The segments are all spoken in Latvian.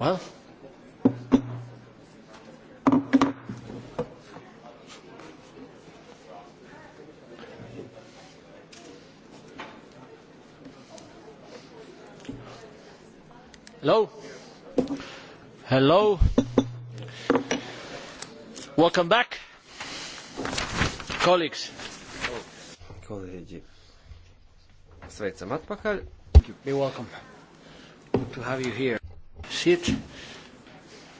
Well, Hello. Hello. Welcome back, colleagues. Kolēģi, sveicam atpakaļ. Be welcome. Good to have you here seat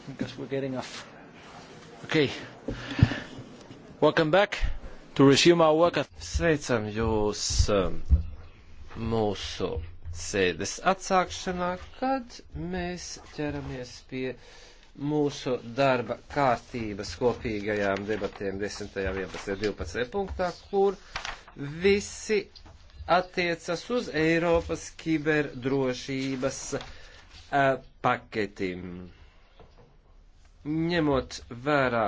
because we're getting off. Okay. Welcome back to resume our work. Sveicam jūs um, mūsu sēdes atsākšanā, kad mēs ķeramies pie mūsu darba kārtības kopīgajām debatēm 10., 11., 12. punktā, kur visi attiecas uz Eiropas kiberdrošības paketim. Ņemot vērā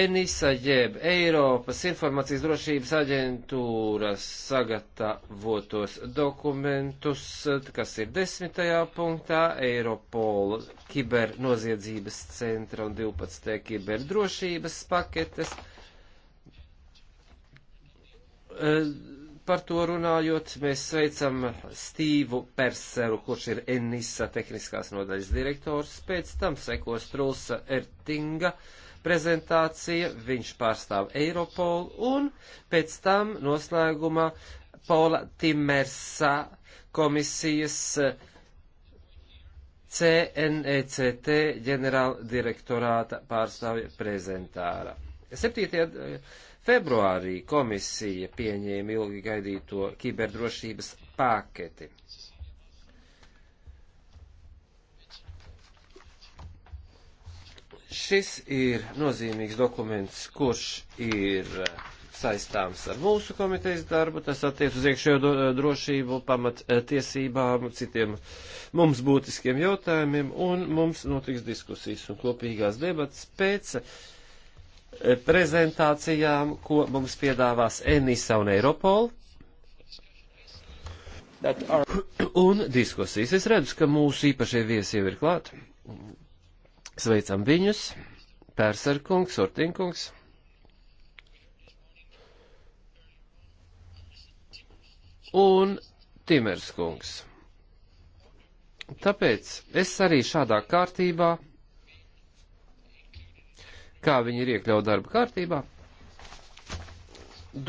Enisa jeb Eiropas informācijas drošības aģentūras sagatavotos dokumentus, kas ir desmitajā punktā, Eiropola kibernoziedzības centra un 12. kiberdrošības paketes. Eh, par to runājot, mēs sveicam Stīvu Perseru, kurš ir Enisa tehniskās nodaļas direktors. Pēc tam sekos Trulsa Ertinga prezentācija, viņš pārstāv Eiropolu, un pēc tam noslēgumā Paula Timersa komisijas eh, CNECT ģenerāldirektorāta pārstāvja prezentāra. 7. Februārī komisija pieņēma ilgi gaidīto kiberdrošības paketi. Šis ir nozīmīgs dokuments, kurš ir saistāms ar mūsu komitejas darbu, tas attiec uz iekšējo drošību, pamat tiesībām, citiem mums būtiskiem jautājumiem, un mums notiks diskusijas un kopīgās debats pēc uh, prezentācijām, ko mums piedāvās Enisa un Eiropola. Are... Un diskusijas. Es redzu, ka mūsu īpašie viesi jau ir klāt. Sveicam viņus. Pērsarkungs, Ortinkungs. Un Timerskungs. Tāpēc es arī šādā kārtībā kā viņi ir iekļaut darba kārtībā,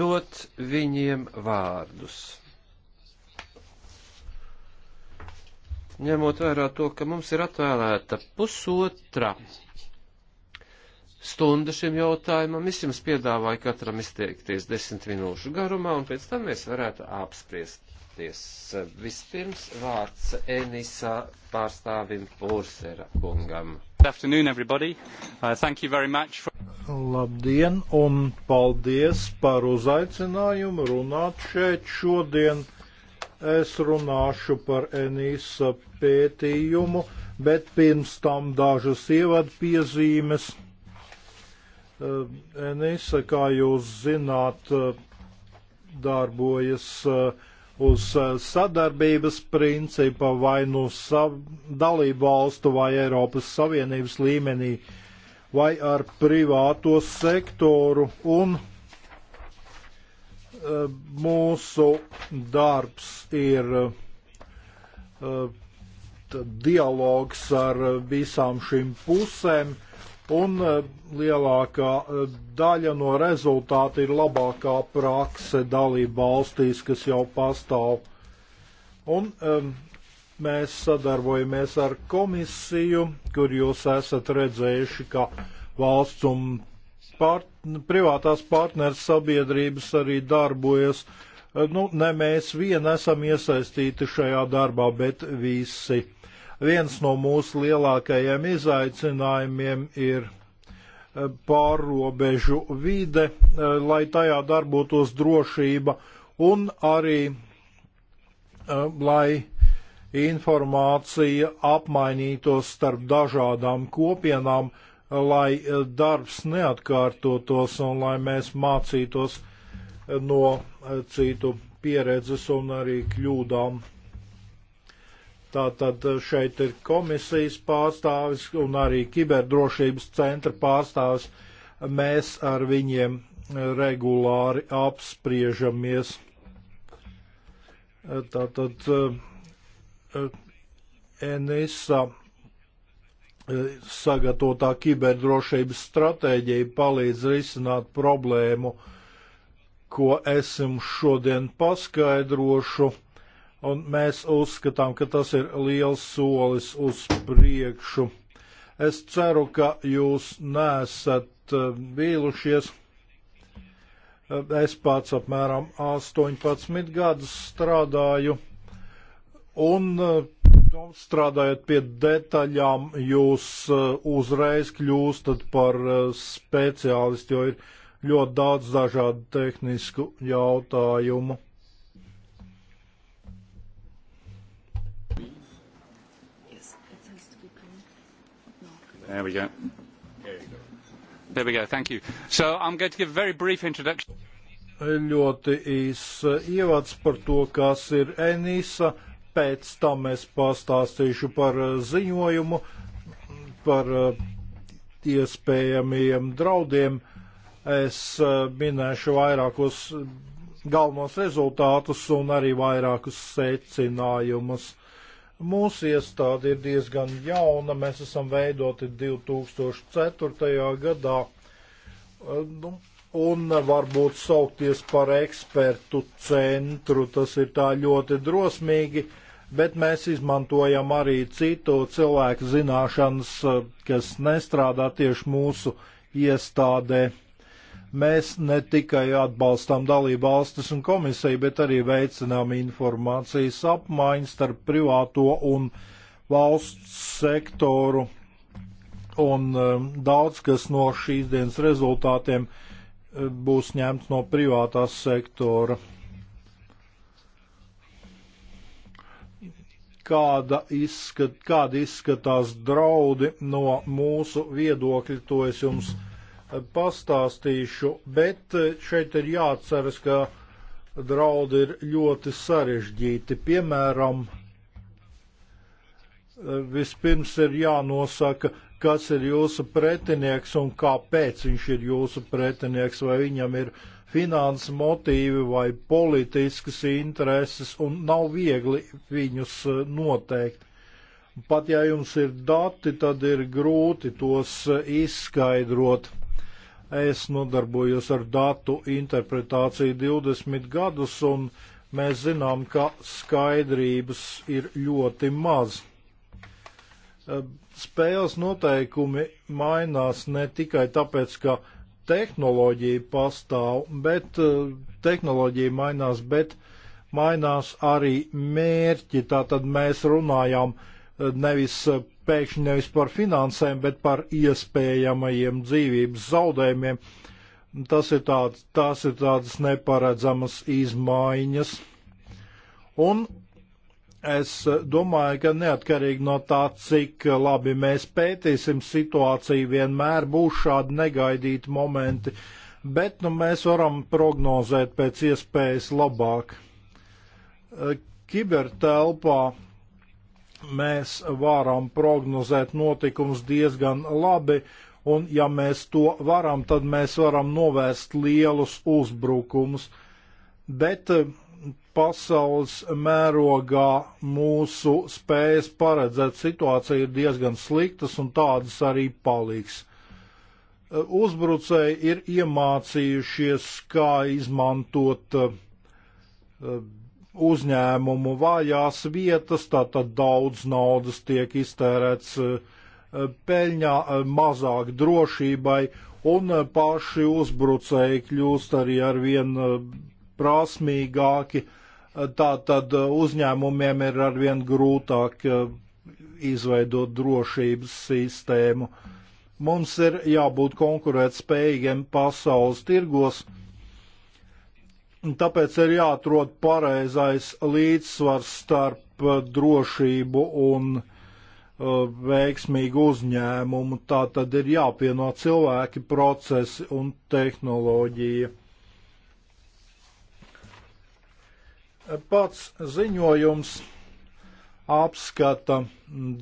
dot viņiem vārdus. Ņemot vērā to, ka mums ir atvēlēta pusotra stunda šim jautājumam. Es jums piedāvāju katram izteikties desmit minūšu garumā, un pēc tam mēs varētu apspriesties. Vispirms vārds Enisa pārstāvim Pūrsera kungam. Good afternoon, everybody. Uh, thank you very much for... Labdien un paldies par uzaicinājumu runāt šeit šodien. Es runāšu par Enisa pētījumu, bet pirms tam dažas ievadpiezīmes. Uh, Enisa, kā jūs zināt, uh, darbojas uh, uz eh, sadarbības principa vai nu sav, dalību valstu vai Eiropas Savienības līmenī vai ar privāto sektoru un eh, mūsu darbs ir eh, dialogs ar visām šīm pusēm un eh, lielākā eh, daļa no rezultāta ir labākā prakse dalība valstīs, kas jau pastāv. Un um, mēs sadarbojamies ar komisiju, kur jūs esat redzējuši, ka valsts un part, privātās partneres sabiedrības arī darbojas. Eh, nu, ne mēs vien esam iesaistīti šajā darbā, bet visi. Viens no mūsu lielākajiem izaicinājumiem ir eh, pārobežu vide, eh, lai tajā darbotos drošība un arī eh, lai informācija apmainītos starp dažādām kopienām, lai darbs neatkārtotos un lai mēs mācītos no citu pieredzes un arī kļūdām. Tātad eh, šeit ir komisijas pārstāvis un arī kiberdrošības centra pārstāvis. Mēs ar viņiem eh, regulāri apspriežamies. Eh, tātad NSA sagatavotā kiberdrošības stratēģija palīdz risināt problēmu, ko esam šodien paskaidrošu un mēs uzskatām, ka tas ir liels solis uz priekšu. Es ceru, ka jūs nesat eh, vīlušies. Es pats apmēram 18 gadus strādāju un eh, strādājot pie detaļām, jūs eh, uzreiz kļūstat par speciālistu, jo ir ļoti daudz dažādu tehnisku jautājumu. There we go. There we go. Thank you. So I'm going to give a very brief introduction. Ļoti īs uh, ievads par to, kas ir Enisa. Pēc tam es pastāstīšu par uh, ziņojumu, par uh, iespējamiem draudiem. Es minēšu vairākus galvenos rezultātus un arī vairākus secinājumus. Mūsu iestāde ir diezgan jauna, mēs esam veidoti 2004. gadā, eh, nu, un varbūt saukties par ekspertu centru, tas ir tā ļoti drosmīgi, bet mēs izmantojam arī citu cilvēku zināšanas, eh, kas nestrādā tieši mūsu iestādē. Mēs ne tikai atbalstām dalību valstis un komisiju, bet arī veicinām informācijas apmaiņu starp privāto un valsts sektoru. Un um, daudz kas no šīs dienas rezultātiem uh, būs ņemts no privātā sektora. kāda izskat, kādi izskatās draudi no mūsu viedokļa, to es jums pastāstīšu, bet e, šeit ir jāatceras, ka draudi ir ļoti sarežģīti. Piemēram, e, vispirms ir jānosaka, kas ir jūsu pretinieks un kāpēc viņš ir jūsu pretinieks, vai viņam ir finanses motīvi vai politiskas intereses, un nav viegli viņus e, noteikt. Pat ja jums ir dati, tad ir grūti tos izskaidrot. Es nodarbojos ar datu interpretāciju 20 gadus, un mēs zinām, ka skaidrības ir ļoti maz. Spēles noteikumi mainās ne tikai tāpēc, ka tehnoloģija pastāv, bet tehnoloģija mainās, bet mainās arī mērķi. Tātad mēs runājām par nevis pēkšņi nevis par finansēm, bet par iespējamajiem dzīvības zaudējumiem. Tas ir, tāds, tas ir tādas neparedzamas izmaiņas. Un es domāju, ka neatkarīgi no tā, cik labi mēs pētīsim situāciju, vienmēr būs šādi negaidīti momenti, bet nu, mēs varam prognozēt pēc iespējas labāk. Kibertelpā mēs varam prognozēt notikumus diezgan labi, un ja mēs to varam, tad mēs varam novērst lielus uzbrukumus. Bet eh, pasaules mērogā mūsu spējas paredzēt situāciju ir diezgan sliktas, un tādas arī paliks. Eh, uzbrucēji ir iemācījušies, kā izmantot eh, uzņēmumu vājās vietas, tātad daudz naudas tiek iztērēts eh, peļņā, eh, mazāk drošībai, un eh, paši uzbrucēji kļūst arī arvien prasmīgāki. Tātad uzņēmumiem ir arvien grūtāk izveidot drošības sistēmu. Mums ir jābūt konkurētspējīgiem pasaules tirgos. Mm Tāpēc ir jāatrod pareizais līdzsvars starp uh, drošību un uh, veiksmīgu uzņēmumu. Tā tad ir jāpieno cilvēki, procesi un tehnoloģija. Pats ziņojums apskata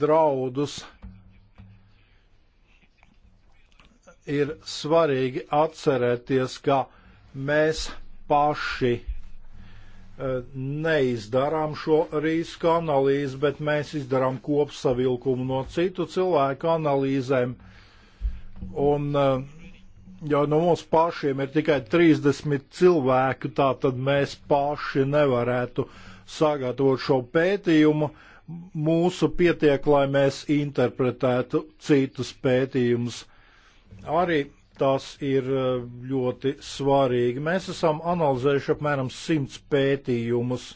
draudus. Ir svarīgi atcerēties, ka mēs paši e, neizdarām šo riska analīzi, bet mēs izdarām kopsavilkumu no citu cilvēku analīzēm. Un, e, jo no mums pašiem ir tikai 30 cilvēku, tā tad mēs paši nevarētu sagatavot šo pētījumu. Mūsu pietiek, lai mēs interpretētu citus pētījumus. Arī tas ir e, ļoti svarīgi. Mēs esam analizējuši apmēram simts pētījumus. E,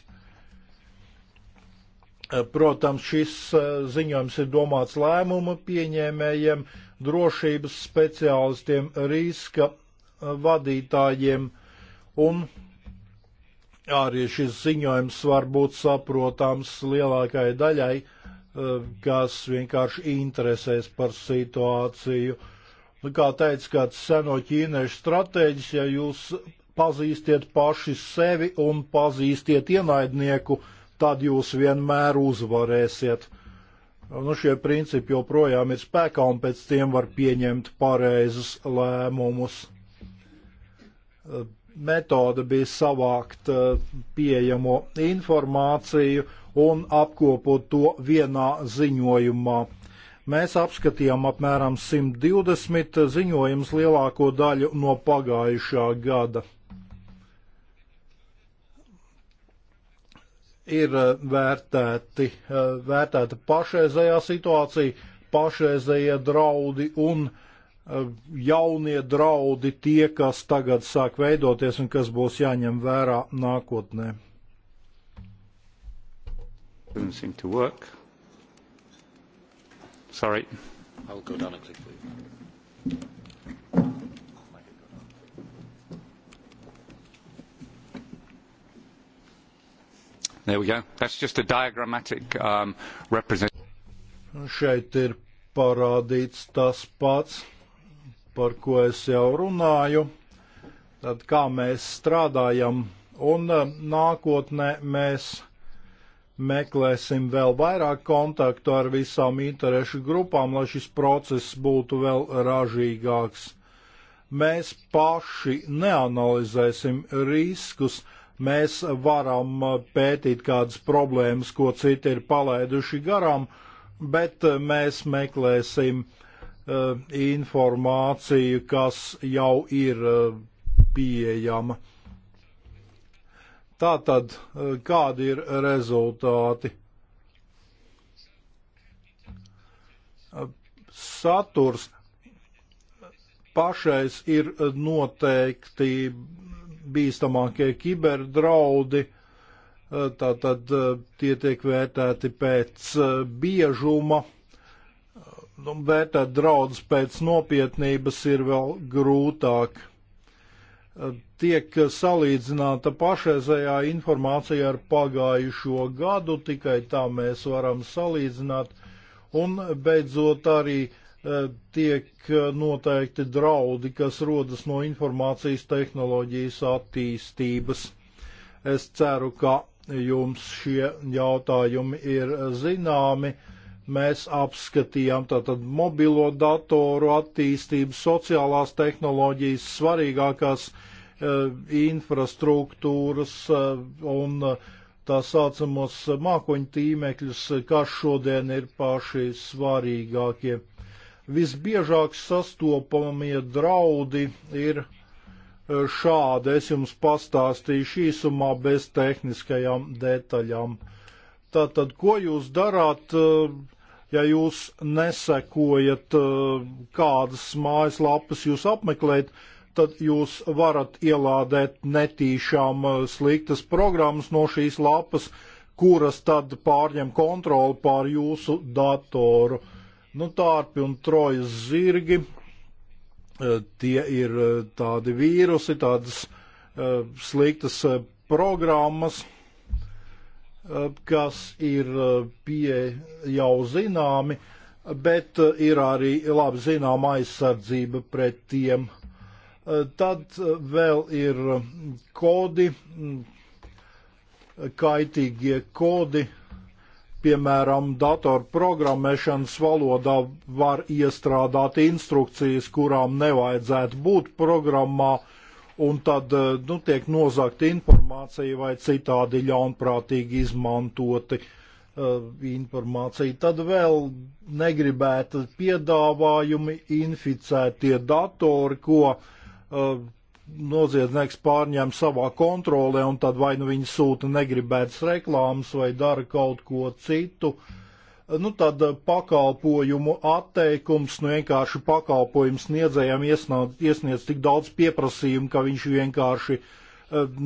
protams, šis e, ziņojums ir domāts lēmumu pieņēmējiem, drošības speciālistiem, riska vadītājiem, un arī šis ziņojums var būt saprotams lielākajai daļai, kas vienkārši interesēs par situāciju. Uh, Nu, kā teica kāds seno ķīniešu stratēģis, ja jūs pazīstiet paši sevi un pazīstiet ienaidnieku, tad jūs vienmēr uzvarēsiet. Nu, šie principi joprojām ir spēkā un pēc tiem var pieņemt pareizus lēmumus. Metode bija savākt eh, pieejamo informāciju un apkopot to vienā ziņojumā. Mēs apskatījām apmēram 120 ziņojumus lielāko daļu no pagājušā gada. Ir eh, vērtēti, eh, vērtēta pašreizējā situācija, pašreizējie draudi un eh, jaunie draudi tie, kas tagad sāk veidoties un kas būs jāņem vērā nākotnē. Doesn't seem to work. Sorry. I'll go down and click leave. There we go. That's just a diagrammatic um, representation. Nu, šeit ir parādīts tas pats, par ko es jau runāju. Tad kā mēs strādājam, un um, nākotnē mēs meklēsim vēl vairāk kontaktu ar visām interešu grupām, lai šis process būtu vēl ražīgāks. Mēs paši neanalizēsim riskus, mēs varam pētīt kādas problēmas, ko citi ir palaiduši garām, bet mēs meklēsim uh, informāciju, kas jau ir uh, pieejama. Tā tad, eh, kādi ir rezultāti? Eh, saturs pašais ir noteikti bīstamākie kiberdraudi, eh, tātad tie tiek vērtēti pēc biežuma, nu, vērtēt draudus pēc nopietnības ir vēl grūtāk tiek salīdzināta pašreizējā informācija ar pagājušo gadu, tikai tā mēs varam salīdzināt, un beidzot arī eh, tiek eh, noteikti draudi, kas rodas no informācijas tehnoloģijas attīstības. Es ceru, ka jums šie jautājumi ir zināmi mēs apskatījām tātad mobilo datoru attīstību, sociālās tehnoloģijas, svarīgākās e, infrastruktūras e, un tā saucamos mākoņu tīmekļus, kas šodien ir paši svarīgākie. Visbiežāk sastopamie draudi ir e, šādi. Es jums pastāstīšu īsumā bez tehniskajām detaļām. Tātad, ko jūs darāt, e, Ja jūs nesekojat, uh, kādas mājaslapas jūs apmeklējat, tad jūs varat ielādēt netīšām uh, sliktas programmas no šīs lapas, kuras tad pārņem kontroli pār jūsu datoru. Nu, tārpi un trojas zirgi, uh, tie ir tādi vīrusi, tādas sliktas programmas, Eh, kas ir eh, pie jau zināmi, bet eh, ir arī labi zināma aizsardzība pret tiem. Tad vēl ir mm, kodi, mm, kaitīgie kodi, piemēram, datorprogrammēšanas valodā var iestrādāt instrukcijas, kurām nevajadzētu būt programmā, uh, un tad eh, nu, tiek nozagta informācija vai citādi ļaunprātīgi izmantoti uh, informācija. Tad vēl negribēta piedāvājumi inficētie datori, ko uh, noziedznieks pārņem savā kontrolē, un tad vai nu viņi sūta negribētas reklāmas vai dara kaut ko citu. Uh, Nu, tad eh, pakalpojumu atteikums, nu vienkārši pakalpojums sniedzējiem iesniedz tik daudz pieprasījumu, ka viņš vienkārši eh,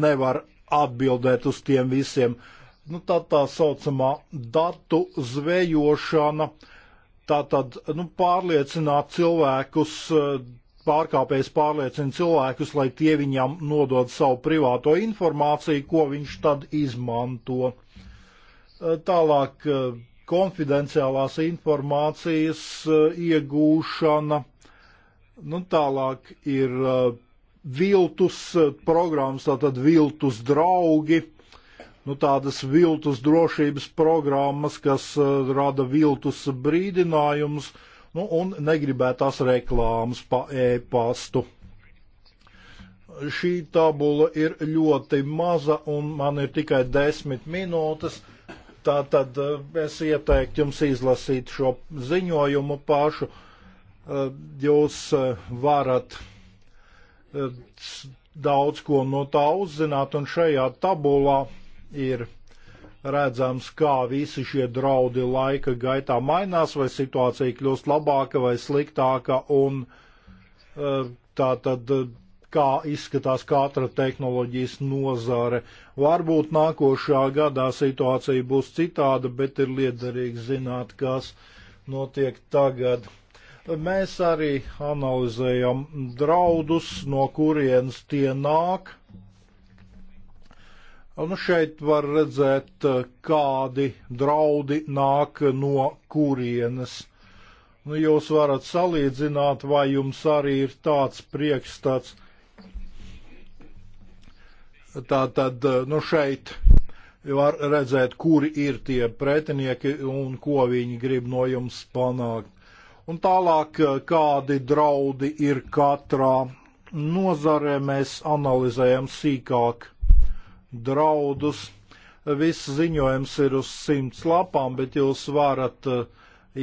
nevar atbildēt uz tiem visiem. Nu, tā tā saucamā datu zvejošana, tā tad, nu, pārliecināt cilvēkus eh, pārkāpējs pārliecina cilvēkus, lai tie viņam nodod savu privāto informāciju, ko viņš tad izmanto. Tālāk konfidenciālās informācijas eh, iegūšana, nu tālāk ir eh, viltus eh, programmas, tātad viltus draugi, nu tādas viltus drošības programmas, kas rada viltus brīdinājumus, nu un negribētās reklāmas pa e-pastu. Šī tabula ir ļoti maza un man ir tikai desmit minūtes Tā tad eh, es ieteiktu jums izlasīt šo ziņojumu pašu. Eh, jūs eh, varat daudz ko no tā uzzināt, un šajā tabulā ir redzams, kā visi šie draudi laika gaitā mainās, vai situācija kļūst labāka vai sliktāka, un tā tad kā izskatās katra tehnoloģijas nozare. Varbūt nākošā gadā situācija būs citāda, bet ir liederīgi zināt, kas notiek tagad. Mēs arī analizējam draudus, no kurienes tie nāk. Nu, šeit var redzēt, kādi draudi nāk no kurienes. Nu, jūs varat salīdzināt, vai jums arī ir tāds priekšstats, uh, Tā tad nu, šeit var redzēt, kuri ir tie pretinieki un ko viņi grib no jums panākt. Un tālāk, kādi draudi ir katrā nozarē, mēs analizējam sīkāk draudus. Viss ziņojums ir uz simts lapām, bet jūs varat eh,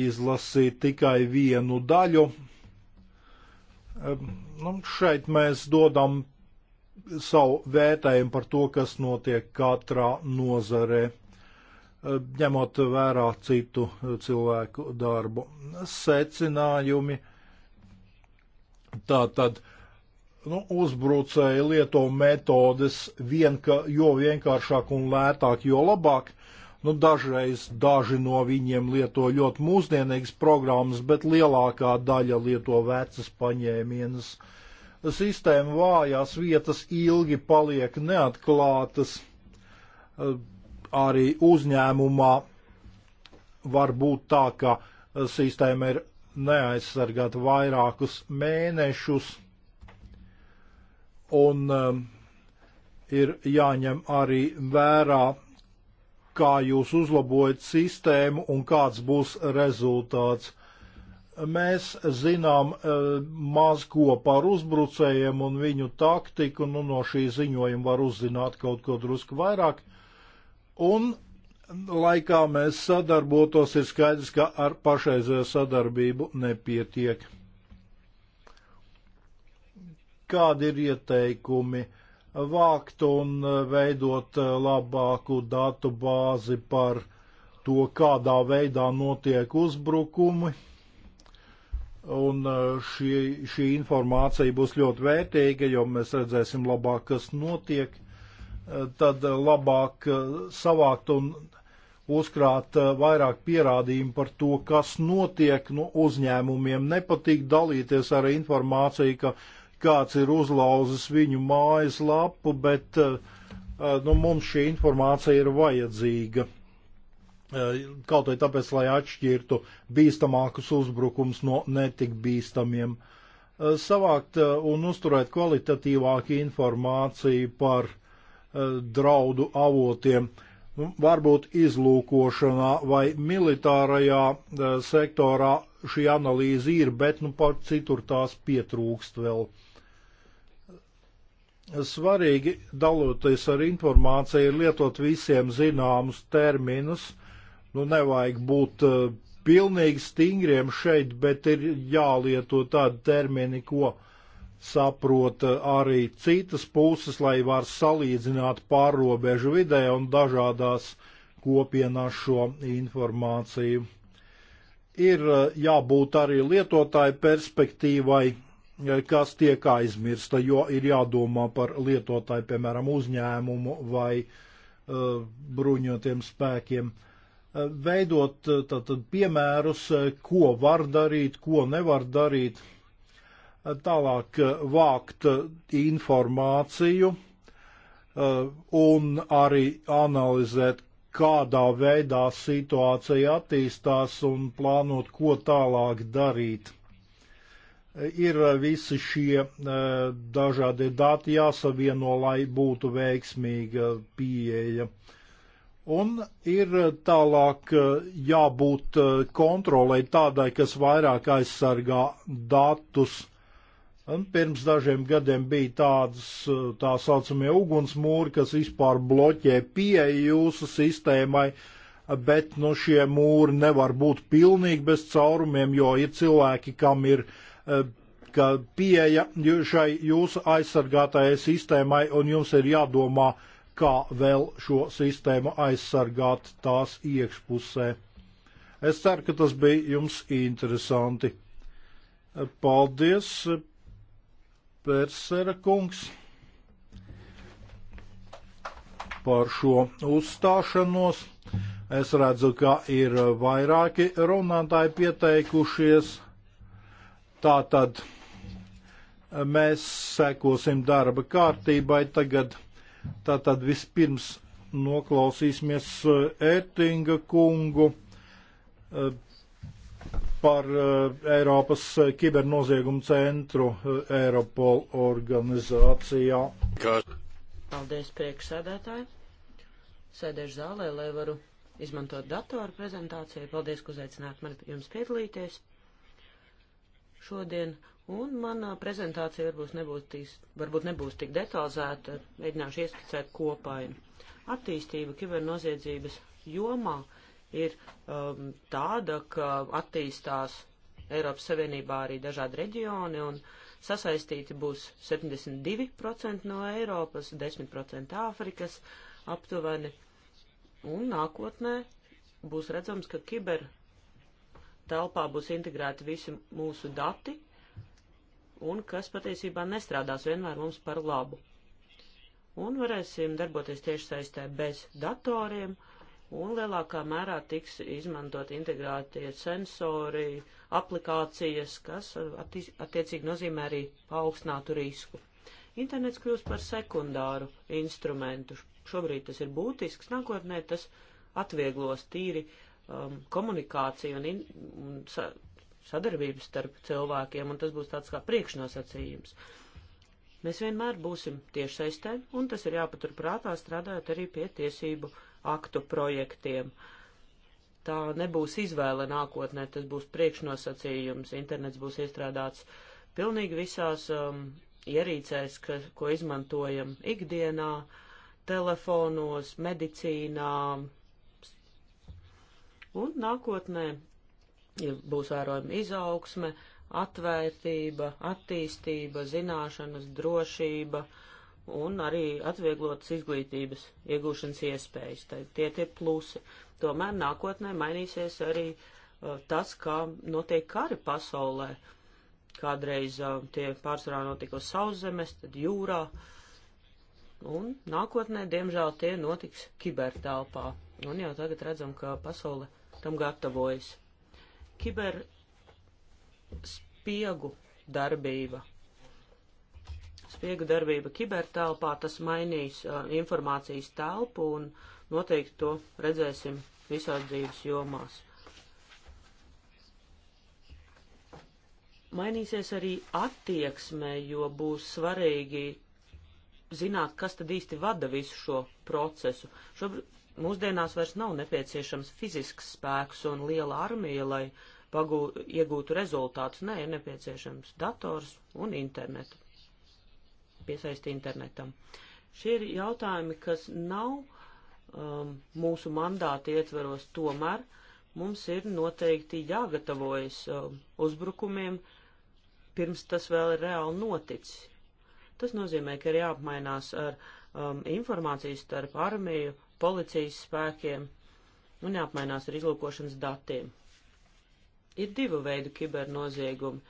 izlasīt tikai vienu daļu. Ehm, nu, šeit mēs dodam savu vērtējumu par to, kas notiek katrā nozarē, eh, ņemot vērā citu eh, cilvēku darbu. Secinājumi tā tad nu, uzbrucēji lieto metodes vienka, jo vienkāršāk un lētāk, jo labāk. Nu, dažreiz daži no viņiem lieto ļoti mūsdienīgas programmas, bet lielākā daļa lieto vecas paņēmienas. Uh, sistēma vājās vietas ilgi paliek neatklātas. Arī uzņēmumā var būt tā, ka sistēma ir neaizsargāta vairākus mēnešus, un um, ir jāņem arī vērā, kā jūs uzlabojat sistēmu un kāds būs rezultāts Mēs zinām e, maz ko par uzbrucējiem un viņu taktiku, nu no šī ziņojuma var uzzināt kaut ko drusku vairāk. Un laikā mēs sadarbotos, ir skaidrs, ka ar pašreizējo sadarbību nepietiek. Kādi ir ieteikumi vākt un e, veidot e, labāku datu bāzi par to, kādā veidā notiek uzbrukumi? Un uh, šie, šī informācija būs ļoti vērtīga, jo mēs redzēsim labāk, kas notiek. Uh, tad uh, labāk savākt un uzkrāt vairāk pierādījumu par to, kas notiek. Nu, uzņēmumiem nepatīk dalīties ar informāciju, ka kāds ir uzlauzis viņu mājas lapu, bet nu, mums šī informācija ir vajadzīga kaut vai tāpēc, lai atšķirtu bīstamākus uzbrukums no netik bīstamiem. Savākt un uzturēt kvalitatīvāku informāciju par draudu avotiem, nu, varbūt izlūkošanā vai militārajā sektorā šī analīze ir, bet nu pat citur tās pietrūkst vēl. Svarīgi daloties ar informāciju ir lietot visiem zināmus terminus, uh, Nu, nevajag būt uh, pilnīgi stingriem šeit, bet ir jālieto tādi termini, ko saprot uh, arī citas puses, lai var salīdzināt pārrobežu vidē un dažādās kopienās šo informāciju. Ir uh, jābūt arī lietotāju perspektīvai, kas tiek aizmirsta, jo ir jādomā par lietotāju, piemēram, uzņēmumu vai uh, bruņotiem spēkiem. Uh, veidot eh, tātad piemērus, eh, ko var darīt, ko nevar darīt, eh, tālāk vākt informāciju un arī analizēt, kādā veidā situācija attīstās un plānot, ko tālāk darīt. Ir visi šie dažādie dati jāsavieno, lai būtu veiksmīga pieeja. Un ir eh, tālāk eh, jābūt eh, kontrolē tādai, kas vairāk aizsargā datus. Un pirms dažiem gadiem bija tādas tā saucamie ugunsmūri, kas vispār bloķē pieeju jūsu sistēmai, bet nu, šie mūri nevar būt pilnīgi bez caurumiem, jo ir cilvēki, kam ir ka pieeja šai jūsu aizsargātajai sistēmai, un jums ir jādomā, uh, kā vēl šo sistēmu aizsargāt tās iekšpusē. Es ceru, ka tas bija jums interesanti. Paldies, Persera kungs, par šo uzstāšanos. Es redzu, ka ir vairāki runātāji pieteikušies. Tātad mēs sekosim darba kārtībai tagad Tātad vispirms noklausīsimies Ētinga eh, kungu eh, par eh, Eiropas kibernoziegumu centru Eiropol organizācijā. Paldies priekšsēdētāji. Sēdēšu zālē, lai varu izmantot datoru prezentāciju. Paldies, ka uzaicināt mani jums piedalīties. Šodien Un manā prezentācija varbūt nebūs, tīs, varbūt nebūs tik detalizēta, mēģināšu ieskicēt kopainu. Attīstība kibernoziedzības jomā ir um, tāda, ka attīstās Eiropas Savienībā arī dažādi reģioni un sasaistīti būs 72% no Eiropas, 10% Āfrikas aptuveni. Un nākotnē būs redzams, ka kiber telpā būs integrēti visi mūsu dati, un kas patiesībā nestrādās vienmēr mums par labu. Un varēsim darboties tieši saistē bez datoriem, un lielākā mērā tiks izmantot integrētie sensori, aplikācijas, kas attiecīgi nozīmē arī paaugstinātu risku. Internets kļūst par sekundāru instrumentu. Šobrīd tas ir būtisks, nākotnē tas atvieglos tīri um, komunikāciju un, in, un sadarbības starp cilvēkiem, un tas būs tāds kā priekšnosacījums. Mēs vienmēr būsim tiešsaistē, un tas ir jāpatur prātā strādājot arī pie tiesību aktu projektiem. Tā nebūs izvēle nākotnē, tas būs priekšnosacījums. Internets būs iestrādāts pilnīgi visās um, ierīcēs, ka, ko izmantojam ikdienā, telefonos, medicīnā. Un nākotnē ja būs vērojama izaugsme, atvērtība, attīstība, zināšanas, drošība un arī atvieglotas izglītības iegūšanas iespējas. Tad tie tie plusi. Tomēr nākotnē mainīsies arī uh, tas, kā notiek kari pasaulē. Kādreiz uh, tie pārsvarā notika uz sauszemes, tad jūrā. Un nākotnē, diemžēl, tie notiks kibertelpā. Un jau tagad redzam, ka pasaule tam gatavojas. Kiberspiegu darbība. Spiegu darbība kibertelpā, tas mainīs uh, informācijas telpu un noteikti to redzēsim visās dzīves jomās. Mainīsies arī attieksme, jo būs svarīgi zināt, kas tad īsti vada visu šo procesu. Šobrīd Mūsdienās vairs nav nepieciešams fizisks spēks un liela armija, lai pagū, iegūtu rezultātus. Nē, ir nepieciešams dators un internetu. Piesaisti internetam. Šie ir jautājumi, kas nav um, mūsu mandāta ietveros, tomēr mums ir noteikti jāgatavojas um, uzbrukumiem, pirms tas vēl ir reāli noticis. Tas nozīmē, ka ir jāapmainās ar um, informāciju starp armiju policijas spēkiem un jāapmainās ar izlūkošanas datiem. Ir divu veidu kibernoziegumi.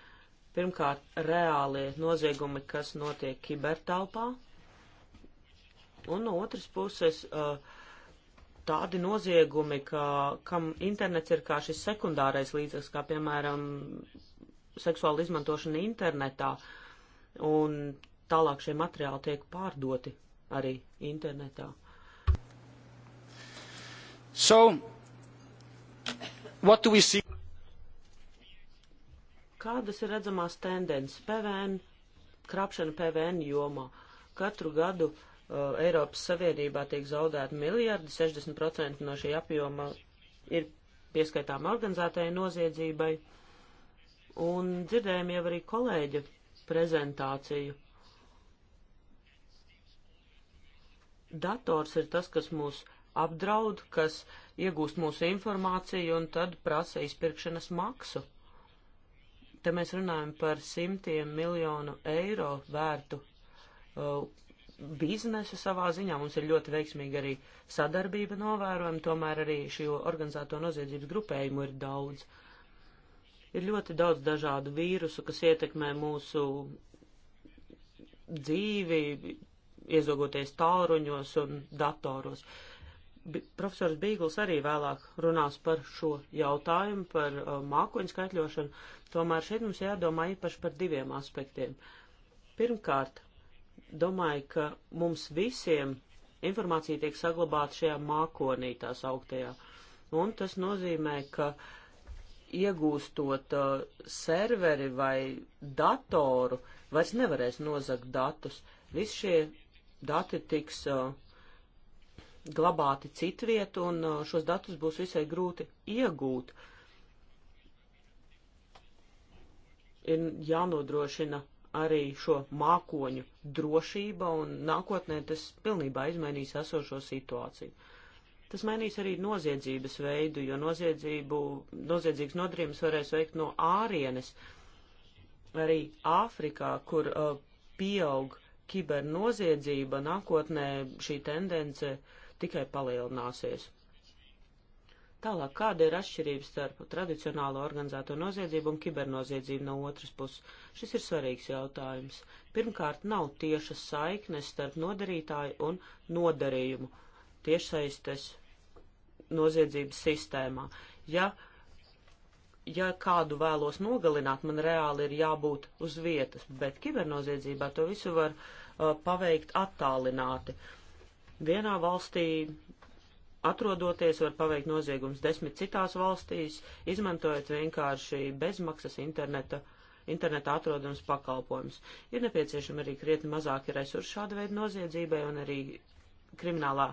Pirmkārt, reālie noziegumi, kas notiek kibertelpā, un no otras puses uh, tādi noziegumi, ka, kam internets ir kā šis sekundārais līdzeklis, kā piemēram seksuāla izmantošana internetā, un tālāk šie materiāli tiek pārdoti arī internetā. So, what do we see? Kādas ir redzamās tendences PVN, krāpšana PVN jomā? Katru gadu uh, Eiropas Savienībā tiek zaudēti miljardi, 60% no šī apjoma ir pieskaitām organizētajai noziedzībai. Un dzirdējām jau arī kolēģa prezentāciju. Dators ir tas, kas mūs apdraud, kas iegūst mūsu informāciju un tad prasa izpirkšanas maksu. Te mēs runājam par simtiem miljonu eiro vērtu uh, biznesu savā ziņā. Mums ir ļoti veiksmīga arī sadarbība novērojama, tomēr arī šo organizēto noziedzības grupējumu ir daudz. Ir ļoti daudz dažādu vīrusu, kas ietekmē mūsu dzīvi, iezogoties tāruņos un datoros. Uh, profesors Bīgls arī vēlāk runās par šo jautājumu, par uh, mākoņu skaitļošanu, tomēr šeit mums jādomā īpaši par diviem aspektiem. Pirmkārt, domāju, ka mums visiem informācija tiek saglabāta šajā mākonī, tās augtajā, un tas nozīmē, ka iegūstot uh, serveri vai datoru, vairs nevarēs nozagt datus. Visi šie dati tiks uh, glabāti citviet, un uh, šos datus būs visai grūti iegūt. Ir jānodrošina arī šo mākoņu drošība, un nākotnē tas pilnībā izmainīs esošo situāciju. Tas mainīs arī noziedzības veidu, jo noziedzīgas nodarījums varēs veikt no ārienes, arī Āfrikā, kur uh, pieaug kibernoziedzība, nākotnē šī tendence uh, tikai palielināsies. Tālāk, kāda ir atšķirība starp tradicionālo organizēto noziedzību un kibernoziedzību no otras puses? Šis ir svarīgs jautājums. Pirmkārt, nav tiešas saiknes starp nodarītāju un nodarījumu tiešsaistes noziedzības sistēmā. Ja, ja kādu vēlos nogalināt, man reāli ir jābūt uz vietas, bet kibernoziedzībā to visu var uh, paveikt attālināti. Uh, vienā valstī atrodoties, var paveikt noziegums desmit citās valstīs, izmantojot vienkārši bezmaksas interneta, interneta atrodams pakalpojums. Ir nepieciešami arī krietni mazāki resursi šāda veida noziedzībai un arī kriminālā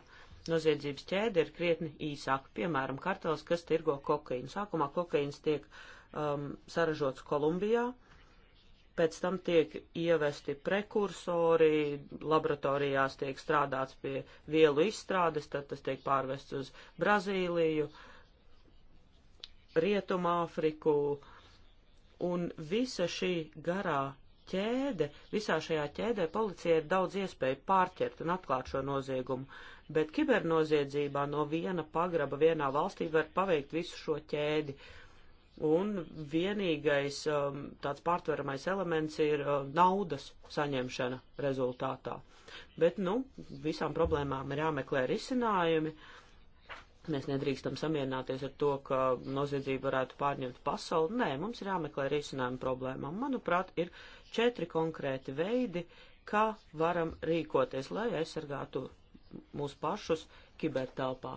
noziedzības ķēde ir krietni īsāka. Piemēram, kartels, kas tirgo kokaīnu. Sākumā kokaīns tiek um, saražots Kolumbijā, pēc tam tiek ievesti prekursori, laboratorijās tiek strādāts pie vielu izstrādes, tad tas tiek pārvests uz Brazīliju, Rietumāfriku, un visa šī garā ķēde, visā šajā ķēdē policija ir daudz iespēju pārķert un atklāt šo noziegumu, bet kibernoziedzībā no viena pagraba vienā valstī var paveikt visu šo ķēdi. Uh, Un vienīgais um, tāds pārtveramais elements ir uh, naudas saņemšana rezultātā. Bet, nu, visām problēmām ir jāmeklē risinājumi. Mēs nedrīkstam samierināties ar to, ka noziedzība varētu pārņemt pasauli. Nē, mums ir jāmeklē risinājumi problēmām. Manuprāt, ir četri konkrēti veidi, kā varam rīkoties, lai aizsargātu mūs pašus kibertelpā.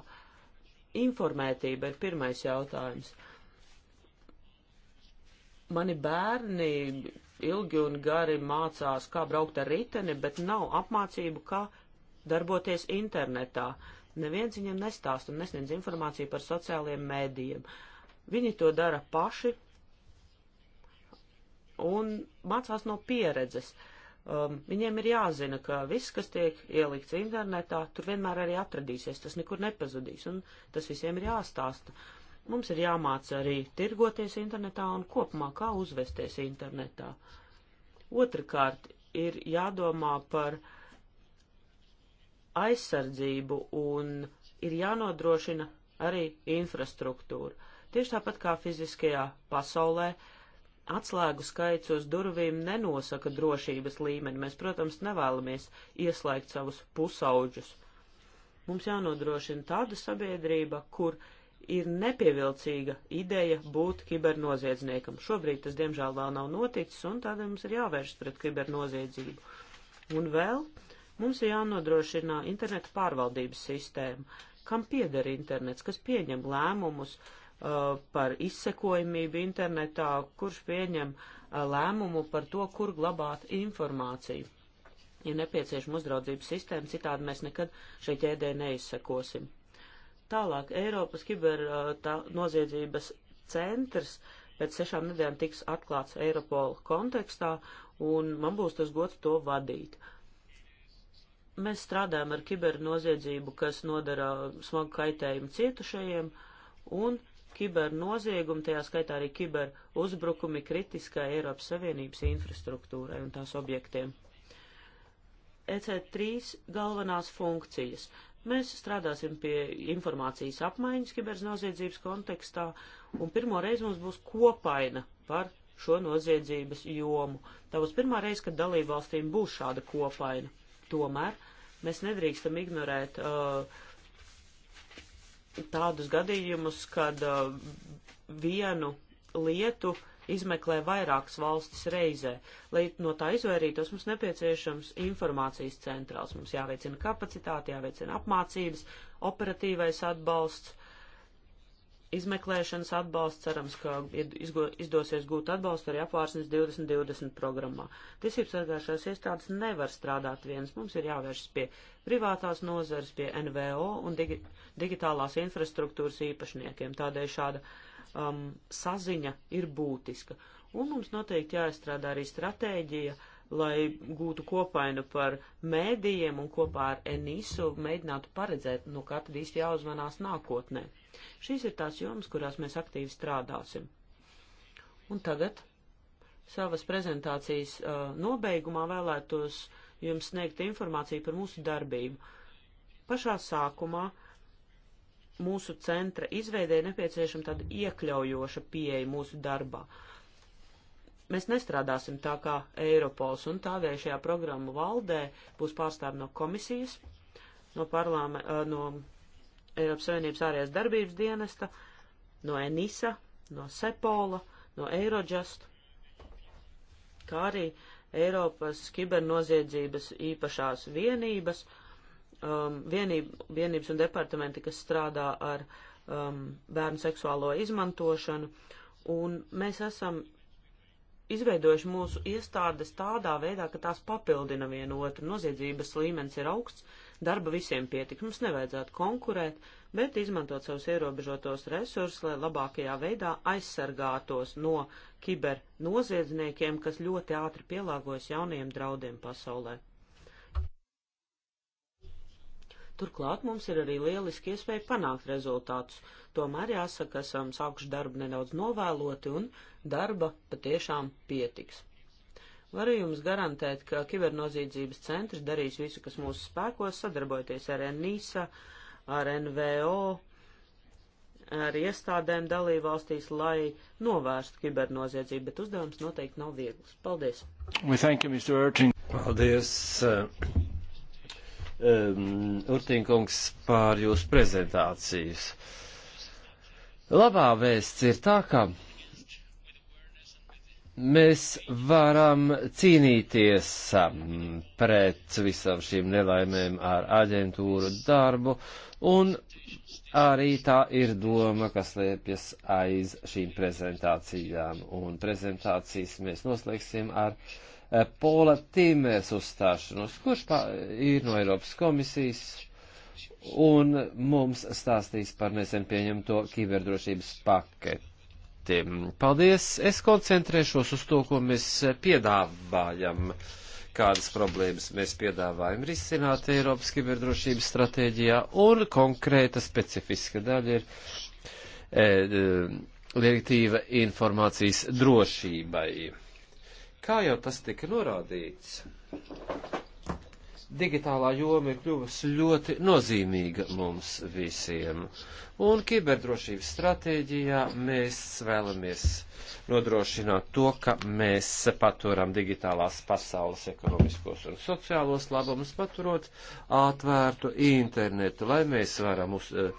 Informētība ir pirmais jautājums. Uh, Mani bērni ilgi un gari mācās, kā braukt ar riteni, bet nav apmācību, kā darboties internetā. Neviens viņiem nestāst un nesniedz informāciju par sociālajiem mēdījiem. Viņi to dara paši un mācās no pieredzes. Um, viņiem ir jāzina, ka viss, kas tiek ielikts internetā, tur vienmēr arī atradīsies, tas nekur nepazudīs, un tas visiem ir jāstāsta. Mums ir jāmāca arī tirgoties internetā un kopumā kā uzvesties internetā. Otrakārt, ir jādomā par aizsardzību un ir jānodrošina arī infrastruktūra. Tieši tāpat kā fiziskajā pasaulē, atslēgu skaits uz durvīm nenosaka drošības līmeni. Mēs, protams, nevēlamies ieslēgt savus pusauģus. Mums jānodrošina tāda sabiedrība, kur ir nepievilcīga ideja būt kibernoziedzniekam. Šobrīd tas, diemžēl, vēl nav noticis, un tādēļ mums ir jāvēršas pret kibernoziedzību. Un vēl mums ir jānodrošina interneta pārvaldības sistēma, kam pieder internets, kas pieņem lēmumus uh, par izsekojamību internetā, kurš pieņem uh, lēmumu par to, kur glabāt informāciju. Ir ja nepieciešama uzraudzības sistēma, citādi mēs nekad šeit ēdē neizsekosim. Tālāk Eiropas kibernoziedzības centrs pēc sešām nedēļām tiks atklāts Eiropola kontekstā, un man būs tas gods to vadīt. Mēs strādājam ar kibernoziedzību, kas nodara smagu kaitējumu cietušajiem, un kibernoziegumi, tajā skaitā arī kiberuzbrukumi kritiskai Eiropas Savienības infrastruktūrai un tās objektiem. EC3 galvenās funkcijas. Mēs strādāsim pie informācijas apmaiņas kibernoziedzības kontekstā, un pirmo reizi mums būs kopaina par šo noziedzības jomu. Tā būs pirmā reize, kad dalībvalstīm būs šāda kopaina. Tomēr mēs nedrīkstam ignorēt uh, tādus gadījumus, kad uh, vienu lietu uh, izmeklē vairākas valstis reizē. Lai no tā izvairītos, mums nepieciešams informācijas centrāls. Mums jāveicina kapacitāte, jāveicina apmācības, operatīvais atbalsts, izmeklēšanas atbalsts. Cerams, ka izgo, izdosies gūt atbalstu arī apvārsnes 2020 programmā. Tiesības sargājušās iestādes nevar strādāt viens. Mums ir jāvēršas pie privātās nozares, pie NVO un digi digitālās infrastruktūras īpašniekiem. Tādēļ šāda um, saziņa ir būtiska. Un mums noteikti jāizstrādā arī stratēģija, lai gūtu kopainu par mēdījiem un kopā ar Enisu mēģinātu paredzēt, nu kā tad īsti jāuzmanās nākotnē. Šīs ir tās jomas, kurās mēs aktīvi strādāsim. Un tagad savas prezentācijas uh, nobeigumā vēlētos jums sniegt informāciju par mūsu darbību. Pašā sākumā uh, mūsu centra izveidē ir nepieciešama tāda iekļaujoša pieeja mūsu darbā. Mēs nestrādāsim tā kā Eiropols, un tādēļ šajā programmu valdē būs pārstāvi no komisijas, no, parlāme, eh, no Eiropas Savienības ārējās darbības dienesta, no ENISA, no SEPOLA, no Eirojust, kā arī Eiropas kibernoziedzības īpašās vienības, uh, um, vienība, vienības un departamenti, kas strādā ar um, bērnu seksuālo izmantošanu, un mēs esam izveidojuši mūsu iestādes tādā veidā, ka tās papildina vienu otru. Noziedzības līmenis ir augsts, darba visiem pietiks, mums nevajadzētu konkurēt, bet izmantot savus ierobežotos resursus, lai labākajā veidā aizsargātos no kibernoziedzniekiem, kas ļoti ātri pielāgojas jauniem draudiem pasaulē. Turklāt mums ir arī lieliski iespēja panākt rezultātus. Tomēr jāsaka, esam sākuši darbu nedaudz novēloti un darba patiešām pietiks. Varu jums garantēt, ka kibernozīdzības centrs darīs visu, kas mūsu spēkos, sadarbojoties ar NISA, ar NVO, ar iestādēm dalībvalstīs, lai novērstu kibernoziedzību, bet uzdevums noteikti nav viegls. Paldies! We thank you, Mr. Erting. Paldies! Uh um, ehm, Urtinkungs, par jūsu prezentācijas. Labā vēsts ir tā, ka mēs varam cīnīties um, pret visām šīm nelaimēm ar aģentūru darbu, un arī tā ir doma, kas liepjas aiz šīm prezentācijām, un prezentācijas mēs noslēgsim ar Eh, Pola Tīmēs uzstāšanos, kurš ir no Eiropas komisijas un mums stāstīs par nesen pieņemto kiberdrošības paketi. Paldies! Es koncentrēšos uz to, ko mēs piedāvājam, kādas problēmas mēs piedāvājam risināt Eiropas kiberdrošības stratēģijā, un konkrēta specifiska daļa ir. E, Direktīva informācijas drošībai Kā jau tas tika norādīts, digitālā joma ir kļuvusi ļoti nozīmīga mums visiem. Un kiberdrošības stratēģijā mēs vēlamies nodrošināt to, ka mēs paturam digitālās pasaules ekonomiskos un sociālos labumus, paturot atvērtu internetu, lai mēs varam uz, eh,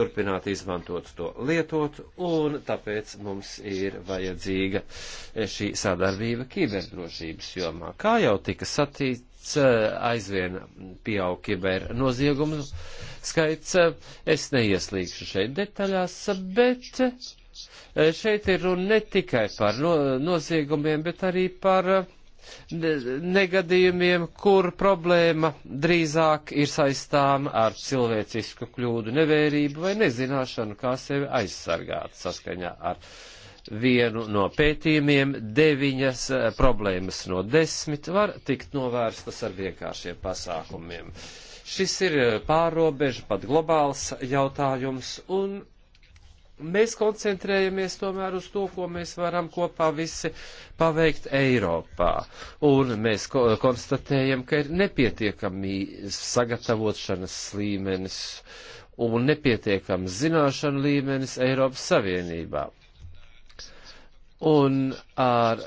turpināt izmantot to lietot, un tāpēc mums ir vajadzīga eh, šī sadarbība kiberdrošības jomā. Kā jau tika satīts, Eh, aizvien pieaug kiber noziegumu skaits. Eh, es neieslīgšu šeit detaļās, bet eh, šeit ir runa ne tikai par no, noziegumiem, bet arī par negadījumiem, kur problēma drīzāk ir saistāma ar cilvēcisku kļūdu nevērību vai nezināšanu, kā sevi aizsargāt saskaņā ar uh, vienu no pētījumiem, deviņas eh, problēmas no desmit var tikt novērstas ar vienkāršiem pasākumiem. Šis ir eh, pārobežu, pat globāls jautājums, un mēs koncentrējamies tomēr uz to, ko mēs varam kopā visi paveikt Eiropā. Un mēs ko eh, konstatējam, ka ir nepietiekami sagatavošanas līmenis un nepietiekams zināšanu līmenis Eiropas Savienībā. Un ar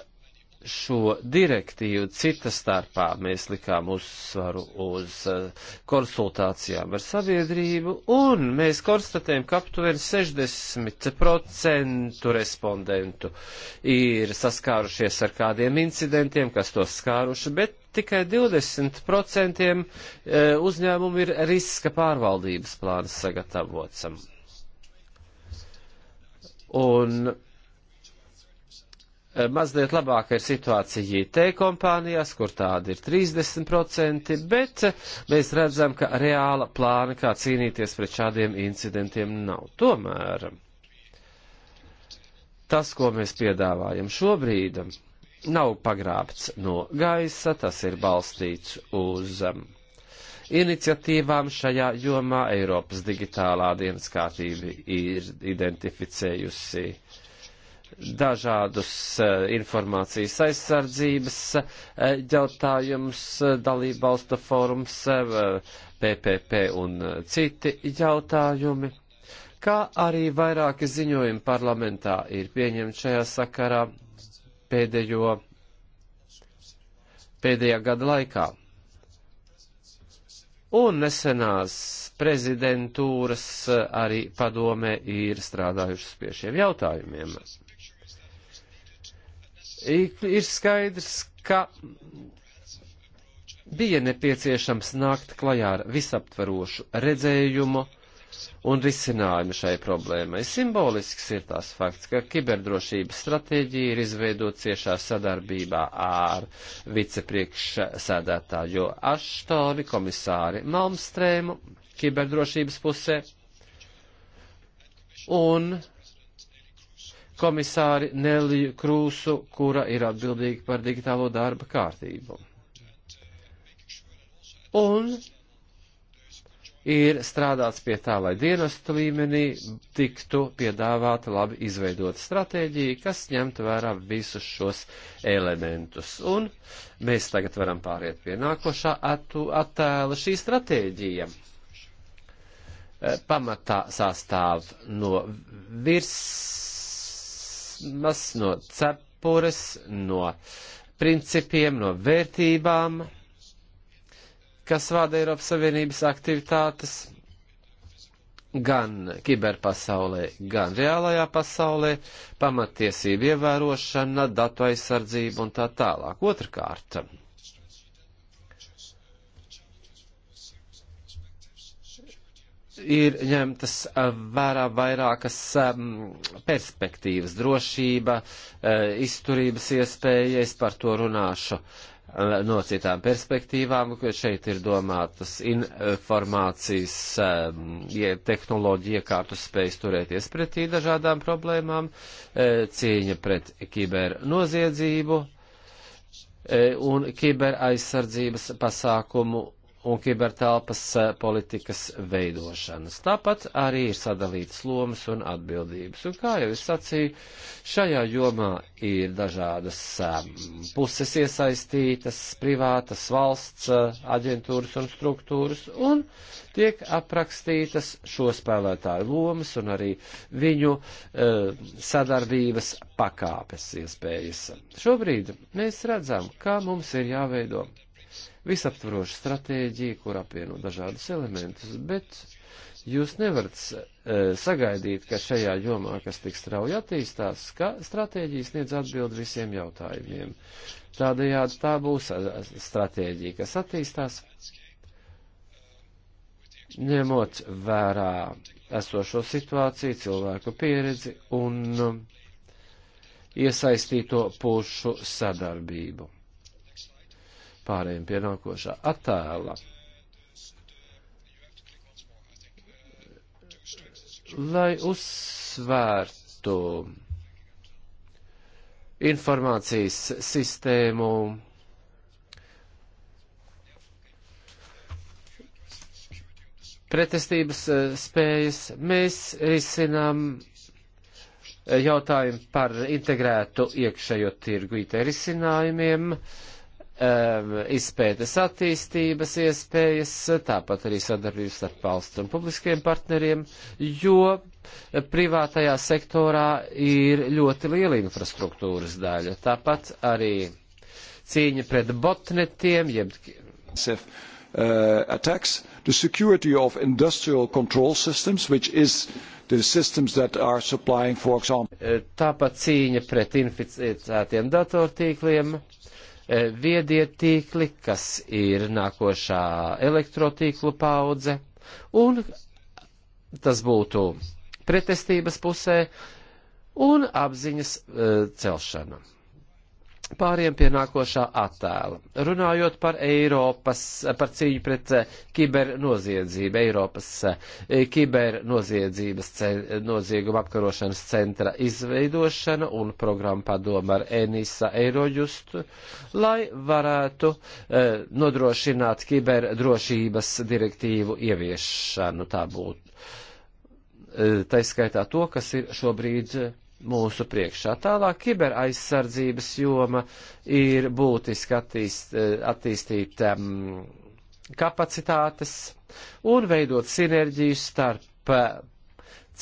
šo direktīvu cita starpā mēs likām uzsvaru uz eh, konsultācijām ar sabiedrību, un mēs konstatējam, ka aptuveni 60% respondentu ir saskārušies ar kādiem incidentiem, kas tos skāruši, bet tikai 20% eh, uzņēmumu ir riska pārvaldības plāns sagatavots. Un Eh, mazliet labāka ir situācija IT kompānijās, kur tāda ir 30%, bet eh, mēs redzam, ka reāla plāna, kā cīnīties pret šādiem incidentiem, nav. Tomēr tas, ko mēs piedāvājam šobrīd, nav pagrābts no gaisa, tas ir balstīts uz eh, iniciatīvām šajā jomā. Eiropas digitālā dienas kārtība ir identificējusi uh, dažādus eh, informācijas aizsardzības eh, jautājumus, eh, dalībvalstu forums, PPP un citi jautājumi, kā arī vairāki ziņojumi parlamentā ir pieņemti šajā sakarā pēdējo, pēdējā gada laikā. Un nesenās prezidentūras arī padomē ir strādājušas pie šiem jautājumiem ir skaidrs, ka bija nepieciešams nākt klajā ar visaptvarošu redzējumu un risinājumu šai problēmai. Simbolisks ir tās fakts, ka kiberdrošības stratēģija ir izveidot ciešā sadarbībā ar vicepriekšsēdētāju Aštoni, komisāri Malmstrēmu, kiberdrošības pusē. Un komisāri Neliju Krūsu, kura ir atbildīga par digitālo darba kārtību. Un ir strādāts pie tā, lai dienestu līmenī tiktu piedāvāta labi izveidota stratēģija, kas ņemtu vērā visus šos elementus. Un mēs tagad varam pāriet pie nākošā attēla šī stratēģija. Eh, pamatā sastāv no virs dogmas, no cepures, no principiem, no vērtībām, kas vada Eiropas Savienības aktivitātes gan kiberpasaulē, gan reālajā pasaulē, pamatiesība ievērošana, datu aizsardzība un tā tālāk. Otrakārt, ir ņemtas eh, vērā vairākas eh, perspektīvas, drošība, eh, izturības iespēja, es par to runāšu no citām perspektīvām, ka šeit ir domātas informācijas tehnoloģija iekārtas spējas turēties pretī dažādām problēmām, cīņa pret kibernoziedzību un kiberaizsardzības pasākumu un kibertelpas eh, politikas veidošanas. Tāpat arī ir sadalītas lomas un atbildības. Un kā jau es sacīju, šajā jomā ir dažādas eh, puses iesaistītas, privātas valsts eh, aģentūras un struktūras, un tiek aprakstītas šo spēlētāju lomas un arī viņu sadarbības pakāpes iespējas. Šobrīd mēs redzam, kā mums ir jāveido visaptvaroša stratēģija, kur apvieno dažādus elementus, bet jūs nevarat e, sagaidīt, ka šajā jomā, kas tik strauji attīstās, ka stratēģija sniedz atbild visiem jautājumiem. Tādējādi tā būs e, stratēģija, kas attīstās, ņemot vērā esošo situāciju, cilvēku pieredzi un iesaistīto pušu sadarbību. Pārējiem pie nākošā attēla. Lai uzsvērtu informācijas sistēmu, pretestības eh, spējas, mēs risinām eh, jautājumu par integrētu iekšējo tirgu IT risinājumiem. Uh, um, izpētes attīstības iespējas, tāpat arī sadarbības ar valsts un publiskiem partneriem, jo privātajā sektorā ir ļoti liela infrastruktūras daļa. Tāpat arī cīņa pret botnetiem, jeb. Uh, attacks, the security of industrial control systems, which is the systems that are supplying, for example. Tāpat cīņa pret inficētiem datortīkliem, E, viedie tīkli, kas ir nākošā elektrotīklu paudze, un tas būtu pretestības pusē un apziņas uh, celšana. Pāriem pie nākošā attēla. Runājot par Eiropas, par cīņu pret eh, kibernoziedzību, Eiropas eh, kibernoziedzības nozieguma apkarošanas centra izveidošana un programma padoma ar Enisa Eirojustu, lai varētu eh, nodrošināt kiberdrošības direktīvu ieviešanu. Tā būtu. Eh, tā izskaitā to, kas ir šobrīd mūsu priekšā. Tālāk kiberaizsardzības joma ir būtiski attīst, eh, attīstīt um, kapacitātes un veidot sinerģiju starp eh,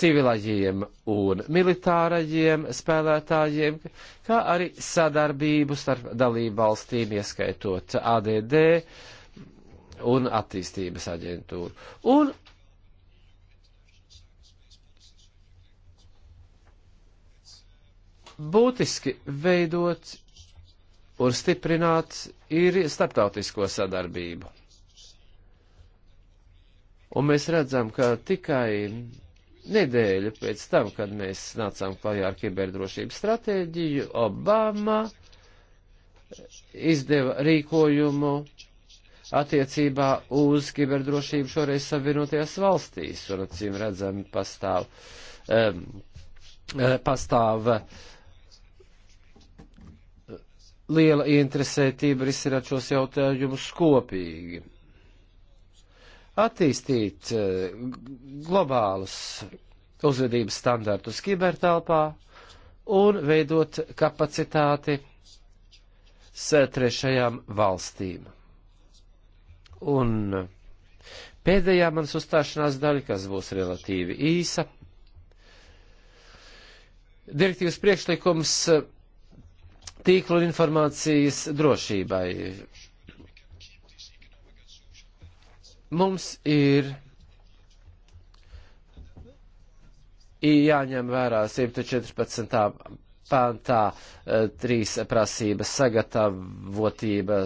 civilajiem un militārajiem spēlētājiem, kā arī sadarbību starp dalību valstīm, ieskaitot ADD un attīstības aģentūru. Un būtiski veidot un stiprināt ir starptautisko sadarbību. Un mēs redzam, ka tikai nedēļu pēc tam, kad mēs nācām klajā ar kiberdrošības stratēģiju, Obama izdeva rīkojumu attiecībā uz kiberdrošību šoreiz savienotajās valstīs, un acīm redzami pastāv, um, eh, pastāv uh, liela interesētība risināt šos jautājumus kopīgi. Attīstīt eh, globālus uzvedības standartus kibertelpā un veidot kapacitāti trešajām valstīm. Un pēdējā manas uzstāšanās daļa, kas būs relatīvi īsa. Direktīvas priekšlikums tīklu un informācijas drošībai. Mums ir jāņem vērā 114 pantā e, trīs prasības - sagatavotība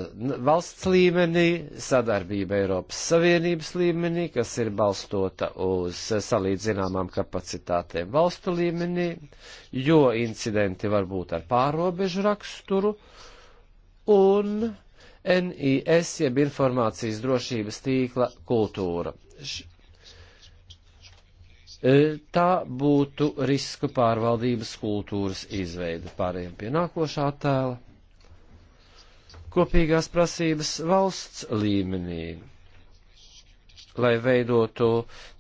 valsts līmenī, sadarbība Eiropas Savienības līmenī, kas ir balstota uz salīdzināmām kapacitātēm valstu līmenī, jo incidenti var būt ar pārobežu raksturu, un NIS jeb informācijas drošības tīkla kultūra. E, tā būtu risku pārvaldības kultūras izveida. Pārējiem pie nākošā tēla. Kopīgās prasības valsts līmenī lai veidotu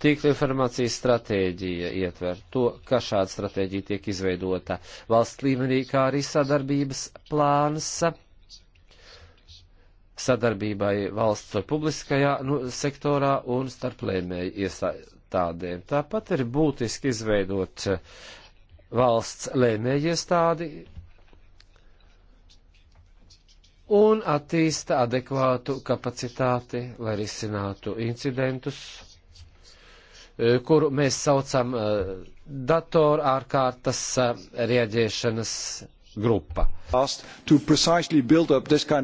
tīkla informācijas stratēģija, ietver to, ka šāda stratēģija tiek izveidota valsts līmenī, kā arī sadarbības plāns sadarbībai valsts publiskajā nu, sektorā un starp lēmēju iesa, iestādēm. Tāpat ir būtiski izveidot eh, valsts lēmējiestādi un attīsta adekvātu kapacitāti, lai risinātu incidentus, eh, kuru mēs saucam eh, datoru ārkārtas rieģēšanas grupa. Kind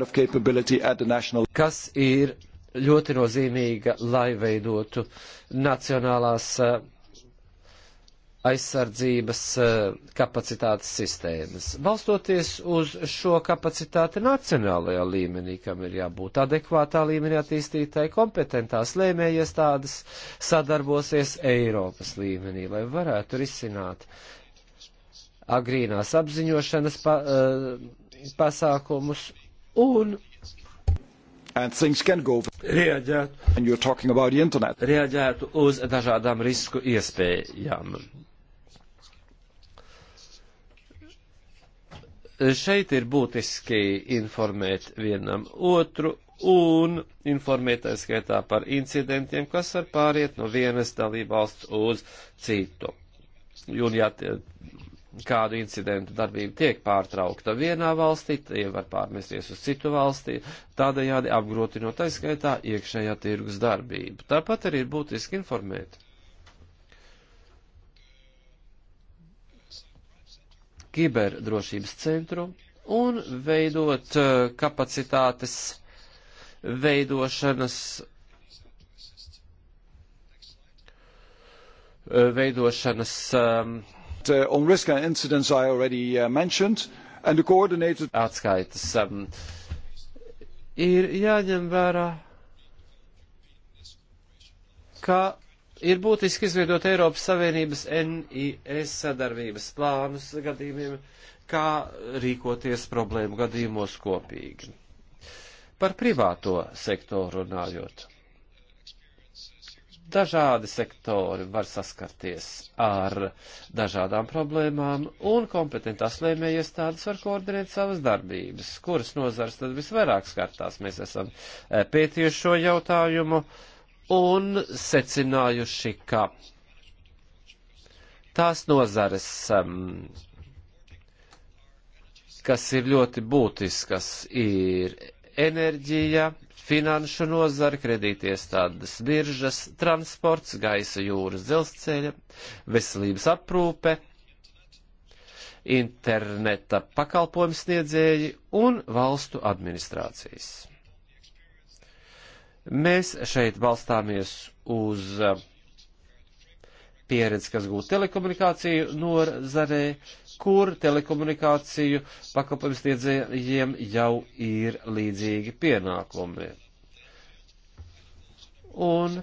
of national... Kas ir ļoti nozīmīga, lai veidotu nacionālās eh, aizsardzības eh, kapacitātes sistēmas. Balstoties uz šo kapacitāti nacionālajā līmenī, kam ir jābūt adekvātā līmenī attīstītai, kompetentās lēmējiestādes sadarbosies Eiropas līmenī, lai varētu risināt agrīnās apziņošanas pa, eh, pasākumus un Rieģēt, rieģētu uz dažādām risku iespējām. Šeit ir būtiski informēt vienam otru un informēt aizskaitā par incidentiem, kas var pāriet no vienas dalībvalsts uz citu. Un, ja kādu incidentu darbība tiek pārtraukta vienā valstī, tie var pārmesties uz citu valstī, tādējādi apgrotinot aizskaitā iekšējā tirgus darbību. Tāpat arī ir būtiski informēt. Kiberdrošības centru un veidot eh, kapacitātes veidošanas eh, veidošanas um, Uh, on risk and incidents, I already uh, mentioned, and the coordinated atskaitas um, ir jāņem vērā, ka ir būtiski izveidot Eiropas Savienības NIS sadarbības plānus gadījumiem, kā rīkoties problēmu gadījumos kopīgi. Par privāto sektoru runājot dažādi sektori var saskarties ar dažādām problēmām, un kompetentās lēmējas tādas var koordinēt savas darbības, kuras nozars tad visvairāk skartās. Mēs esam e, pētījuši šo jautājumu un secinājuši, ka tās nozares, kas ir ļoti būtiskas, ir enerģija, finanšu nozara, kredītiestādes biržas, transports, gaisa jūras dzelzceļa, veselības aprūpe, interneta pakalpojums sniedzēji un valstu administrācijas. Mēs šeit balstāmies uz uh, pieredzi, kas gūta telekomunikāciju nozarē, no kur telekomunikāciju pakalpojums tiedzējiem jau ir līdzīgi pienākumi. Un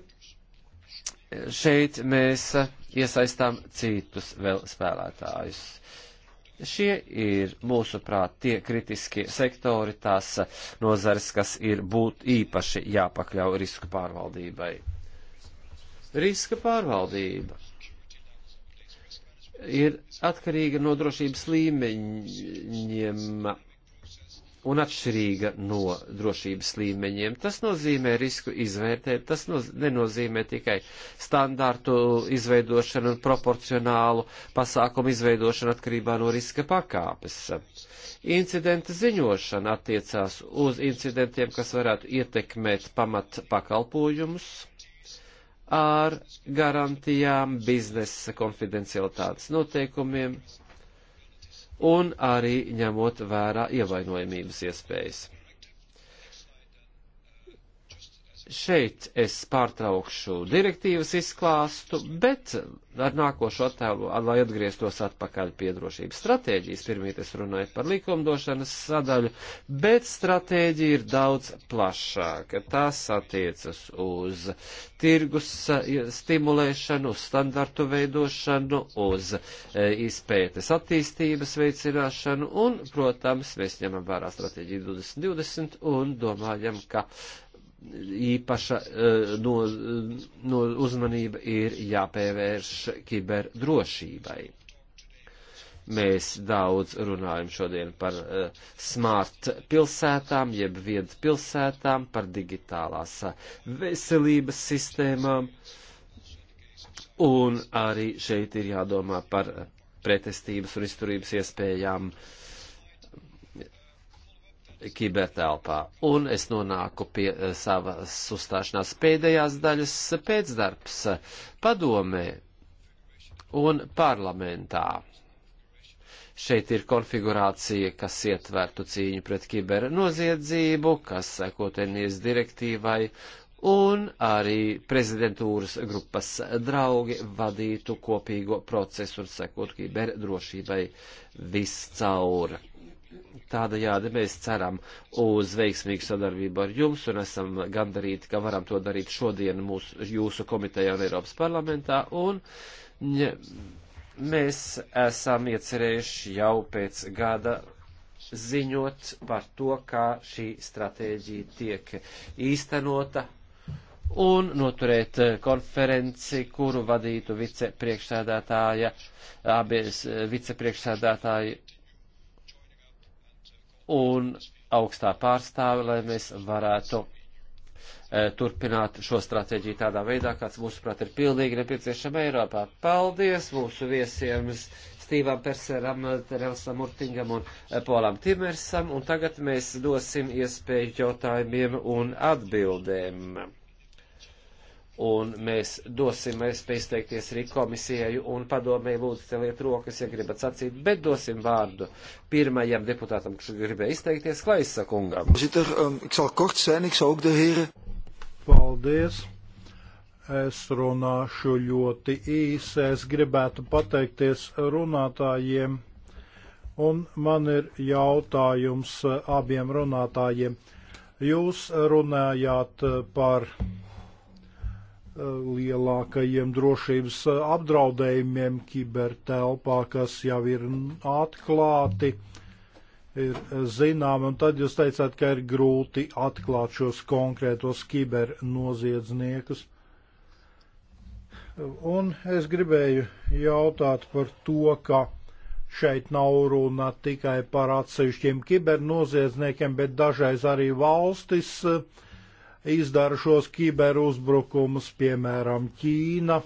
šeit mēs iesaistām citus vēl spēlētājus. Šie ir, mūsuprāt, tie kritiskie sektori, tās nozares, kas ir būt īpaši jāpakļauj risku pārvaldībai. Riska pārvaldība ir atkarīga no drošības līmeņiem un atšķirīga no drošības līmeņiem. Tas nozīmē risku izvērtēt, tas noz nenozīmē tikai standārtu izveidošanu un proporcionālu pasākumu izveidošanu atkarībā no riska pakāpes. Incidenta ziņošana attiecās uz incidentiem, kas varētu ietekmēt pamat pakalpojumus ar garantijām biznesa konfidencialitātes noteikumiem un arī ņemot vērā ievainojamības iespējas. Šeit es pārtraukšu direktīvas izklāstu, bet ar nākošo attēlu, lai atgrieztos atpakaļ pie drošības stratēģijas, pirmīt es runāju par likumdošanas sadaļu, bet stratēģija ir daudz plašāka. Tās attiecas uz tirgus stimulēšanu, uz standartu veidošanu, uz e, izpētes attīstības veicināšanu un, protams, mēs ņemam vērā stratēģiju 2020 un domājam, ka īpaša eh, no, no uzmanība ir jāpievērš kiberdrošībai. Mēs daudz runājam šodien par uh, smart pilsētām, jeb viedas pilsētām, par digitālās veselības sistēmām, un arī šeit ir jādomā par pretestības un izturības iespējām uh, kibertelpā. Un es nonāku pie eh, savas uzstāšanās pēdējās daļas pēcdarbs padomē un parlamentā. Šeit ir konfigurācija, kas ietvertu cīņu pret kibernoziedzību, kas sekot Enijas direktīvai, un arī prezidentūras grupas draugi vadītu kopīgo procesu un sekot kiberdrošībai viscaur. Tādējādi mēs ceram uz veiksmīgu sadarbību ar jums un esam gandarīti, ka varam to darīt šodien mūsu, jūsu komitejā un Eiropas parlamentā. Un ja, mēs esam iecerējuši jau pēc gada ziņot par to, kā šī stratēģija tiek īstenota un noturēt konferenci, kuru vadītu vicepriekšsēdētāja, abies vicepriekšsēdētāja un augstā pārstāve, lai mēs varētu eh, turpināt šo stratēģiju tādā veidā, kāds mūsuprāt ir pilnīgi nepieciešama Eiropā. Paldies mūsu viesiem Stīvam Perseram, Terelsam Urtingam un eh, Polam Timersam, un tagad mēs dosim iespēju jautājumiem un atbildēm un mēs dosim iespēju izteikties arī komisijai un padomēji lūdzu celiet rokas, ja gribat sacīt, bet dosim vārdu pirmajam deputātam, kas gribēja izteikties, Klaisa kungam. Ehm, Paldies! Es runāšu ļoti īsi. Es gribētu pateikties runātājiem, un man ir jautājums eh, abiem runātājiem. Jūs runājāt eh, par lielākajiem drošības apdraudējumiem kibertelpā, kas jau ir atklāti, ir zināmi, un tad jūs teicāt, ka ir grūti atklāt šos konkrētos kibernoziedzniekus. Un es gribēju jautāt par to, ka šeit nav runa tikai par atsevišķiem kibernoziedzniekiem, bet dažreiz arī valstis uh, izdara šos kiberuzbrukumus, piemēram, Ķīna.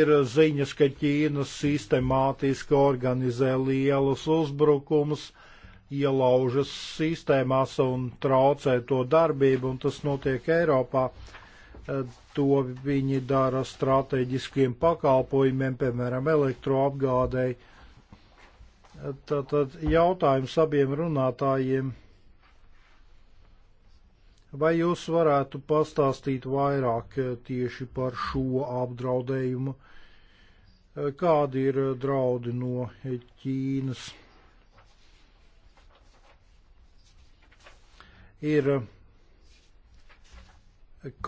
Ir ziņas, ka Ķīna sistemātiski organizē lielus uzbrukumus, ielaužas sistēmās un traucē to darbību, un tas notiek Eiropā. To viņi dara strateģiskiem pakalpojumiem, piemēram, elektroapgādēji. Tātad jautājums abiem runātājiem Vai jūs varētu pastāstīt vairāk eh, tieši par šo apdraudējumu? Eh, kādi ir eh, draudi no Ķīnas? Ir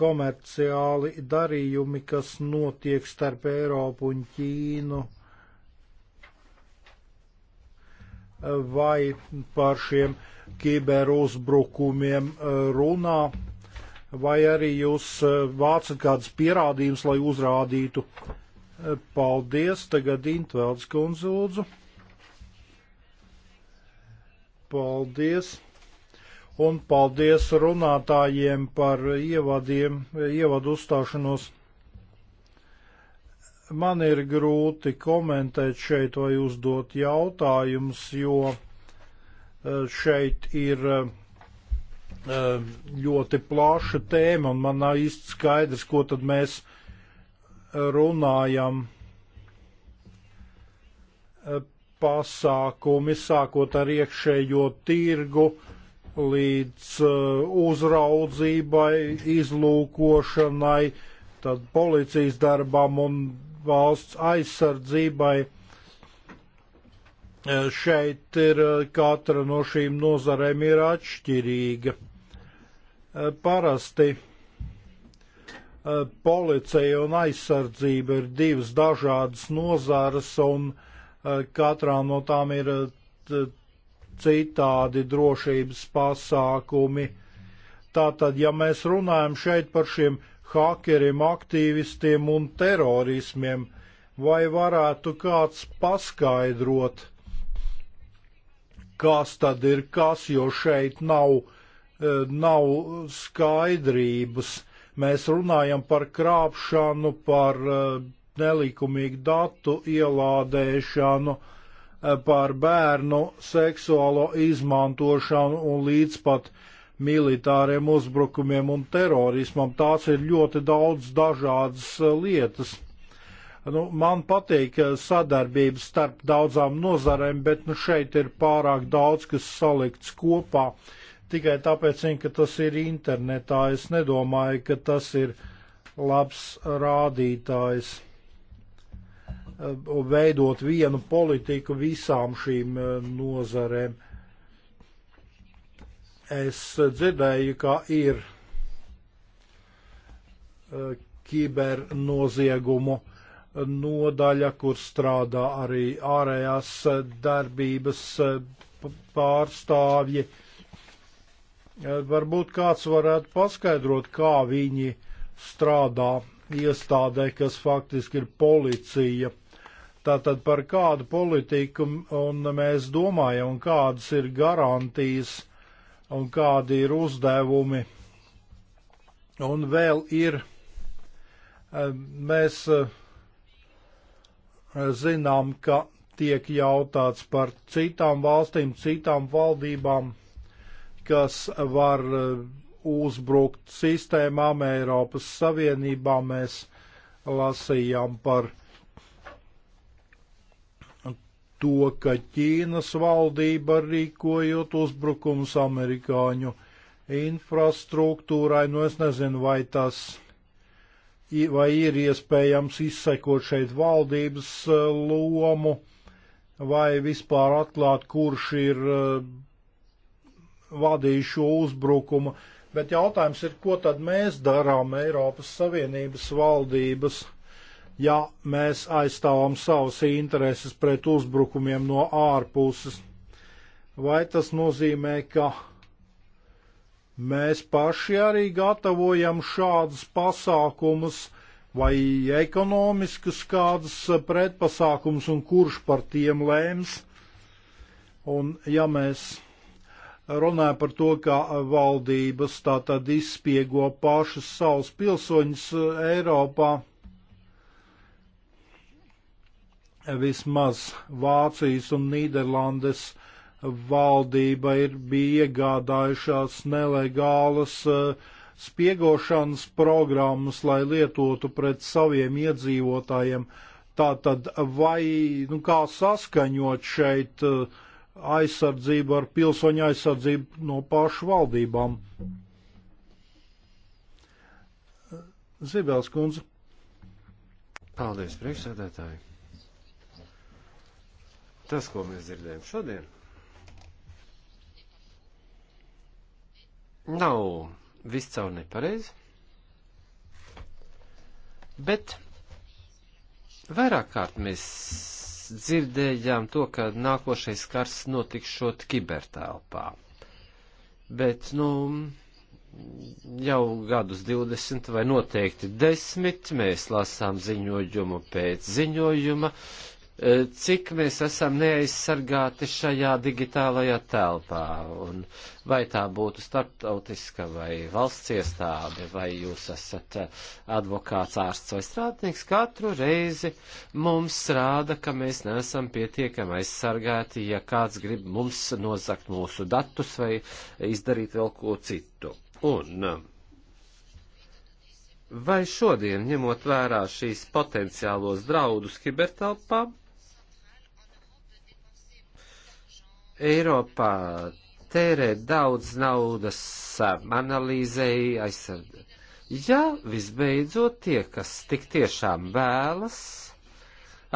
komerciāli darījumi, kas notiek starp Eiropu un Ķīnu vai par šiem kiberuzbrukumiem eh, runā, vai arī jūs eh, vācat kādus pierādījumus, lai uzrādītu. Eh, paldies, tagad Intveldes kundze lūdzu. Paldies un paldies runātājiem par ievadiem, ievadu uzstāšanos man ir grūti komentēt šeit vai uzdot jautājumus, jo e, šeit ir e, e, ļoti plaša tēma un man nav īsti skaidrs, ko tad mēs runājam. Pasākumi sākot ar iekšējo tirgu līdz uzraudzībai, izlūkošanai, tad policijas darbam un valsts aizsardzībai. E, šeit ir e, katra no šīm nozarēm ir atšķirīga. E, parasti policija un aizsardzība ir divas dažādas nozares, un katrā no tām ir citādi drošības pasākumi. Tātad, ja mēs runājam šeit par šiem hakeriem, aktīvistiem un terorismiem. Vai varētu kāds paskaidrot, kas tad ir kas, jo šeit nav, eh, nav skaidrības. Mēs runājam par krāpšanu, par eh, nelikumīgu datu ielādēšanu, eh, par bērnu seksuālo izmantošanu un līdz pat uh, militāriem uzbrukumiem un terorismam. Tās ir ļoti daudz dažādas eh, lietas. Nu, man patīk eh, sadarbības starp daudzām nozarēm, bet nu, šeit ir pārāk daudz, kas salikts kopā. Tikai tāpēc, ka tas ir internetā, es nedomāju, ka tas ir labs rādītājs eh, veidot vienu politiku visām šīm nozarēm. Es dzirdēju, ka ir e, kibernoziegumu nodaļa, kur strādā arī ārējās darbības e, pārstāvji. E, varbūt kāds varētu paskaidrot, kā viņi strādā iestādē, kas faktiski ir policija. Tātad par kādu politiku un mēs domājam un kādas ir garantijas un kādi ir uzdevumi. Un vēl ir, eh, mēs eh, zinām, ka tiek jautāts par citām valstīm, citām valdībām, kas var eh, uzbrukt sistēmām Eiropas Savienībā. Mēs lasījām par uh, to, ka Ķīnas valdība rīkojot uzbrukums amerikāņu infrastruktūrai, nu es nezinu, vai tas vai ir iespējams izsekot šeit valdības e, lomu, vai vispār atklāt, kurš ir e, vadījis šo uzbrukumu. Bet jautājums ir, ko tad mēs darām Eiropas Savienības valdības? ja mēs aizstāvam savas intereses pret uzbrukumiem no ārpuses. Vai tas nozīmē, ka mēs paši arī gatavojam šādus pasākumus vai ekonomiskus kādus pretpasākumus un kurš par tiem lēms? Un ja mēs runāja par to, ka valdības tā tad izspiego pašas savus pilsoņus Eiropā, vismaz Vācijas un Nīderlandes valdība ir bija iegādājušās nelegālas eh, spiegošanas programmas, lai lietotu pret saviem iedzīvotājiem. Tātad vai, nu kā saskaņot šeit eh, aizsardzību ar pilsoņu aizsardzību no pašu valdībām? Zibels kundze. Paldies, priekšsēdētāji. Tas, ko mēs dzirdējam šodien, nav viscaur nepareizi, bet vairāk kārt mēs dzirdējām to, ka nākošais kars notikšot kibertelpā. Bet, nu, jau gadus 20 vai noteikti 10 mēs lasām ziņojumu pēc ziņojuma Eh, cik mēs esam neaizsargāti šajā digitālajā telpā, un vai tā būtu starptautiska vai valsts iestāde, vai jūs esat eh, advokāts, ārsts vai strādnieks, katru reizi mums rāda, ka mēs neesam pietiekami aizsargāti, ja kāds grib mums nozakt mūsu datus vai izdarīt vēl ko citu. Un, eh, Vai šodien, ņemot vērā šīs potenciālos draudus kibertelpām, Eiropā tērē daudz naudas analīzēji aizsardzībai. Ja visbeidzot tie, kas tik tiešām vēlas,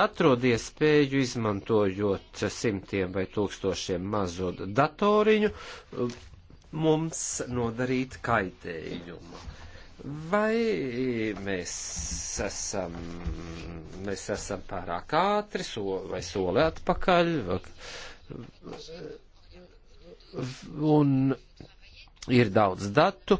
atrod iespēju izmantojot simtiem vai tūkstošiem mazo datoriņu, mums nodarīt kaitējumu. Vai mēs esam, mēs esam pārāk ātri so, vai soli atpakaļ? Vai un ir daudz datu,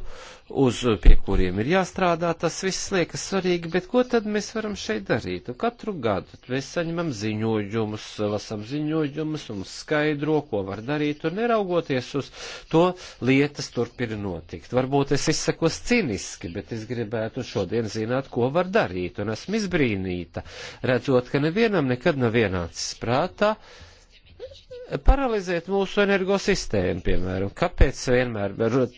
uz, pie kuriem ir jāstrādā, tas viss liekas svarīgi, bet ko tad mēs varam šeit darīt? Un nu, katru gadu mēs saņemam ziņojumus, lasam ziņojumus un skaidro, ko var darīt, un neraugoties uz to, lietas turpina notikt. Varbūt es izsakos ciniski, bet es gribētu šodien zināt, ko var darīt, un esmu izbrīnīta, redzot, ka nevienam nekad nav vienācis prātā, uh, paralizēt mūsu energosistēmu, piemēram. Kāpēc vienmēr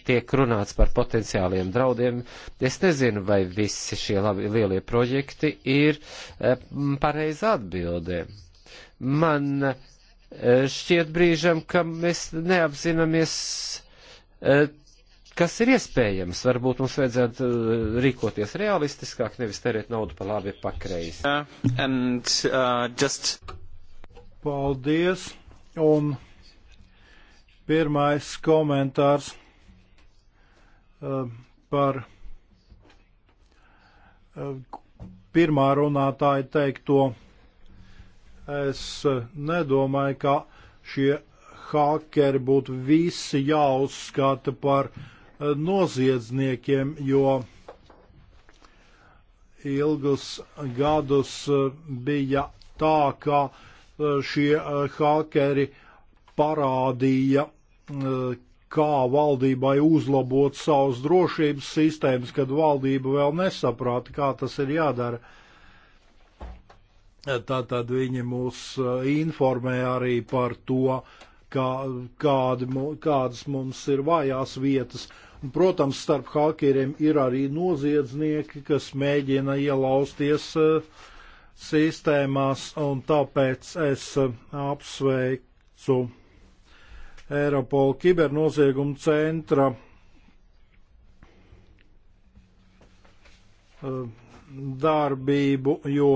tiek runāts par potenciāliem draudiem? Es nezinu, vai visi šie labi, lielie projekti ir e, pareiza atbildē. Man e, šķiet brīžam, ka mēs neapzināmies, e, kas ir iespējams. Varbūt mums vajadzētu rīkoties realistiskāk, nevis terēt naudu pa labi pakreisi. Uh, and, uh, just... Paldies! Un pirmais komentārs eh, par eh, pirmā runātāja teikto. Es eh, nedomāju, ka šie hakeri būtu visi jāuzskata par noziedzniekiem, jo ilgus gadus bija tā, ka uh, Eh, šie eh, hakeri parādīja, eh, kā valdībai uzlabot savus drošības sistēmas, kad valdība vēl nesaprāta, kā tas ir jādara. Tātad viņi mūs informē arī par to, kā, kādi, kādas mums ir vājās vietas. Un, protams, starp hakeriem ir arī noziedznieki, kas mēģina ielausties uh, sistēmās, un tāpēc es eh, apsveicu Eiropola kibernozieguma centra eh, darbību, jo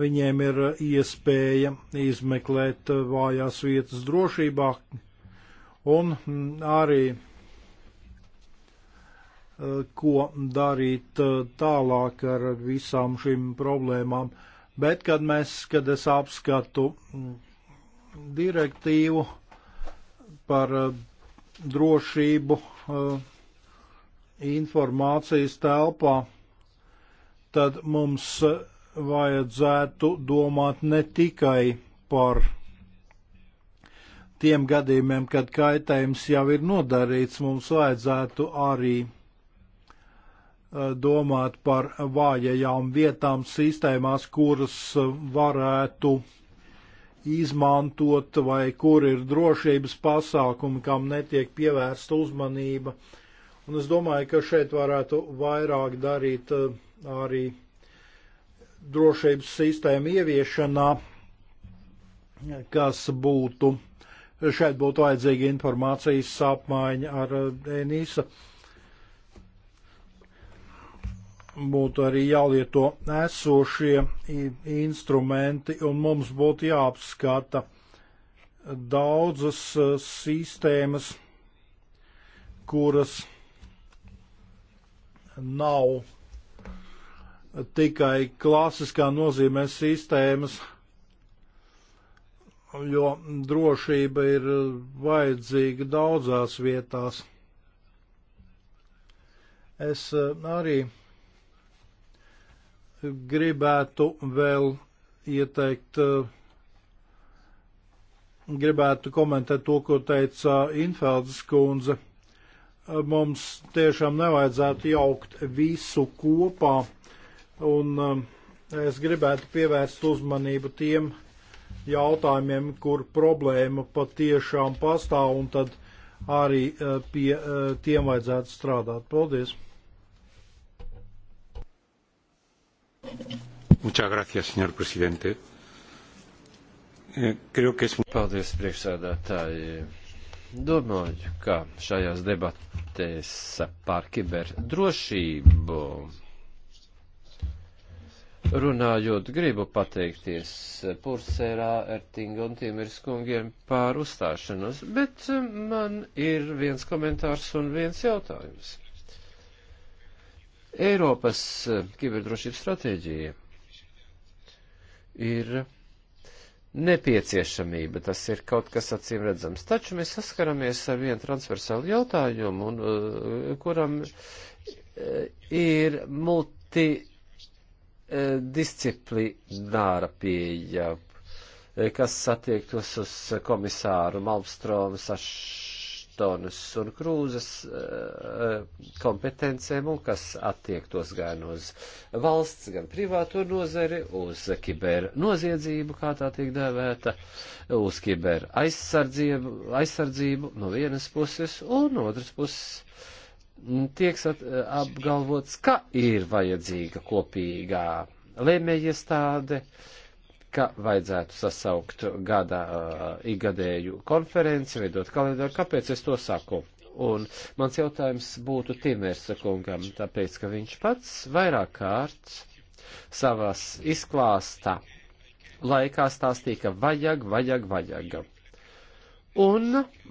viņiem ir iespēja izmeklēt eh, vājās vietas drošībā un mm, arī ko darīt eh, tālāk ar visām šīm problēmām. Bet, kad mēs, kad es apskatu mm, direktīvu par eh, drošību eh, informācijas telpā, tad mums vajadzētu domāt ne tikai par tiem gadījumiem, kad kaitējums jau ir nodarīts, mums vajadzētu arī domāt par vājajām vietām sistēmās, kuras varētu izmantot vai kur ir drošības pasākumi, kam netiek pievērsta uzmanība. Un es domāju, ka šeit varētu vairāk darīt eh, arī drošības sistēma ieviešanā, kas būtu, šeit būtu vajadzīga informācijas apmaiņa ar eh, Enīsa. Uh, būtu arī jālieto esošie instrumenti, un mums būtu jāapskata daudzas e, sistēmas, kuras nav tikai klasiskā nozīmē sistēmas, jo drošība ir vajadzīga daudzās vietās. Es e, arī gribētu vēl ieteikt, eh, gribētu komentēt to, ko teica Infeldes kundze. Mums tiešām nevajadzētu jaukt visu kopā, un eh, es gribētu pievērst uzmanību tiem jautājumiem, kur problēma patiešām pastāv, un tad arī eh, pie tiem vajadzētu strādāt. Paldies! Muchas gracias, señor presidente. Eh, creo que es... Paldies, priekšsēdētāji. Domāju, ka šajās debatēs par kiberdrošību Runājot, gribu pateikties Pursērā, Ertinga un Tiemirs kungiem pār uzstāšanos, bet man ir viens komentārs un viens jautājums. Eiropas eh, kiberdrošības stratēģija ir nepieciešamība, tas ir kaut kas acīm redzams. Taču mēs saskaramies ar vienu transversālu jautājumu, un, eh, kuram eh, ir multidisciplināra pieeja, kas attiektos uz komisāru Malmstromu, Sašu Ashtonas un Krūzas eh, kompetencēm un kas attiektos gan uz valsts, gan privāto nozari, uz kiber noziedzību, kā tā tiek dēvēta, uz kiber aizsardzību, aizsardzību no vienas puses un no otras puses tiek apgalvots, ka ir vajadzīga kopīgā lēmējiestāde. iestāde ka vajadzētu sasaukt gada uh, igadēju konferenci, veidot kalendāru. Kāpēc es to saku? Un mans jautājums būtu Timersa kungam, tāpēc, ka viņš pats vairāk kārt savas izklāsta laikā stāstīja, ka vajag, vajag, vajag. Un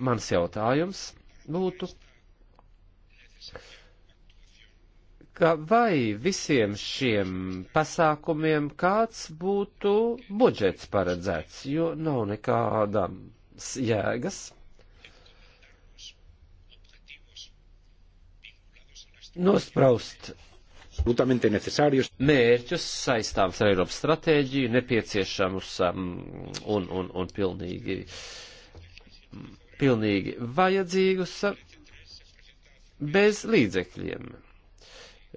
mans jautājums būtu, ka vai visiem šiem pasākumiem kāds būtu budžets paredzēts, jo nav nekādam jēgas. Nospraust mērķus saistāms ar Eiropas stratēģiju, nepieciešamus um, un, un, un pilnīgi, pilnīgi vajadzīgus um, bez līdzekļiem.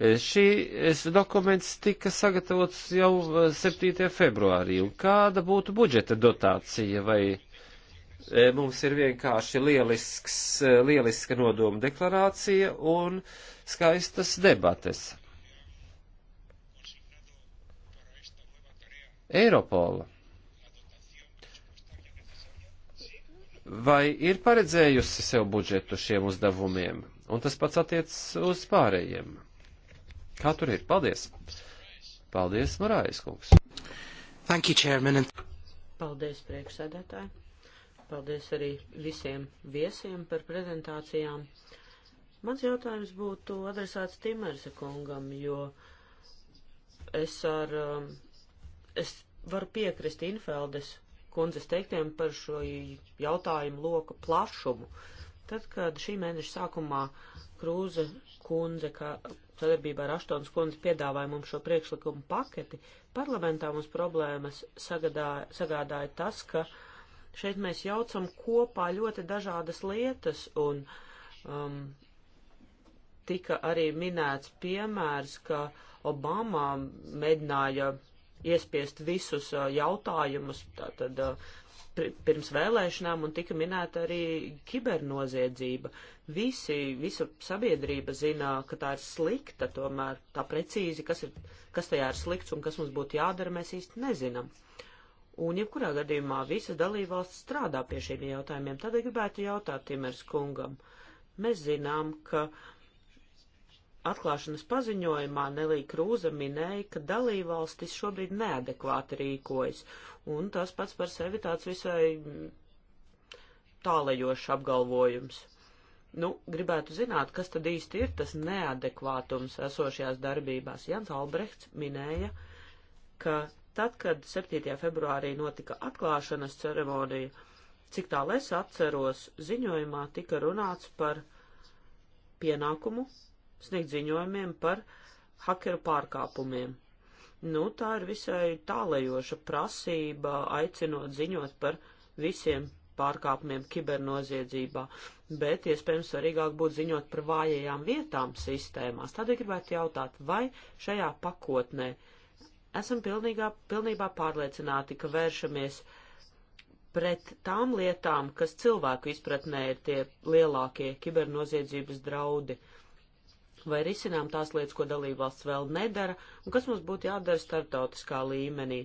Šīs dokuments tika sagatavots jau 7. Eh, februārī, un kāda būtu budžeta dotācija vai eh, mums ir vienkārši lielisks, eh, lieliska nodoma deklarācija un skaistas debates. Eiropola. Vai ir paredzējusi sev budžetu šiem uzdevumiem? Un tas pats attiec uz pārējiem. Kā tur ir? Paldies! Paldies, Marājas kungs! Thank you, Chairman! And... Paldies, priekšsēdētāji! Paldies arī visiem viesiem par prezentācijām. Mans jautājums būtu adresēts Timersa kungam, jo es ar, um, es varu piekrist Infeldes kundzes teiktiem par šo jautājumu loka plašumu. Tad, kad šī mēneša sākumā Krūze kundze, kā sadarbībā ar Aštons kundzi piedāvāja mums šo priekšlikumu paketi, parlamentā mums problēmas sagadāja, sagādāja tas, ka šeit mēs jaucam kopā ļoti dažādas lietas un um, tika arī minēts piemērs, ka Obama mēģināja iespiest visus uh, jautājumus, tātad uh, pirms vēlēšanām un tika minēta arī kibernoziedzība. Visi, visa sabiedrība zina, ka tā ir slikta, tomēr tā precīzi, kas, ir, kas tajā ir slikts un kas mums būtu jādara, mēs īsti nezinām. Un, ja kurā gadījumā visas dalībvalsts strādā pie šiem jautājumiem, tad gribētu jautāt Timers kungam. Mēs zinām, ka atklāšanas paziņojumā Nelī Krūza minēja, ka dalībvalstis šobrīd neadekvāti rīkojas, un tas pats par sevi tāds visai tālajošs apgalvojums. Nu, gribētu zināt, kas tad īsti ir tas neadekvātums esošajās darbībās. Jans Albrechts minēja, ka tad, kad 7. februārī notika atklāšanas ceremonija, cik tālu es atceros, ziņojumā tika runāts par pienākumu sniegt ziņojumiem par hakeru pārkāpumiem. Nu, tā ir visai tālajoša prasība, aicinot ziņot par visiem pārkāpumiem kibernoziedzībā, bet iespējams svarīgāk būtu ziņot par vājajām vietām sistēmās. Tādēļ gribētu jautāt, vai šajā pakotnē esam pilnīgā, pilnībā pārliecināti, ka vēršamies pret tām lietām, kas cilvēku izpratnē ir tie lielākie kibernoziedzības draudi. Uh, vai risinām tās lietas, ko dalībvalsts vēl nedara, un kas mums būtu jādara startautiskā līmenī.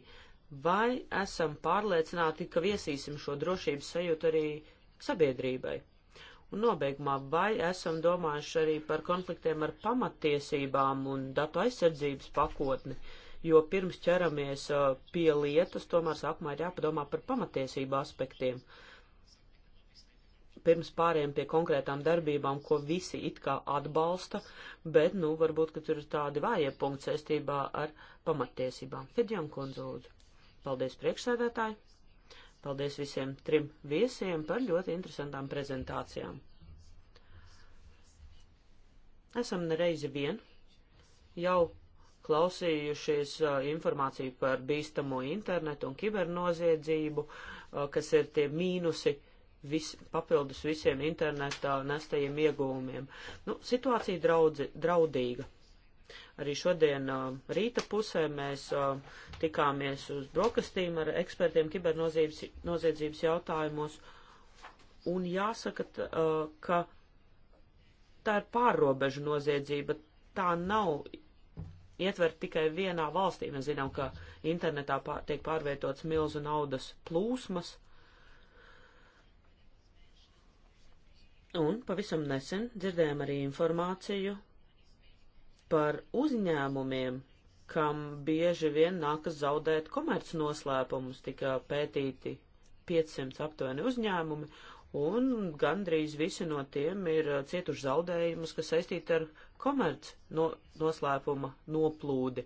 Vai esam pārliecināti, ka viesīsim šo drošības sajūtu arī sabiedrībai? Un nobeigumā, vai esam domājuši arī par konfliktiem ar pamattiesībām un datu aizsardzības pakotni, jo pirms ķeramies uh, pie lietas, tomēr sākumā ir jāpadomā par pamatiesību aspektiem. Uh, pirms pāriem pie konkrētām darbībām, ko visi it kā atbalsta, bet, nu, varbūt, ka tur ir tādi vājie punkti saistībā ar pamattiesībām. Fidjam Kundzūdzu. Paldies priekšsēdētāji. Paldies visiem trim viesiem par ļoti interesantām prezentācijām. Esam nereizi vien jau klausījušies uh, informāciju par bīstamo internetu un kibernoziedzību, uh, kas ir tie mīnusi, uh, vis, papildus visiem internetā nestajiem ieguvumiem. Nu, situācija draudzi, draudīga. Arī šodien uh, rīta pusē mēs uh, tikāmies uz brokastīm ar ekspertiem kibernoziedzības jautājumos. Un jāsaka, t, uh, ka tā ir pārrobežu noziedzība. Tā nav ietver tikai vienā valstī. Mēs zinām, ka internetā pār, tiek pārvietots milzu naudas plūsmas Un pavisam nesen dzirdējām arī informāciju par uzņēmumiem, kam bieži vien nākas zaudēt komerc noslēpumus, tika pētīti 500 aptuveni uzņēmumi, un gandrīz visi no tiem ir uh, cietuši zaudējumus, kas saistīti ar komerc no, noslēpuma noplūdi.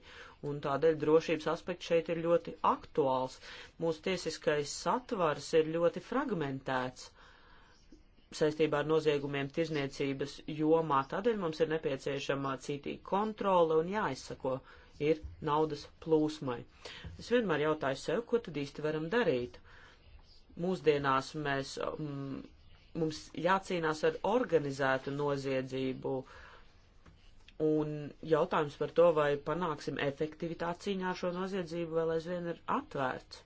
Un tādēļ drošības aspekts šeit ir ļoti aktuāls. Mūsu tiesiskais satvars ir ļoti fragmentēts, saistībā ar noziegumiem tirzniecības jomā. Tādēļ mums ir nepieciešama cītīga kontrole un jāizsako ir naudas plūsmai. Es vienmēr jautāju sev, ko tad īsti varam darīt. Mūsdienās mēs, mm, mums jācīnās ar organizētu noziedzību. Un jautājums par to, vai panāksim efektivitāti cīņā ar šo noziedzību, vēl aizvien ir atvērts.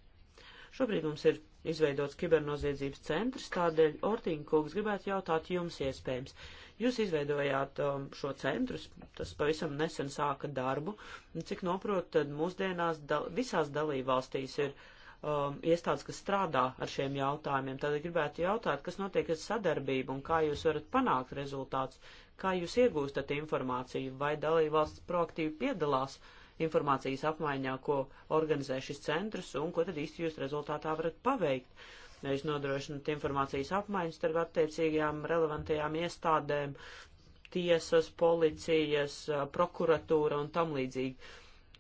Šobrīd mums ir izveidots kibernoziedzības centrs, tādēļ Ortīnkungs gribētu jautāt jums iespējams. Jūs izveidojāt um, šo centru, tas pavisam nesen sāka darbu, un cik noprotu, tad mūsdienās da visās dalībvalstīs ir um, iestādes, kas strādā ar šiem jautājumiem. Tad gribētu jautāt, kas notiek ar sadarbību un kā jūs varat panākt rezultātus, kā jūs iegūstat informāciju, vai dalībvalsts proaktīvi piedalās uh, informācijas apmaiņā, ko organizē šis centrs un ko tad īsti jūs rezultātā varat paveikt. Nevis nodrošināt informācijas apmaiņas starp attiecīgajām relevantajām iestādēm, tiesas, policijas, prokuratūra un tam līdzīgi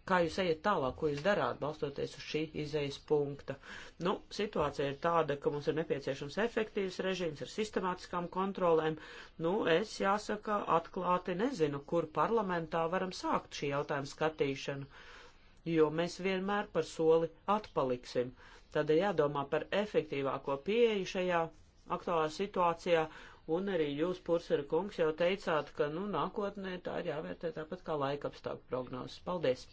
kā jūs ejat tālāk, ko jūs darāt, balstoties uz šī izējas punkta. Nu, situācija ir tāda, ka mums ir nepieciešams efektīvs režīms ar sistemātiskām kontrolēm. Nu, es jāsaka, atklāti nezinu, kur parlamentā varam sākt šī jautājuma skatīšanu, jo mēs vienmēr par soli atpaliksim. Tad ir jādomā par efektīvāko pieeju šajā aktuālā situācijā, un arī jūs, Pursera kungs, jau teicāt, ka, nu, nākotnē tā ir jāvērtē tāpat kā laikapstākļu prognozes. Paldies!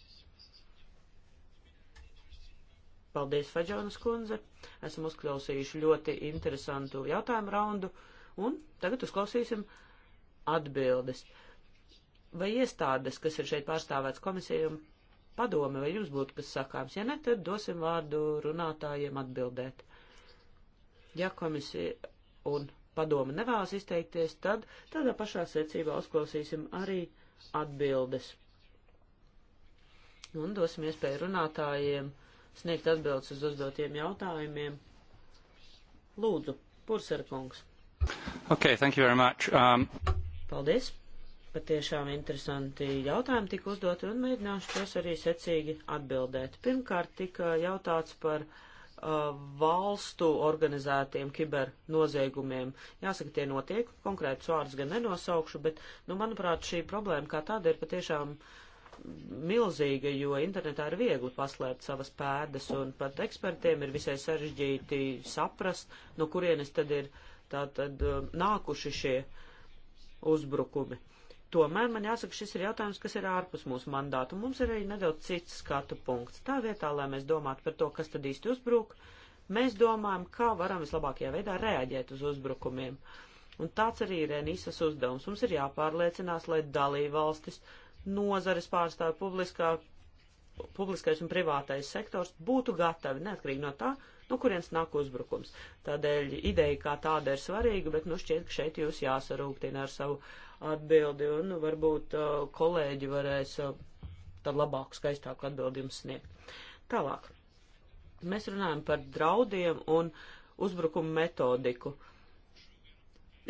Paldies, Faģonas kundze. Esam uzklausījuši ļoti interesantu jautājumu raundu, un tagad uzklausīsim atbildes. Vai iestādes, kas ir šeit pārstāvēts komisija un padome, vai jums būtu kas sakāms? Ja ne, tad dosim vārdu runātājiem atbildēt. Ja komisija un padome nevēlas izteikties, tad tādā pašā secībā uzklausīsim arī atbildes. Un dosim iespēju runātājiem sniegt atbildes uz uzdotiem jautājumiem. Lūdzu, Purserkungs. Ok, thank you very much. Um... Paldies. Patiešām interesanti jautājumi tika uzdoti un mēģināšu tos arī secīgi atbildēt. Pirmkārt tika jautāts par uh, valstu organizētiem kibernoziegumiem. Jāsaka, tie notiek, konkrētus vārdus gan nenosaukšu, bet, nu, manuprāt, šī problēma kā tāda ir patiešām uh, milzīga, jo internetā ir viegli paslēpt savas pēdas, un pat ekspertiem ir visai sarežģīti saprast, no kurienes tad ir tātad um, nākuši šie uzbrukumi. Tomēr man jāsaka, šis ir jautājums, kas ir ārpus mūsu mandātu. Mums ir arī nedaudz cits skatu punkts. Tā vietā, lai mēs domātu par to, kas tad īsti uzbruk, mēs domājam, kā varam vislabākajā veidā reaģēt uz uzbrukumiem. Un tāds arī ir Enīsas uzdevums. Mums ir jāpārliecinās, lai dalībvalstis valstis nozares pārstāvi, publiskā, publiskais un privātais sektors būtu gatavi, neatkarīgi no tā, no kurienes nāk uzbrukums. Tādēļ ideja kā tāda ir svarīga, bet nu šķiet, ka šeit jūs jāsarūktina ar savu atbildi un varbūt uh, kolēģi varēs uh, tad labāku, skaistāku atbildi jums sniegt. Tālāk. Mēs runājam par draudiem un uzbrukumu metodiku. Uh,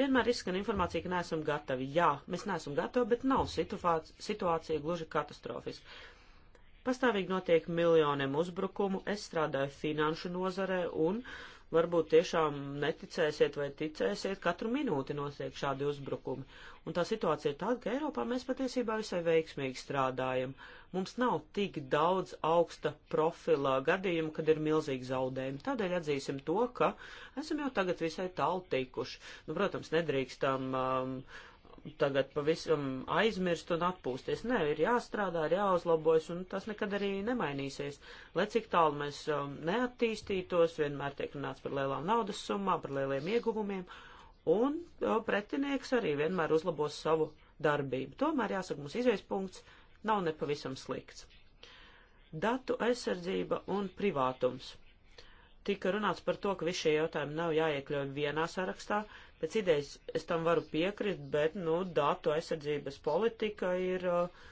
Vienmēr izskan informācija, ka neesam gatavi. Jā, mēs neesam gatavi, bet nav situācija gluži katastrofiska. Pastāvīgi notiek miljoniem uzbrukumu, es strādāju finanšu nozarē un varbūt tiešām neticēsiet vai ticēsiet, katru minūti notiek šādi uzbrukumi. Un tā situācija ir tāda, ka Eiropā mēs patiesībā visai veiksmīgi strādājam. Mums nav tik daudz augsta profila gadījumu, kad ir milzīgi zaudējumi. Tādēļ atzīsim to, ka esam jau tagad visai tālu tikuši. Nu, protams, nedrīkstam. Um, tagad pavisam aizmirst un atpūsties. Nē, ir jāstrādā, ir jāuzlabojas, un tas nekad arī nemainīsies. Lai cik tālu mēs um, neattīstītos, vienmēr tiek runāts par lielām naudas summām, par lieliem ieguvumiem, un o, uh, pretinieks arī vienmēr uzlabos savu darbību. Tomēr, jāsaka, mums izvēles punkts nav nepavisam slikts. Datu aizsardzība un privātums. Tika runāts par to, ka visi šie jautājumi nav jāiekļauj vienā sarakstā, Pēc idejas es tam varu piekrist, bet, nu, datu aizsardzības politika ir uh,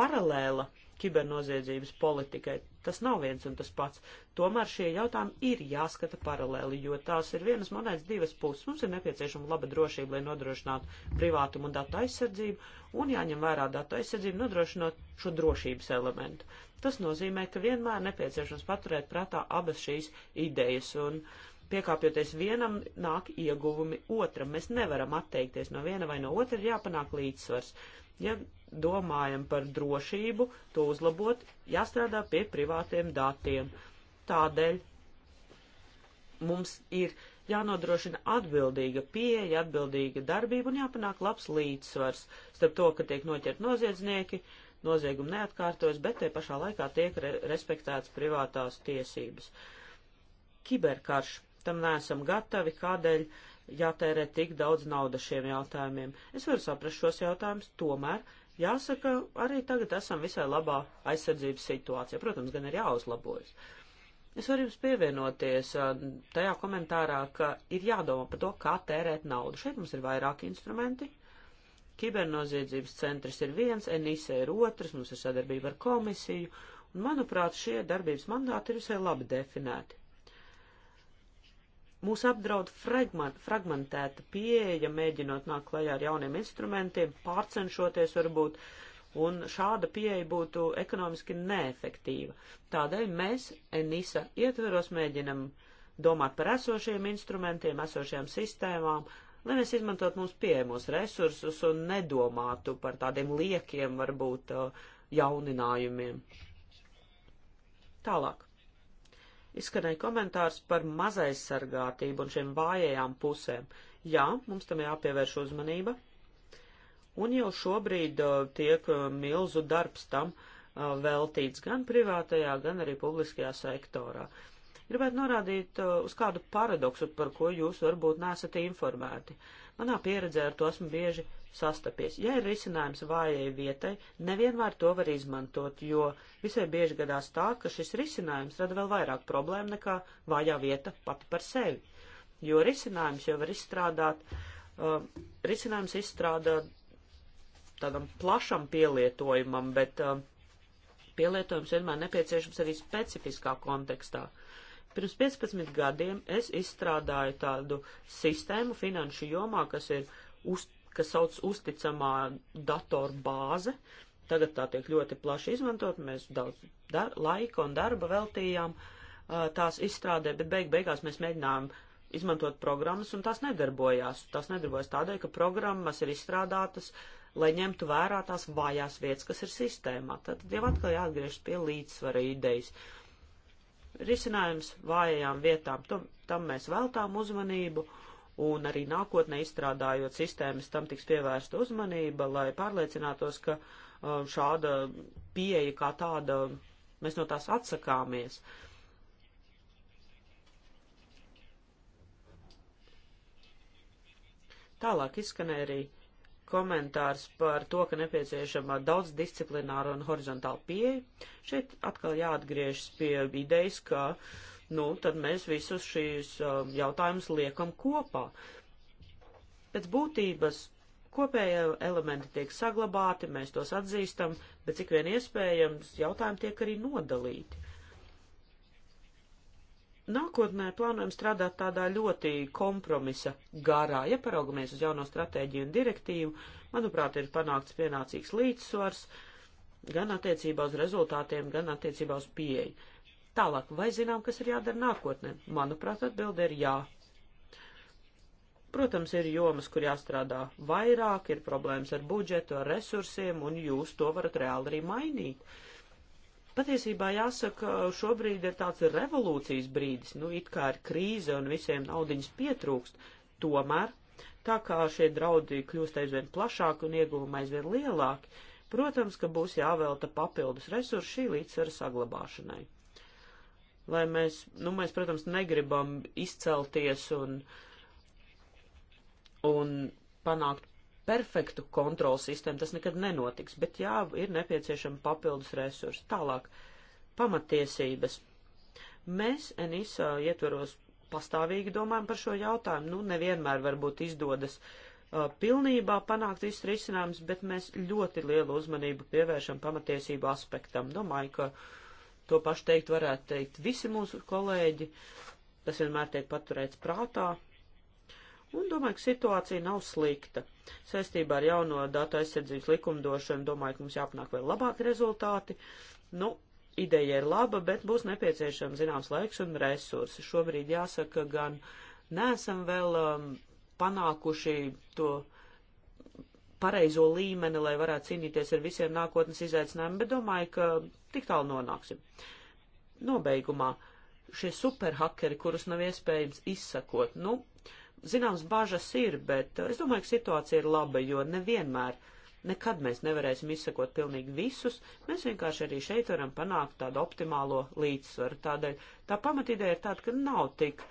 paralēla kibernoziedzības politikai. Tas nav viens un tas pats. Tomēr šie jautājumi ir jāskata paralēli, jo tās ir vienas monētas divas puses. Mums ir nepieciešama laba drošība, lai nodrošinātu privātumu un datu aizsardzību, un jāņem vērā datu aizsardzību, nodrošinot šo drošības elementu. Tas nozīmē, ka vienmēr nepieciešams paturēt prātā abas šīs idejas, un piekāpjoties vienam, nāk ieguvumi otram. Mēs nevaram atteikties no viena vai no otra, ir jāpanāk līdzsvars. Ja domājam par drošību, to uzlabot, jāstrādā pie privātiem datiem. Tādēļ mums ir jānodrošina atbildīga pieeja, atbildīga darbība un jāpanāk labs līdzsvars starp to, ka tiek noķert noziedznieki, noziegumi neatkārtojas, bet te pašā laikā tiek re respektētas privātās tiesības. Kiberkarš tam neesam gatavi, kādēļ jātērē tik daudz naudas šiem jautājumiem. Es varu saprast šos jautājumus, tomēr jāsaka, arī tagad esam visai labā aizsardzības situācijā. Protams, gan ir jāuzlabojas. Es varu jums pievienoties tajā komentārā, ka ir jādomā par to, kā tērēt naudu. Šeit mums ir vairāki instrumenti. Kibernoziedzības centrs ir viens, NISE ir otrs, mums ir sadarbība ar komisiju, un, manuprāt, šie darbības mandāti ir visai labi definēti. Mūs apdraud fragmentēta pieeja, mēģinot nākt klajā ar jauniem instrumentiem, pārcenšoties varbūt, un šāda pieeja būtu ekonomiski neefektīva. Tādēļ mēs ENISA ietveros mēģinam domāt par esošiem instrumentiem, esošajām sistēmām, lai mēs izmantotu mūsu pieejamos resursus un nedomātu par tādiem liekiem, varbūt, uh, jauninājumiem. Tālāk. Izskanēja komentārs par mazaizsargātību un šiem vājajām pusēm. Jā, mums tam jāpievērš uzmanība. Un jau šobrīd uh, tiek uh, milzu darbs tam uh, veltīts gan privātajā, gan arī publiskajā sektorā. Gribētu norādīt uh, uz kādu paradoksu, par ko jūs varbūt nesat informēti. Manā pieredzē ar to esmu bieži sastapies. Ja ir risinājums vājai vietai, nevienmēr to var izmantot, jo visai bieži gadās tā, ka šis risinājums rada vēl vairāk problēmu nekā vājā vieta pati par sevi. Jo risinājums jau var izstrādāt, uh, risinājums izstrādā tādam plašam pielietojumam, bet uh, pielietojums vienmēr nepieciešams arī specifiskā kontekstā. Pirms 15 gadiem es izstrādāju tādu sistēmu finanšu jomā, kas ir uz, kas sauc uzticamā datoru bāze. Tagad tā tiek ļoti plaši izmantot, mēs daudz dar, laika un darba veltījām uh, tās izstrādē, bet beig beigās mēs mēģinājām izmantot programmas, un tās nedarbojās. Tās nedarbojas tādēļ, ka programmas ir izstrādātas, lai ņemtu vērā tās vājās vietas, kas ir sistēmā. Tad jau atkal jāatgriežas pie līdzsvara idejas. Risinājums vājajām vietām, to, tam mēs veltām uzmanību. Uh, un arī nākotnē izstrādājot sistēmas, tam tiks pievērsta uzmanība, lai pārliecinātos, ka uh, šāda pieeja kā tāda, mēs no tās atsakāmies. Tālāk izskanēja arī komentārs par to, ka nepieciešama daudz disciplināra un horizontāla pieeja. Šeit atkal jāatgriežas pie idejas, ka uh, nu, tad mēs visus šīs um, jautājumus liekam kopā. Pēc būtības kopējie elementi tiek saglabāti, mēs tos atzīstam, bet cik vien iespējams jautājumi tiek arī nodalīti. Nākotnē plānojam strādāt tādā ļoti kompromisa garā. Ja paraugamies uz jauno stratēģiju un direktīvu, manuprāt, ir panākts pienācīgs līdzsvars gan attiecībā uz rezultātiem, gan attiecībā uz pieeju. Tālāk, vai zinām, kas ir jādara nākotnē? Manuprāt, atbilde ir jā. Protams, ir jomas, kur jāstrādā vairāk, ir problēmas ar budžetu, ar resursiem, un jūs to varat reāli arī mainīt. Patiesībā jāsaka, šobrīd ir tāds revolūcijas brīdis, nu it kā ir krīze un visiem naudiņas pietrūkst, tomēr, tā kā šie draudi kļūst aizvien plašāki un ieguvumi aizvien lielāki, protams, ka būs jāvelta papildus resursi šī līdzsvera saglabāšanai lai mēs, nu, mēs, protams, negribam izcelties un, un panākt perfektu kontrols sistēmu, tas nekad nenotiks, bet jā, ir nepieciešama papildus resursi. Tālāk, pamatiesības. Mēs NISA ietveros pastāvīgi domājam par šo jautājumu, nu, nevienmēr varbūt izdodas uh, pilnībā panākt viss risinājums, bet mēs ļoti lielu uzmanību pievēršam pamatiesību aspektam. Domāju, ka uh, To pašu teikt varētu teikt visi mūsu kolēģi. Tas vienmēr tiek paturēts prātā. Un domāju, ka situācija nav slikta. Saistībā ar jauno datu aizsardzības likumdošanu domāju, ka mums jāpanāk vēl labāki rezultāti. Nu, ideja ir laba, bet būs nepieciešams zināms laiks un resursi. Šobrīd jāsaka, gan neesam vēl um, panākuši to pareizo līmeni, lai varētu cīnīties ar visiem nākotnes izaicinājumiem, bet domāju, ka tik tālu nonāksim. Nobeigumā šie superhakeri, kurus nav iespējams izsakot, nu, zināms, bažas ir, bet es domāju, ka situācija ir laba, jo nevienmēr, nekad mēs nevarēsim izsakot pilnīgi visus, mēs vienkārši arī šeit varam panākt tādu optimālo līdzsvaru. Tādēļ tā pamatīdē ir tāda, ka nav tik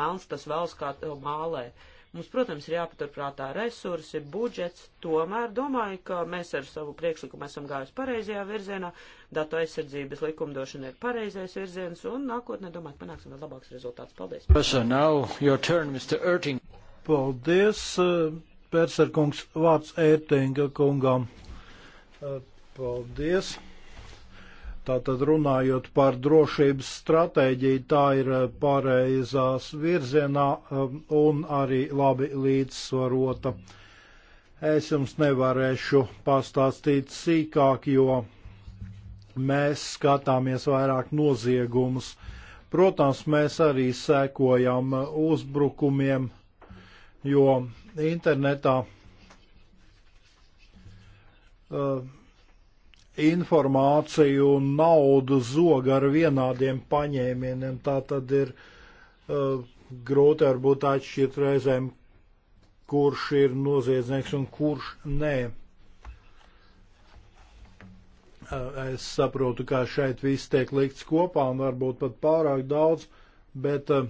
melns tas vēls, kā to mālē. Uh, Mums, protams, ir jāpaturprātā resursi, budžets, tomēr domāju, ka mēs ar savu priekšlikumu esam gājuši pareizajā virzienā, datu aizsardzības likumdošana ir pareizais virziens, un nākotnē, domāju, panāksim vēl labāks rezultāts. Paldies! Turn, Paldies, eh, Pērserkungs, vārds Ērtinga kungam. Eh, paldies! Tātad runājot par drošības stratēģiju, tā ir eh, pareizās virzienā eh, un arī labi līdzsvarota. Es jums nevarēšu pastāstīt sīkāk, jo mēs skatāmies vairāk noziegumus. Protams, mēs arī sekojam uzbrukumiem, jo internetā uh, informāciju un naudu zog ar vienādiem paņēmieniem. Tā tad ir uh, grūti varbūt atšķirt reizēm, kurš ir noziedznieks un kurš nē. Uh, es saprotu, kā šeit viss tiek likts kopā un varbūt pat pārāk daudz, bet uh,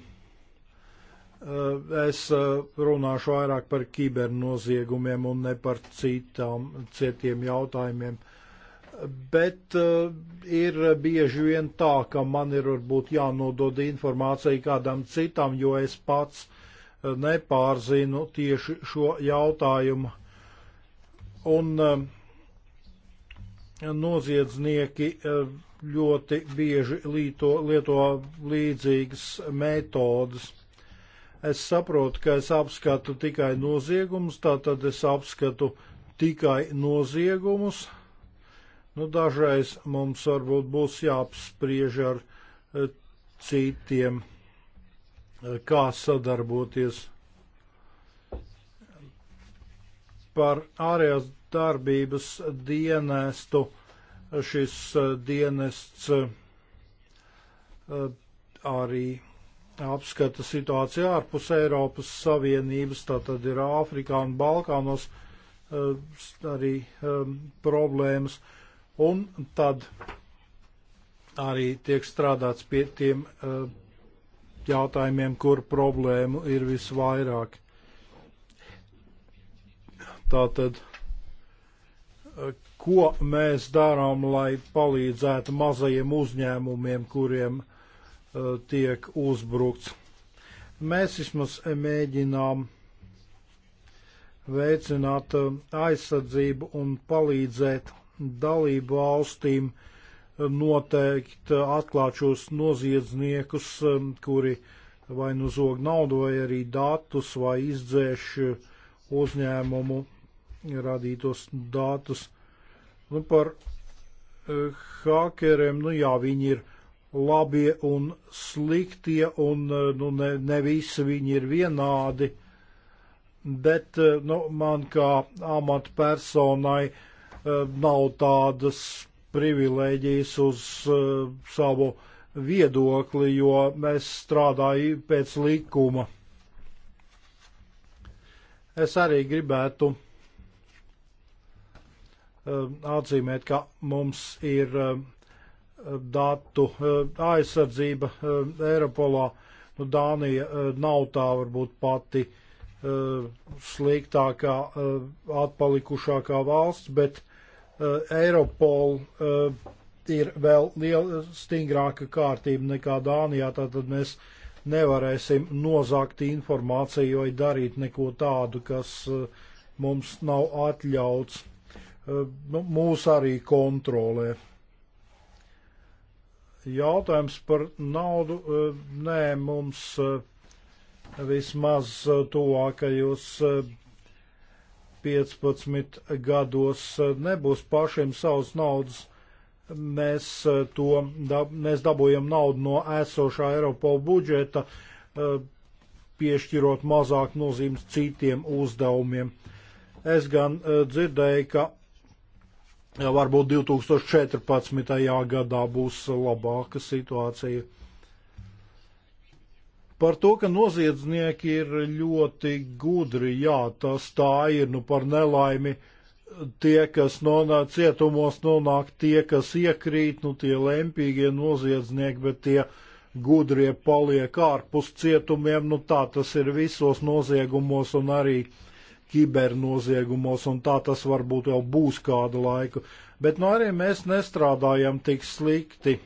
uh es uh, runāšu vairāk par kibernoziegumiem un ne par citām, citiem jautājumiem. Uh, bet uh, ir bieži vien tā, ka man ir varbūt jānodod informācija kādam citam, jo es pats uh, nepārzinu tieši šo jautājumu. Un uh, noziedznieki uh, ļoti bieži lieto, lieto līdzīgas metodas. Es saprotu, ka es apskatu tikai noziegumus, tātad es apskatu tikai noziegumus, Nu, dažreiz mums varbūt būs jāapspriež ar e, citiem, e, kā sadarboties par ārējās darbības dienestu. Šis e, dienests arī apskata situāciju ārpus Eiropas Savienības, tātad ir Āfrikā un Balkānos arī problēmas. Un tad arī tiek strādāts pie tiem eh, jautājumiem, kur problēmu ir visvairāk. Tātad, eh, ko mēs darām, lai palīdzētu mazajiem uzņēmumiem, kuriem eh, tiek uzbrukts? Mēs vismaz mēģinām veicināt aizsardzību un palīdzēt dalību valstīm eh, noteikt eh, atklāt šos noziedzniekus, eh, kuri vai nu zog naudu, vai arī datus, vai izdzēš uzņēmumu radītos datus. Nu, par hakeriem, nu jā, viņi ir labie un sliktie, un nu, ne, ne visi viņi ir vienādi, bet nu, man kā amatpersonai personai Eh, nav tādas privilēģijas uz eh, savu viedokli, jo mēs strādājam pēc likuma. Es arī gribētu eh, atzīmēt, ka mums ir datu aizsardzība Eiropolā. Nu, Dānija nav tā varbūt pati sliktākā, atpalikušākā valsts, bet uh, Eh, Eiropol eh, ir vēl liela, stingrāka kārtība nekā Dānijā, tātad mēs nevarēsim nozākt informāciju vai darīt neko tādu, kas eh, mums nav atļauts. Nu, mūs arī kontrolē. Jautājums par naudu. Nē, mums vismaz tuvākajos 15 gados eh, nebūs pašiem savas naudas. Mēs, eh, to, mēs dabūjam naudu no esošā Eiropola budžeta, eh, piešķirot mazāk nozīmes citiem uzdevumiem. Es gan dzirdēju, ka varbūt 2014. gadā būs labāka situācija. Par to, ka noziedznieki ir ļoti gudri, jā, tas tā ir, nu par nelaimi tie, kas nonāk cietumos, nonāk tie, kas iekrīt, nu tie lempīgie noziedznieki, bet tie gudrie paliek ārpus cietumiem, nu tā tas ir visos noziegumos un arī kibernoziegumos, un tā tas varbūt vēl būs kādu laiku. Bet nu arī mēs nestrādājam tik slikti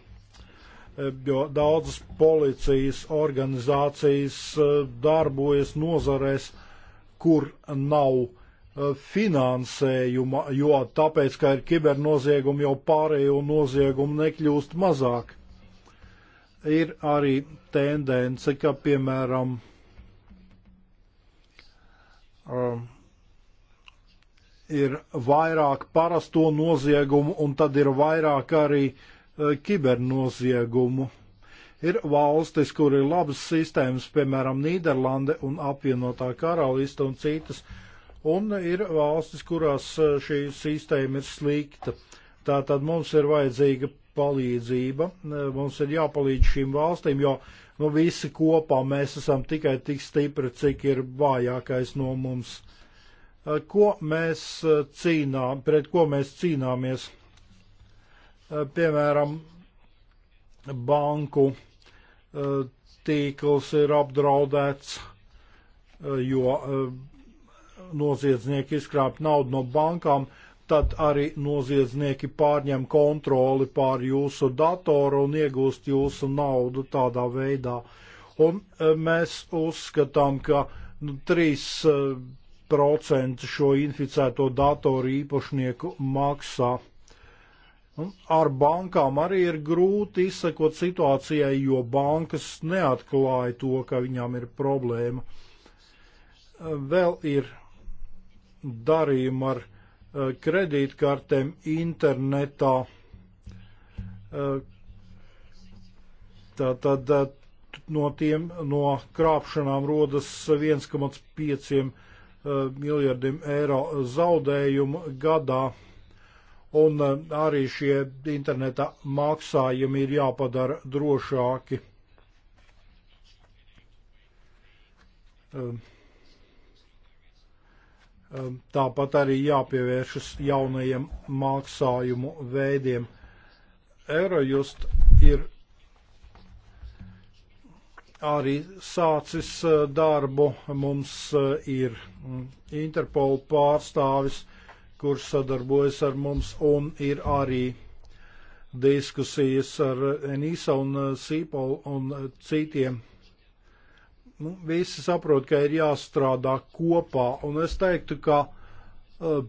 Eh, jo daudzas policijas organizācijas eh, darbojas nozarēs, kur nav eh, finansējuma, jo tāpēc, ka ir kibernoziegumi, jau pārējo noziegumu nekļūst mazāk. Ir arī tendence, ka, piemēram, um, ir vairāk parasto noziegumu, un tad ir vairāk arī uh, E, kibernoziegumu. Ir valstis, kur ir labas sistēmas, piemēram, Nīderlande un apvienotā karalista un citas, un ir valstis, kurās e, šī sistēma ir slikta. Tātad mums ir vajadzīga palīdzība, e, mums ir jāpalīdz šīm valstīm, jo nu, visi kopā mēs esam tikai tik stipri, cik ir vājākais no mums. Ko mēs cīnā, pret ko mēs cīnāmies? Eh, piemēram, banku eh, tīkls ir apdraudēts, eh, jo noziedznieki izkrāp naudu no bankām, tad arī noziedznieki pārņem kontroli pār jūsu datoru un iegūst jūsu naudu tādā veidā. Un mēs uzskatām, ka nu, 3% šo inficēto datoru īpašnieku maksā. Nu, ar bankām arī ir grūti izsekot situācijai, jo bankas neatklāja to, ka viņām ir problēma. Vēl ir darījumi ar eh, kredītkartēm internetā. Eh, Tātad eh, no tiem no krāpšanām rodas 1,5 miljardiem eiro zaudējumu gadā un eh, arī šie interneta maksājumi ir jāpadara drošāki. Eh, eh, tāpat arī jāpievēršas jaunajiem maksājumu veidiem. Eurojust ir arī sācis darbu. Mums ir mm, Interpol pārstāvis kurš sadarbojas ar mums, un ir arī diskusijas ar Enisa un uh, Sīpolu un uh, citiem. Nu, visi saprot, ka ir jāstrādā kopā, un es teiktu, ka uh,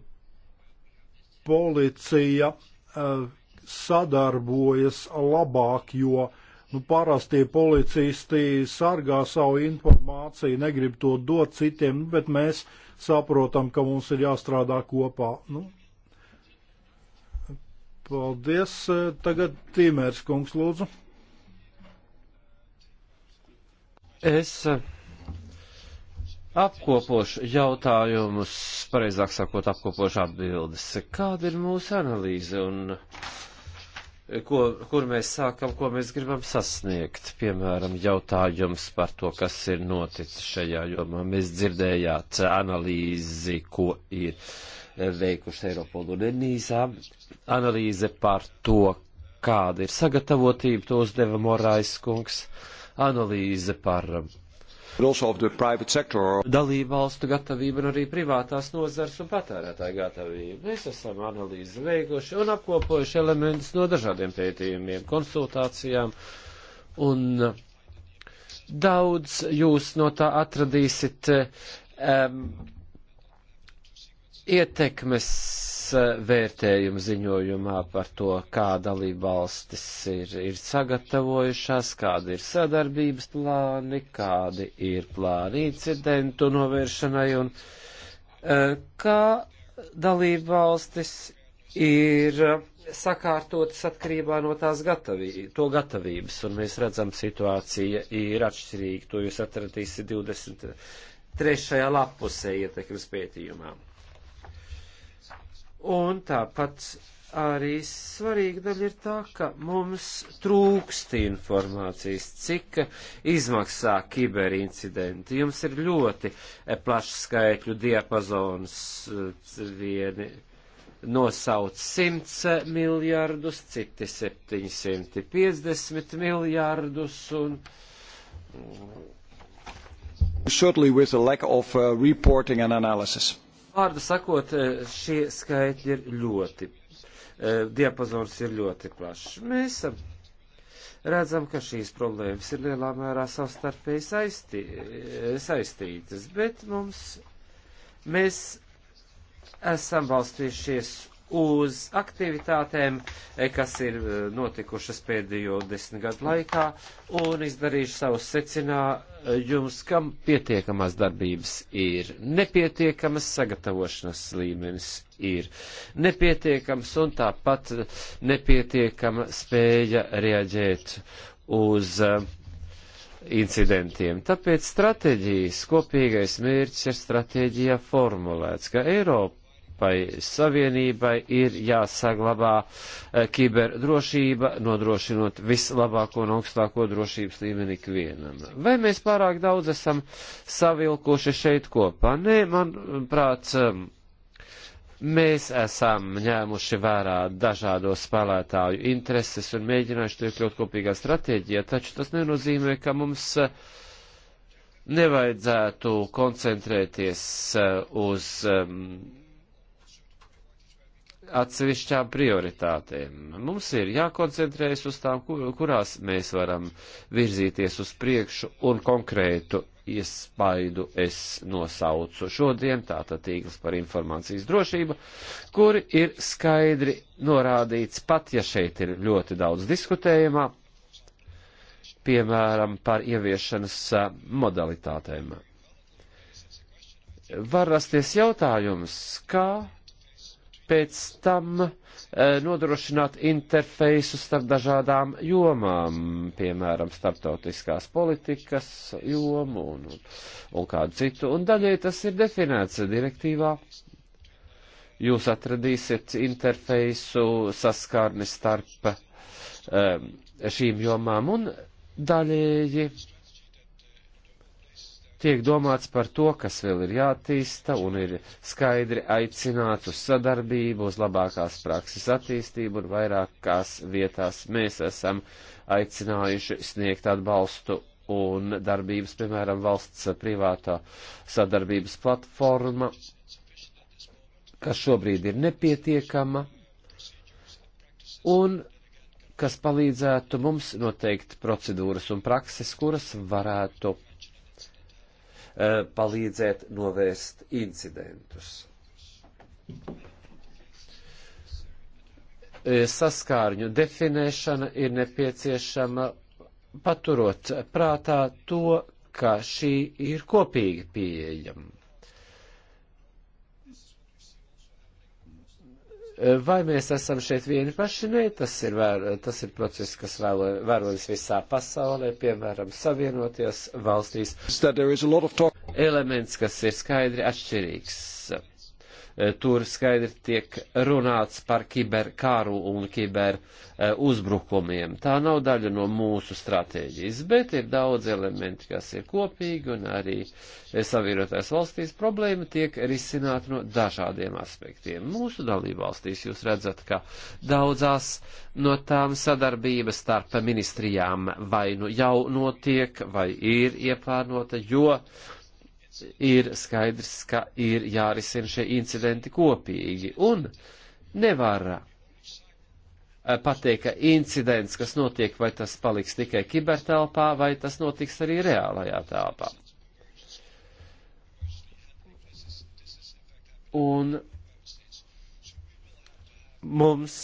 policija uh, sadarbojas labāk, jo nu, parastie policisti sargā savu informāciju, negrib to dot citiem, bet mēs uh, saprotam, ka mums ir jāstrādā kopā. Nu, paldies. Tagad Tīmērs kungs lūdzu. Es eh, apkopošu jautājumus, pareizāk sakot, apkopošu atbildes. Kāda ir mūsu analīze un ko, kur mēs sākam, ko mēs gribam sasniegt. Piemēram, jautājums par to, kas ir noticis šajā jomā. Mēs dzirdējāt analīzi, ko ir veikuši Eiropola un Enīzā. Analīze par to, kāda ir sagatavotība, to uzdeva Morais kungs. Analīze par dalību valstu gatavību un arī privātās nozars un patērētāju gatavību. Mēs esam analīzi veikuši un apkopojuši elementus no dažādiem pētījumiem, konsultācijām un daudz jūs no tā atradīsiet um, eh, ietekmes vērtējuma ziņojumā par to, kā dalībvalstis ir, ir sagatavojušās, kādi ir sadarbības plāni, kādi ir plāni incidentu novēršanai un e, kā dalībvalstis ir sakārtotas atkarībā no tās gatavī, to gatavības, un mēs redzam, situācija ir atšķirīga, to jūs atradīsiet 23. lapusē ietekmes pētījumā. Un tāpat arī svarīga daļa ir tā, ka mums trūkst informācijas, cik izmaksā kiberincidenti. Jums ir ļoti eh, plašs skaitļu diapazons, eh, vieni nosauc 100 eh, miljārdus, citi 750 miljārdus un. Certainly with a lack of uh, reporting and analysis. Vārdu sakot, e, šie skaitļi ir ļoti, e, diapazons ir ļoti plašs. Mēs redzam, ka šīs problēmas ir lielā mērā savstarpēji saistī, e, saistītas, bet mums, mēs esam balstījušies uz aktivitātēm, eh, kas ir eh, notikušas pēdējo desmit gadu laikā, un izdarījuši savus secinājumus, kam pietiekamās darbības ir nepietiekamas, sagatavošanas līmenis ir nepietiekams, un tāpat nepietiekama spēja reaģēt uz eh, incidentiem. Tāpēc stratēģijas kopīgais mērķis ir stratēģijā formulēts, ka Eiropa Eiropai Savienībai ir jāsaglabā eh, kiberdrošība, nodrošinot vislabāko un augstāko drošības līmeni ikvienam. Vai mēs pārāk daudz esam savilkuši šeit kopā? Nē, manuprāt, eh, mēs esam ņēmuši vērā dažādo spēlētāju intereses un mēģinājuši to iekļaut kopīgā stratēģijā, taču tas nenozīmē, ka mums eh, nevajadzētu koncentrēties uz um, atsevišķām prioritātēm. Mums ir jākoncentrējas uz tām, kurās mēs varam virzīties uz priekšu un konkrētu iespaidu es nosaucu šodien, tātad tīkls par informācijas drošību, kuri ir skaidri norādīts, pat ja šeit ir ļoti daudz diskutējumā, piemēram, par ieviešanas modalitātēm. Var rasties jautājums, kā pēc tam eh, nodrošināt interfeisu starp dažādām jomām, piemēram, starptautiskās politikas jomu un, un, un kādu citu. Un daļai tas ir definēts direktīvā. Jūs atradīsiet interfeisu saskārni starp um, šīm jomām un daļēji tiek domāts par to, kas vēl ir jātīsta un ir skaidri aicināt uz sadarbību, uz labākās prakses attīstību un vairākās vietās mēs esam aicinājuši sniegt atbalstu un darbības, piemēram, valsts privātā sadarbības platforma, kas šobrīd ir nepietiekama un kas palīdzētu mums noteikt procedūras un prakses, kuras varētu Eh, palīdzēt novērst incidentus. Eh, saskārņu definēšana ir nepieciešama paturot prātā to, ka šī ir kopīga pieejama. Vai mēs esam šeit vieni paši? Nē, tas ir, vēr, tas ir process, kas vērojas visā pasaulē, piemēram, savienoties valstīs. Elements, kas ir skaidri atšķirīgs Eh, tur skaidri tiek runāts par kiberkaru un kiber eh, uzbrukumiem. Tā nav daļa no mūsu stratēģijas, bet ir daudz elementi, kas ir kopīgi un arī eh, savienotās valstīs problēma tiek risināta no dažādiem aspektiem. Mūsu dalībvalstīs jūs redzat, ka daudzās no tām sadarbības starp ministrijām vai nu jau notiek, vai ir ieplānota, jo ir skaidrs, ka ir jārisina šie incidenti kopīgi. Un nevar eh, pateikt, ka incidents, kas notiek, vai tas paliks tikai kibertelpā, vai tas notiks arī reālajā telpā. Un mums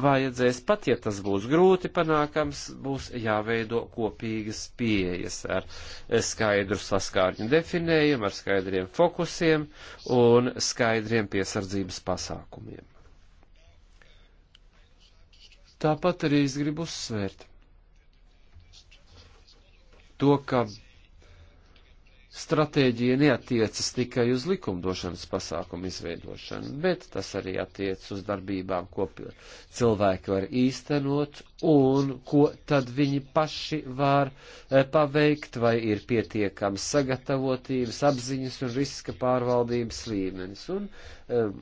vajadzēs, pat ja tas būs grūti panākams, būs jāveido kopīgas pieejas ar skaidru saskārņu definējumu, ar skaidriem fokusiem un skaidriem piesardzības pasākumiem. Tāpat arī es gribu uzsvērt to, ka stratēģija neatiecas tikai uz likumdošanas pasākumu izveidošanu, bet tas arī attiec uz darbībām, ko cilvēki var īstenot un ko tad viņi paši var eh, paveikt, vai ir pietiekams sagatavotības, apziņas un riska pārvaldības līmenis. Un, um,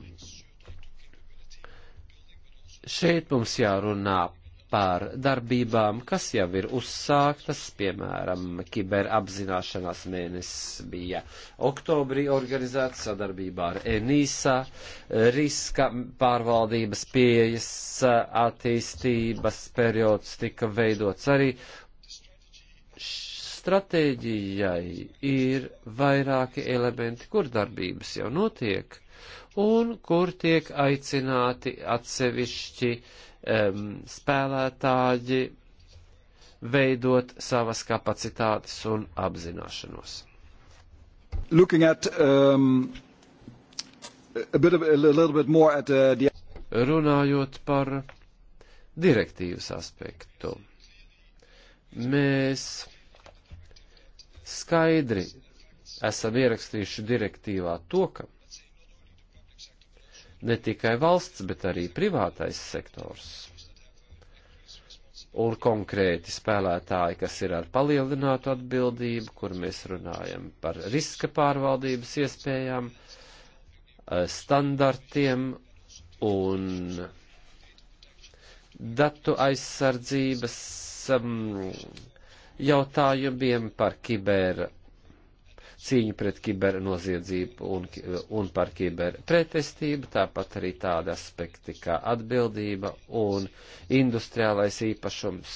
šeit mums jārunā par darbībām, kas jau ir uzsāktas, piemēram, kiberapzināšanās mēnesis bija oktobrī organizēts sadarbībā ar ENISA, riska pārvaldības pieejas attīstības periods tika veidots arī. Stratēģijai ir vairāki elementi, kur darbības jau notiek un kur tiek aicināti atsevišķi uh, um, spēlētāji veidot savas kapacitātes un apzināšanos. Looking at um, a bit of, a little bit more at uh, the... Runājot par direktīvas aspektu, mēs skaidri esam ierakstījuši direktīvā to, ka ne tikai valsts, bet arī privātais sektors. Un konkrēti spēlētāji, kas ir ar palielinātu atbildību, kur mēs runājam par riska pārvaldības iespējām, eh, standartiem un datu aizsardzības um, jautājumiem par kiber cīņu pret kibernoziedzību un, un par kiberpretestību, tāpat arī tādi aspekti kā atbildība un industriālais īpašums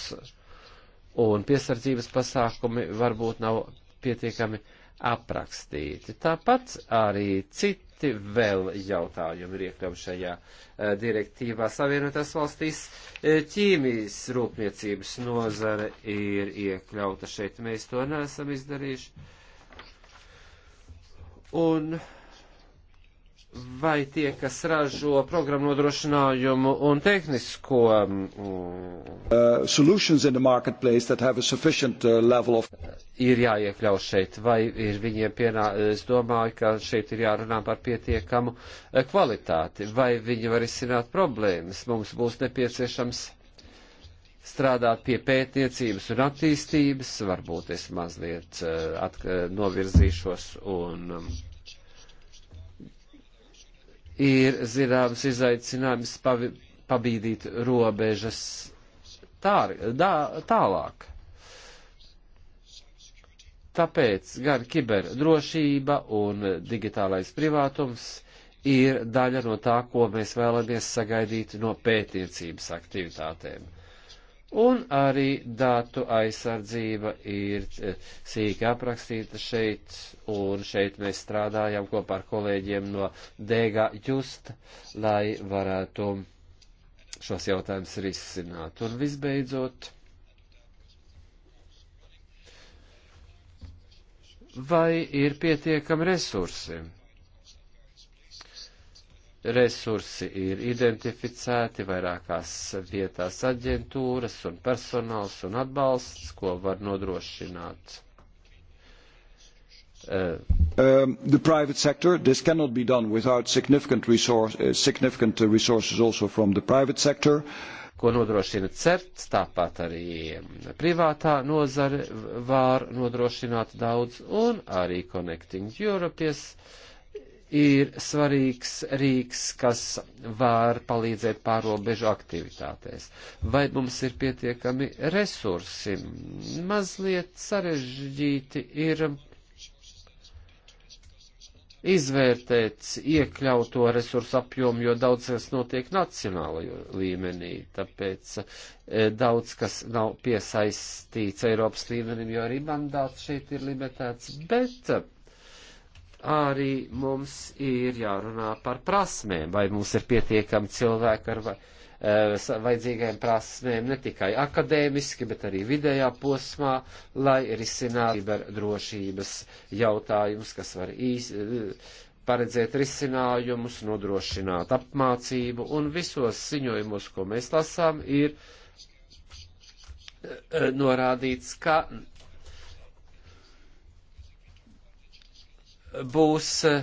un piesardzības pasākumi varbūt nav pietiekami aprakstīti. Tāpat arī citi vēl jautājumi ir iekļauti šajā eh, direktīvā. Savienotās valstīs eh, ķīmijas rūpniecības nozare ir iekļauta šeit. Mēs to neesam izdarījuši Un vai tie, kas ražo programmu nodrošinājumu un tehnisko. Mm, uh, uh of... Ir jāiekļauj šeit, vai ir viņiem pienā, es domāju, ka šeit ir jārunā par pietiekamu uh, kvalitāti, vai viņi var izsināt problēmas. Mums būs nepieciešams strādāt pie pētniecības un attīstības, varbūt es mazliet eh, at, eh, novirzīšos un um, ir zināms izaicinājums pavi, pabīdīt robežas tā, dā, tālāk. Tāpēc gan kiberdrošība un digitālais privātums ir daļa no tā, ko mēs vēlamies sagaidīt no pētniecības aktivitātēm. Un arī datu aizsardzība ir eh, sīki aprakstīta šeit, un šeit mēs strādājam kopā ar kolēģiem no Dēgā Just, lai varētu šos jautājumus risināt. Un visbeidzot, vai ir pietiekami resursi? resursi ir identificēti vairākās vietās aģentūras un personāls un atbalsts, ko var nodrošināt. Uh, um, the private sector, this cannot be done without significant, resource, uh, significant resources also from the private sector. Ko nodrošina CERT, tāpat arī um, privātā nozare var nodrošināt daudz, un arī Connecting Europe. Yes, uh, ir svarīgs rīks, kas var palīdzēt pārobežu aktivitātēs. Vai mums ir pietiekami resursi? Mazliet sarežģīti ir izvērtēt iekļauto resursu apjomu, jo daudz kas notiek nacionāla līmenī, tāpēc e, daudz kas nav piesaistīts Eiropas līmenim, jo arī mandāts šeit ir limitēts, bet arī mums ir jārunā par prasmēm, vai mums ir pietiekami cilvēki ar e, vajadzīgajiem prasmēm ne tikai akadēmiski, bet arī vidējā posmā, lai risinātu ciberdrošības jautājumus, kas var īs, e, paredzēt risinājumus, nodrošināt apmācību, un visos ziņojumos, ko mēs lasām, ir e, norādīts, ka būs eh,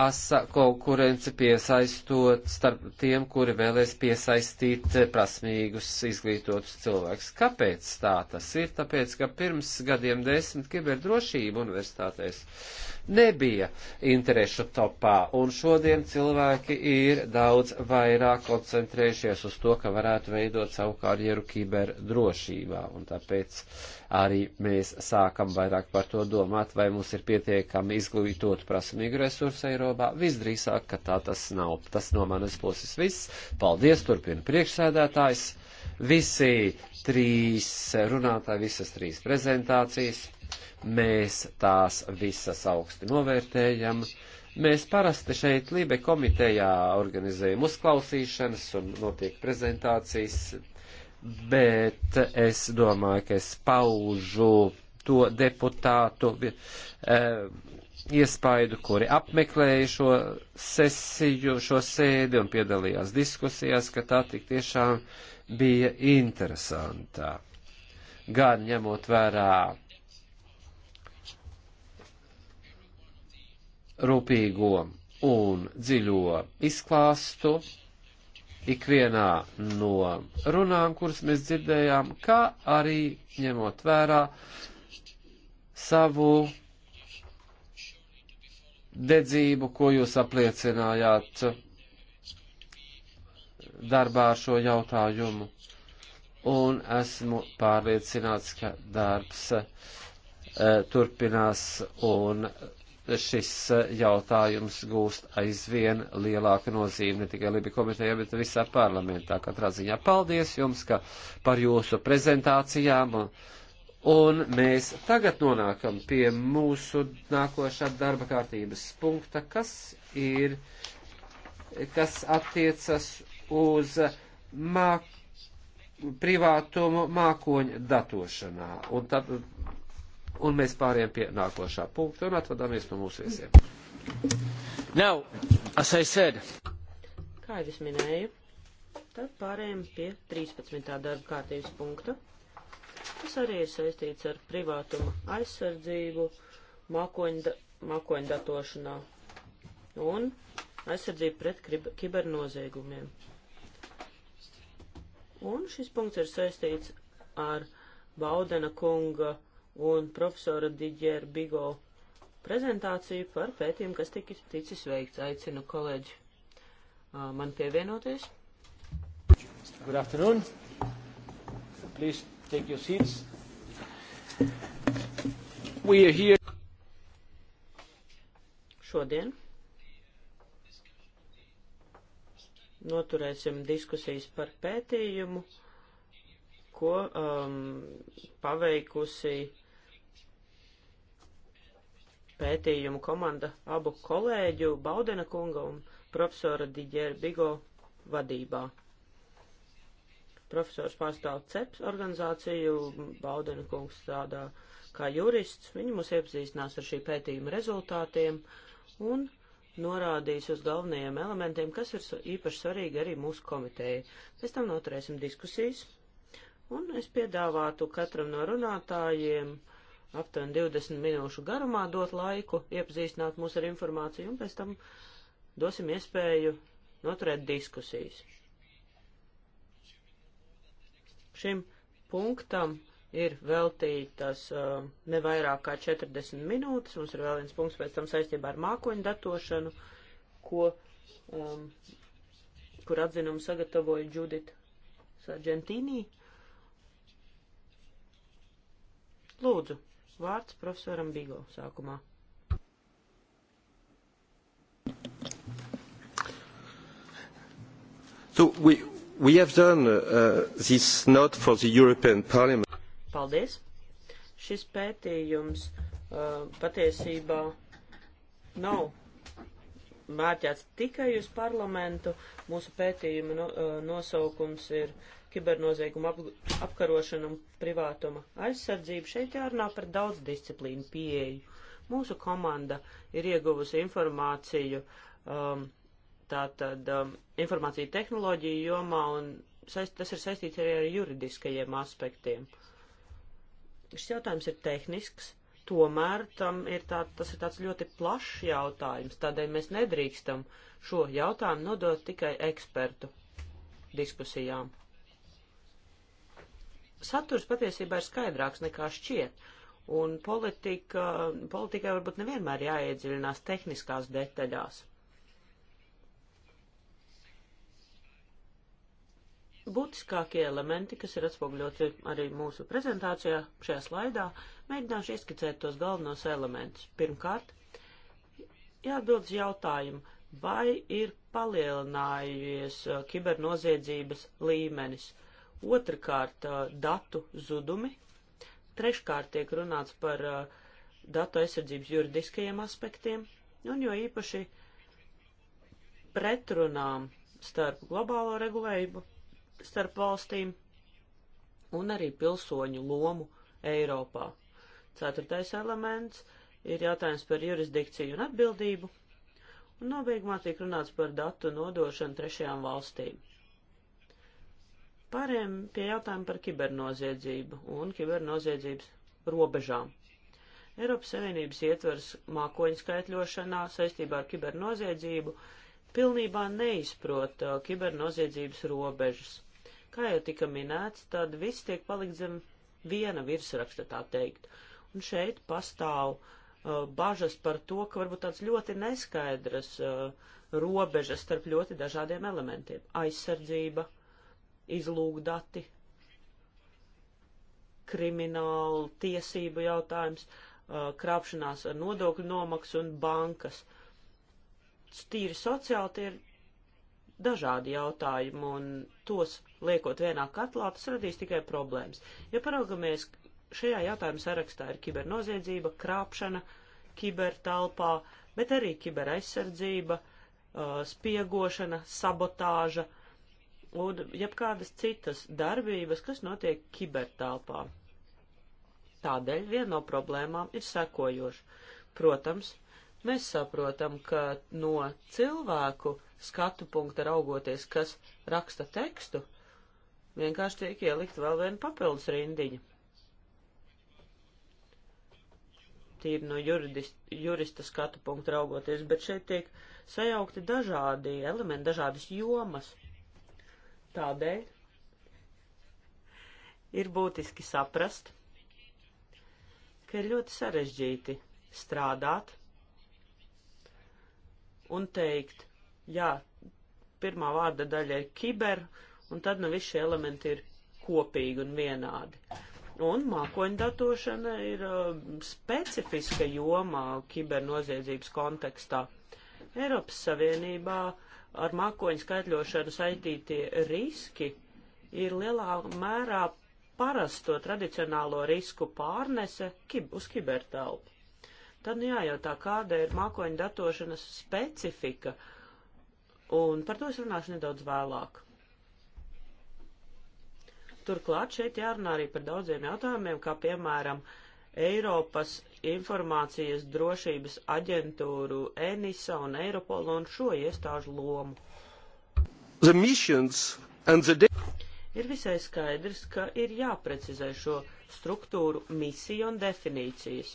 asa konkurence piesaistot starp tiem, kuri vēlēs piesaistīt eh, prasmīgus, izglītotus cilvēkus. Kāpēc tā tas ir? Tāpēc, ka pirms gadiem desmit kiberdrošība universitātēs nebija interešu topā, un šodien cilvēki ir daudz vairāk koncentrējušies uz to, ka varētu veidot savu karjeru kiberdrošībā, un tāpēc arī mēs sākam vairāk par to domāt, vai mums ir pietiekami izglītot prasmīgu resursu Eiropā. Visdrīzāk, ka tā tas nav. Tas no manas puses viss. Paldies, turpina priekšsēdētājs. Visi trīs runātāji, visas trīs prezentācijas Mēs tās visas augsti novērtējam. Mēs parasti šeit Lībe komitejā organizējam uzklausīšanas un notiek prezentācijas, bet es domāju, ka es paužu to deputātu e, iespaidu, kuri apmeklēja šo sesiju, šo sēdi un piedalījās diskusijās, ka tā tik tiešām bija interesantā. Gan ņemot vērā rūpīgo un dziļo izklāstu ikvienā no runām, kuras mēs dzirdējām, kā arī ņemot vērā savu dedzību, ko jūs apliecinājāt darbā ar šo jautājumu. Un esmu pārliecināts, ka darbs e, turpinās un šis eh, jautājums gūst aizvien lielāku nozīmi ne tikai Libija komitejā, bet visā parlamentā. Katrā ziņā paldies jums ka par jūsu prezentācijām. Un mēs tagad nonākam pie mūsu nākošā darba kārtības punkta, kas ir, kas attiecas uz māk, privātumu mākoņu datošanā. Un tad Un mēs pāriem pie nākošā punkta un atvadāmies no mūsu viesiem. Now, as I said. Kā jau es minēju, tad pārējiem pie 13. darba kārtības punkta. Tas arī ir saistīts ar privātuma aizsardzību, mākoņda, mākoņdatošanā un aizsardzību pret kibernoziegumiem. Un šis punkts ir saistīts ar Baudena kunga un profesora Diģēra Bigo prezentāciju par pētījumu, kas tika ticis veikts. Aicinu kolēģi uh, man pievienoties. Good afternoon. Please take your seats. We are here. Šodien noturēsim diskusijas par pētījumu, ko um, paveikusi pētījumu komanda abu kolēģu Baudena kunga un profesora Diģēra Bigo vadībā. Profesors pārstāv CEPS organizāciju, Baudena kungs strādā kā jurists, viņi mūs iepazīstinās ar šī pētījuma rezultātiem un norādīs uz galvenajiem elementiem, kas ir īpaši svarīgi arī mūsu komitejai. Pēc tam noturēsim diskusijas, un es piedāvātu katram no runātājiem uh, aptuveni 20 minūšu garumā dot laiku iepazīstināt mūs ar informāciju un pēc tam dosim iespēju noturēt diskusijas. Šim punktam ir veltītas uh, ne vairāk kā 40 minūtes. Mums ir vēl viens punkts pēc tam saistībā ar mākoņu datošanu, ko, um, kur atzinumu sagatavoja Judita Sargentīnī. Lūdzu. Vārds profesoram Bigo sākumā. So we, we have done uh, this note for the European Parliament. Paldies. Šis pētījums uh, patiesībā nav mērķēts tikai uz parlamentu. Mūsu pētījuma no, uh, nosaukums ir uh, kibernozieguma ap, apkarošana un privātuma aizsardzība. Šeit jārunā par daudz disciplīnu pieeju. Mūsu komanda ir ieguvusi informāciju, um, tātad um, informāciju tehnoloģiju jomā, un saist, tas ir saistīts arī ar juridiskajiem aspektiem. Šis jautājums ir tehnisks, tomēr tam ir tā, tas ir tāds ļoti plašs jautājums, tādēļ mēs nedrīkstam šo jautājumu nodot tikai ekspertu diskusijām saturs patiesībā ir skaidrāks nekā šķiet. Un politika, politikai varbūt nevienmēr jāiedziļinās tehniskās detaļās. Būtiskākie elementi, kas ir atspoguļoti arī mūsu prezentācijā šajā slaidā, mēģināšu ieskicēt tos galvenos elementus. Pirmkārt, jāatbild uz jautājumu, vai ir palielinājies uh, kibernoziedzības līmenis. Uh, Otrakārt, datu zudumi. Treškārt tiek runāts par datu aizsardzības juridiskajiem aspektiem, un jo īpaši pretrunām starp globālo regulējumu, starp valstīm un arī pilsoņu lomu Eiropā. Ceturtais elements ir jautājums par jurisdikciju un atbildību, un nobeigumā tiek runāts par datu nodošanu trešajām valstīm. Pārējiem pie jautājuma par kibernoziedzību un kibernoziedzības robežām. Eiropas Savienības ietvers mākoņu skaitļošanā saistībā ar kibernoziedzību pilnībā neizprot uh, kibernoziedzības robežas. Kā jau tika minēts, tad viss tiek palikt zem viena virsraksta, tā teikt. Un šeit pastāv uh, bažas par to, ka varbūt tāds ļoti neskaidras uh, robežas starp ļoti dažādiem elementiem - aizsardzība, izlūkdati, krimināla tiesību jautājums, uh, krāpšanās ar nodokļu nomaksu un bankas. Tīri sociāli tie ir dažādi jautājumi, un tos liekot vienā katlā, tas radīs tikai problēmas. Ja paraugamies, šajā jautājuma sarakstā ir kibernoziedzība, krāpšana, kibertelpā, bet arī kiberaizsardzība, uh, spiegošana, sabotāža, uh, un jebkādas citas darbības, kas notiek kibertelpā. Tādēļ viena no problēmām ir sekojoša. Protams, mēs saprotam, ka no cilvēku skatu punkta raugoties, kas raksta tekstu, vienkārši tiek ielikt vēl viena papildus rindiņa. Tīri no juridis, jurista skatu punkta raugoties, bet šeit tiek sajaukti dažādi elementi, dažādas jomas. Tādēļ ir būtiski saprast, ka ir ļoti sarežģīti strādāt un teikt, jā, pirmā vārda daļa ir kiber, un tad nu visi šie elementi ir kopīgi un vienādi. Un mākoņdatošana ir uh, specifiska jomā kibernoziedzības kontekstā. Eiropas Savienībā uh, ar mākoņu skaitļošanu saistītie riski ir lielā mērā parasto tradicionālo risku pārnese kib uz kibertelpu. Tad nu jājautā, kāda ir mākoņu datošanas specifika, un par to es runāšu nedaudz vēlāk. Turklāt šeit jārunā arī par daudziem jautājumiem, kā piemēram Eiropas informācijas drošības aģentūru ENISA un Eiropola un šo iestāžu lomu. The... Ir visai skaidrs, ka ir jāprecizē šo struktūru misiju un definīcijas.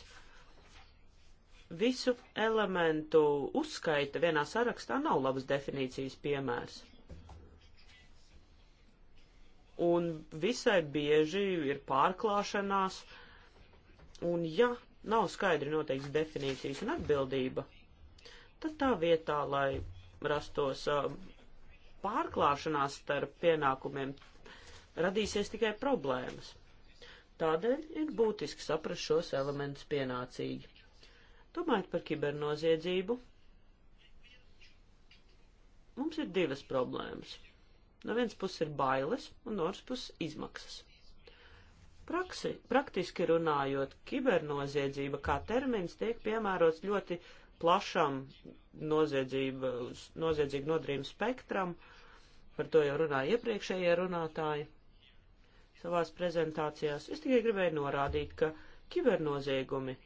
Visu elementu uzskaita vienā sarakstā nav labas definīcijas piemērs un visai bieži ir pārklāšanās. Un ja nav skaidri noteikts definīcijas un atbildība, tad tā vietā, lai rastos uh, pārklāšanās starp pienākumiem, radīsies tikai problēmas. Tādēļ ir būtiski saprast šos elementus pienācīgi. Domājot par kibernoziedzību, mums ir divas problēmas. No vienas puses ir bailes, un no otras puses izmaksas. Praksi, praktiski runājot, kibernoziedzība kā termins tiek piemērots ļoti plašam noziedzīgu nodrījumu spektram, par to jau runāja iepriekšējie runātāji savās prezentācijās. Es tikai gribēju norādīt, ka kibernoziegumi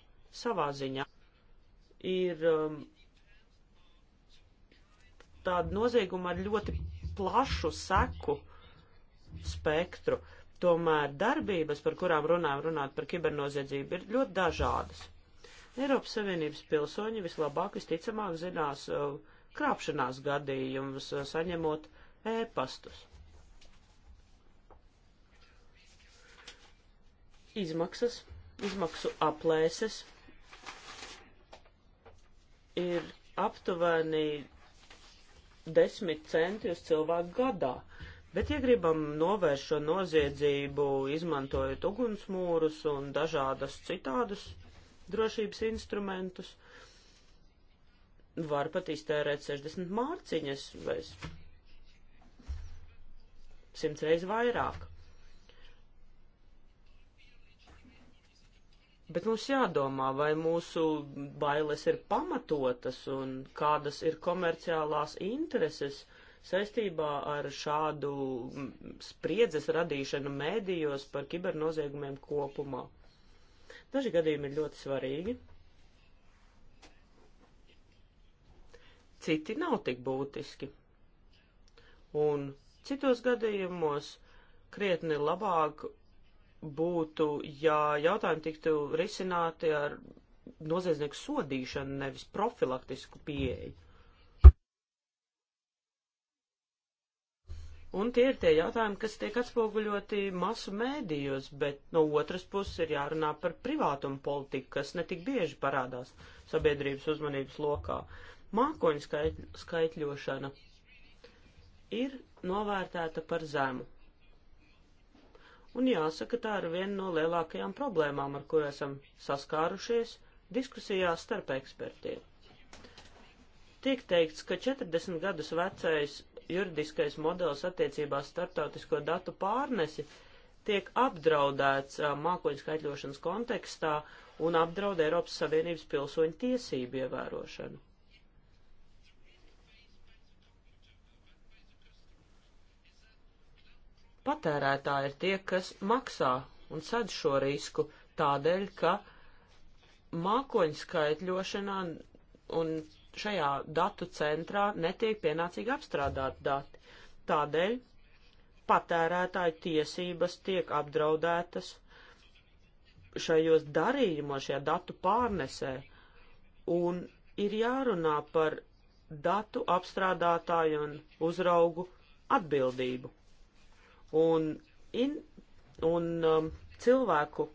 savā ziņā ir um, tāda nozieguma ar ļoti plašu seku spektru. Uh, Tomēr darbības, par kurām runājam, runāt par kibernoziedzību, ir ļoti dažādas. Eiropas Savienības pilsoņi vislabāk, visticamāk zinās uh, krāpšanās gadījumus, uh, saņemot ēpastus. Izmaksas, izmaksu aplēses ir aptuveni 10 centi uz cilvēku gadā. Uh, Bet, ja gribam novērst šo noziedzību, izmantojot ugunsmūrus un dažādas citādas drošības instrumentus, var pat iztērēt 60 mārciņas vai simts reizes vairāk. Bet mums jādomā, vai mūsu bailes ir pamatotas un kādas ir komerciālās intereses uh, Saistībā ar šādu spriedzes radīšanu mēdījos par kibernoziegumiem kopumā. Daži gadījumi ir ļoti svarīgi. Citi nav tik būtiski. Un citos gadījumos krietni labāk būtu, ja jautājumi tiktu risināti ar noziedznieku sodīšanu, nevis profilaktisku pieeju. Un tie ir tie jautājumi, kas tiek atspoguļoti masu mēdījos, bet no otras puses ir jārunā par privātumu politiku, kas netik bieži parādās sabiedrības uzmanības lokā. Mākoņu skaitļ, skaitļošana ir novērtēta par zemu. Un jāsaka, tā ir viena no lielākajām problēmām, ar kur esam saskārušies diskusijās starp ekspertiem. Tiek teikts, ka 40 gadus vecais juridiskais modelis attiecībās starptautisko datu pārnesi tiek apdraudēts mākoņu skaitļošanas kontekstā un apdraud Eiropas Savienības pilsoņu tiesību ievērošanu. Patērētāji ir tie, kas maksā un sadz šo risku tādēļ, ka mākoņu skaitļošanā un šajā datu centrā netiek pienācīgi apstrādāt dati. Tādēļ patērētāju tiesības tiek apdraudētas šajos darījumos, šajā datu pārnesē, un ir jārunā par datu apstrādātāju un uzraugu atbildību. Un, in, un um, cilvēku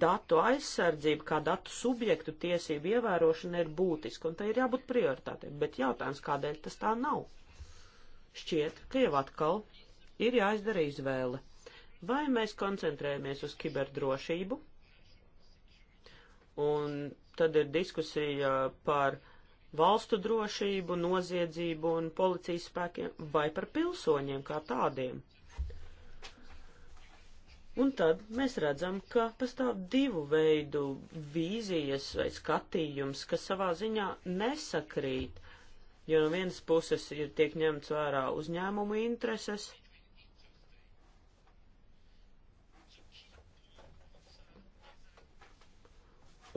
datu aizsardzība, kā datu subjektu tiesību ievērošana ir būtiska, un tai ir jābūt prioritātei. Bet jautājums, kādēļ tas tā nav? Šķiet, ka jau atkal ir jāizdara izvēle. Vai mēs koncentrējamies uz kiberdrošību? Un tad ir diskusija par valstu drošību, noziedzību un policijas spēkiem, vai par pilsoņiem kā tādiem. Un tad mēs redzam, ka pastāv divu veidu vīzijas vai skatījums, kas savā ziņā nesakrīt, jo no vienas puses ir tiek ņemts vērā uzņēmumu intereses,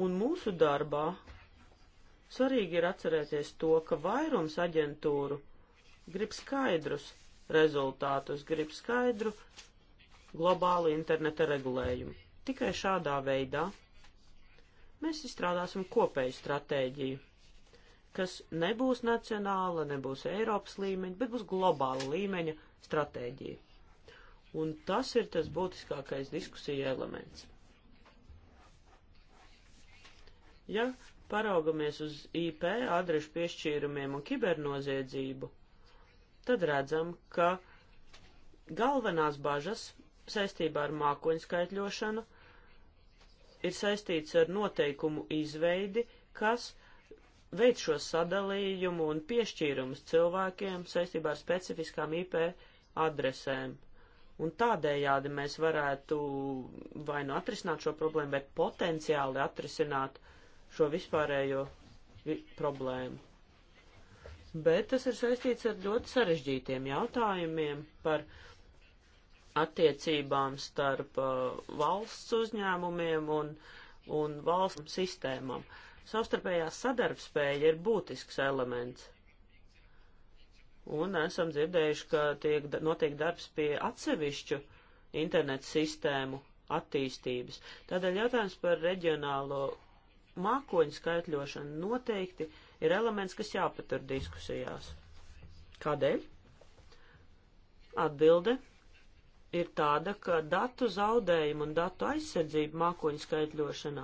un mūsu darbā svarīgi ir atcerēties to, ka vairums aģentūru grib skaidrus rezultātus, grib skaidru globālu interneta regulējumu. Tikai šādā veidā mēs izstrādāsim kopēju stratēģiju, kas nebūs nacionāla, nebūs Eiropas līmeņa, bet būs globāla līmeņa stratēģija. Un tas ir tas būtiskākais diskusija elements. Ja paraugamies uz IP adrešu piešķīrumiem un kibernoziedzību, tad redzam, ka galvenās bažas saistībā ar mākoņu skaitļošanu ir saistīts ar noteikumu izveidi, kas veic šo sadalījumu un piešķīrumus cilvēkiem saistībā ar specifiskām IP adresēm. Un tādējādi mēs varētu vai nu atrisināt šo problēmu, bet potenciāli atrisināt šo vispārējo vi problēmu. Bet tas ir saistīts ar ļoti sarežģītiem jautājumiem par attiecībām starp uh, valsts uzņēmumiem un, un valsts sistēmām. Savstarpējā sadarbspēja ir būtisks elements. Un esam dzirdējuši, ka tiek, notiek darbs pie atsevišķu internetu sistēmu attīstības. Tādēļ jautājums par reģionālo mākoņu skaitļošanu noteikti ir elements, kas jāpatur diskusijās. Kādēļ? Atbilde ir tāda, ka datu zaudējumu un datu aizsardzību mākoņu skaitļošanā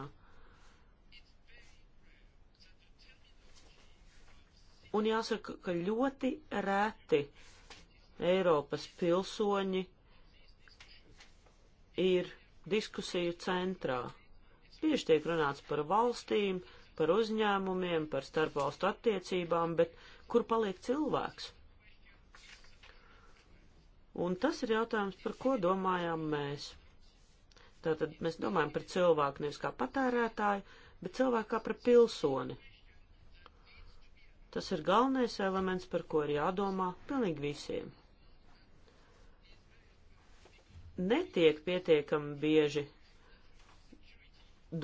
un jāsaka, ka ļoti reti Eiropas pilsoņi ir diskusiju centrā. Bieži tiek runāts par valstīm, par uzņēmumiem, par starpvalstu attiecībām, bet kur paliek cilvēks? Un tas ir jautājums, par ko domājam mēs. Tātad mēs domājam par cilvēku nevis kā patērētāju, bet cilvēku kā par pilsoni. Tas ir galvenais elements, par ko ir jādomā pilnīgi visiem. Netiek pietiekami bieži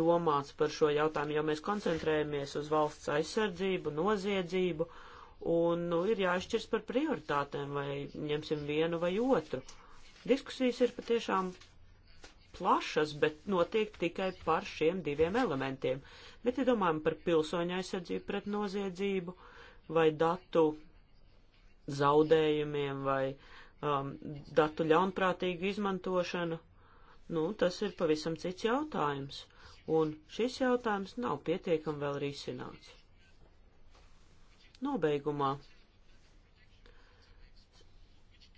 domāts par šo jautājumu, jo mēs koncentrējamies uz valsts aizsardzību, noziedzību, uh, un nu, ir jāizšķirs par prioritātēm, vai ņemsim vienu vai otru. Diskusijas ir patiešām plašas, bet notiek tikai par šiem diviem elementiem. Bet, ja domājam par pilsoņu aizsardzību pret noziedzību vai datu zaudējumiem vai um, datu ļaunprātīgu izmantošanu, nu, tas ir pavisam cits jautājums. Un šis jautājums nav pietiekami vēl risināts. Nobeigumā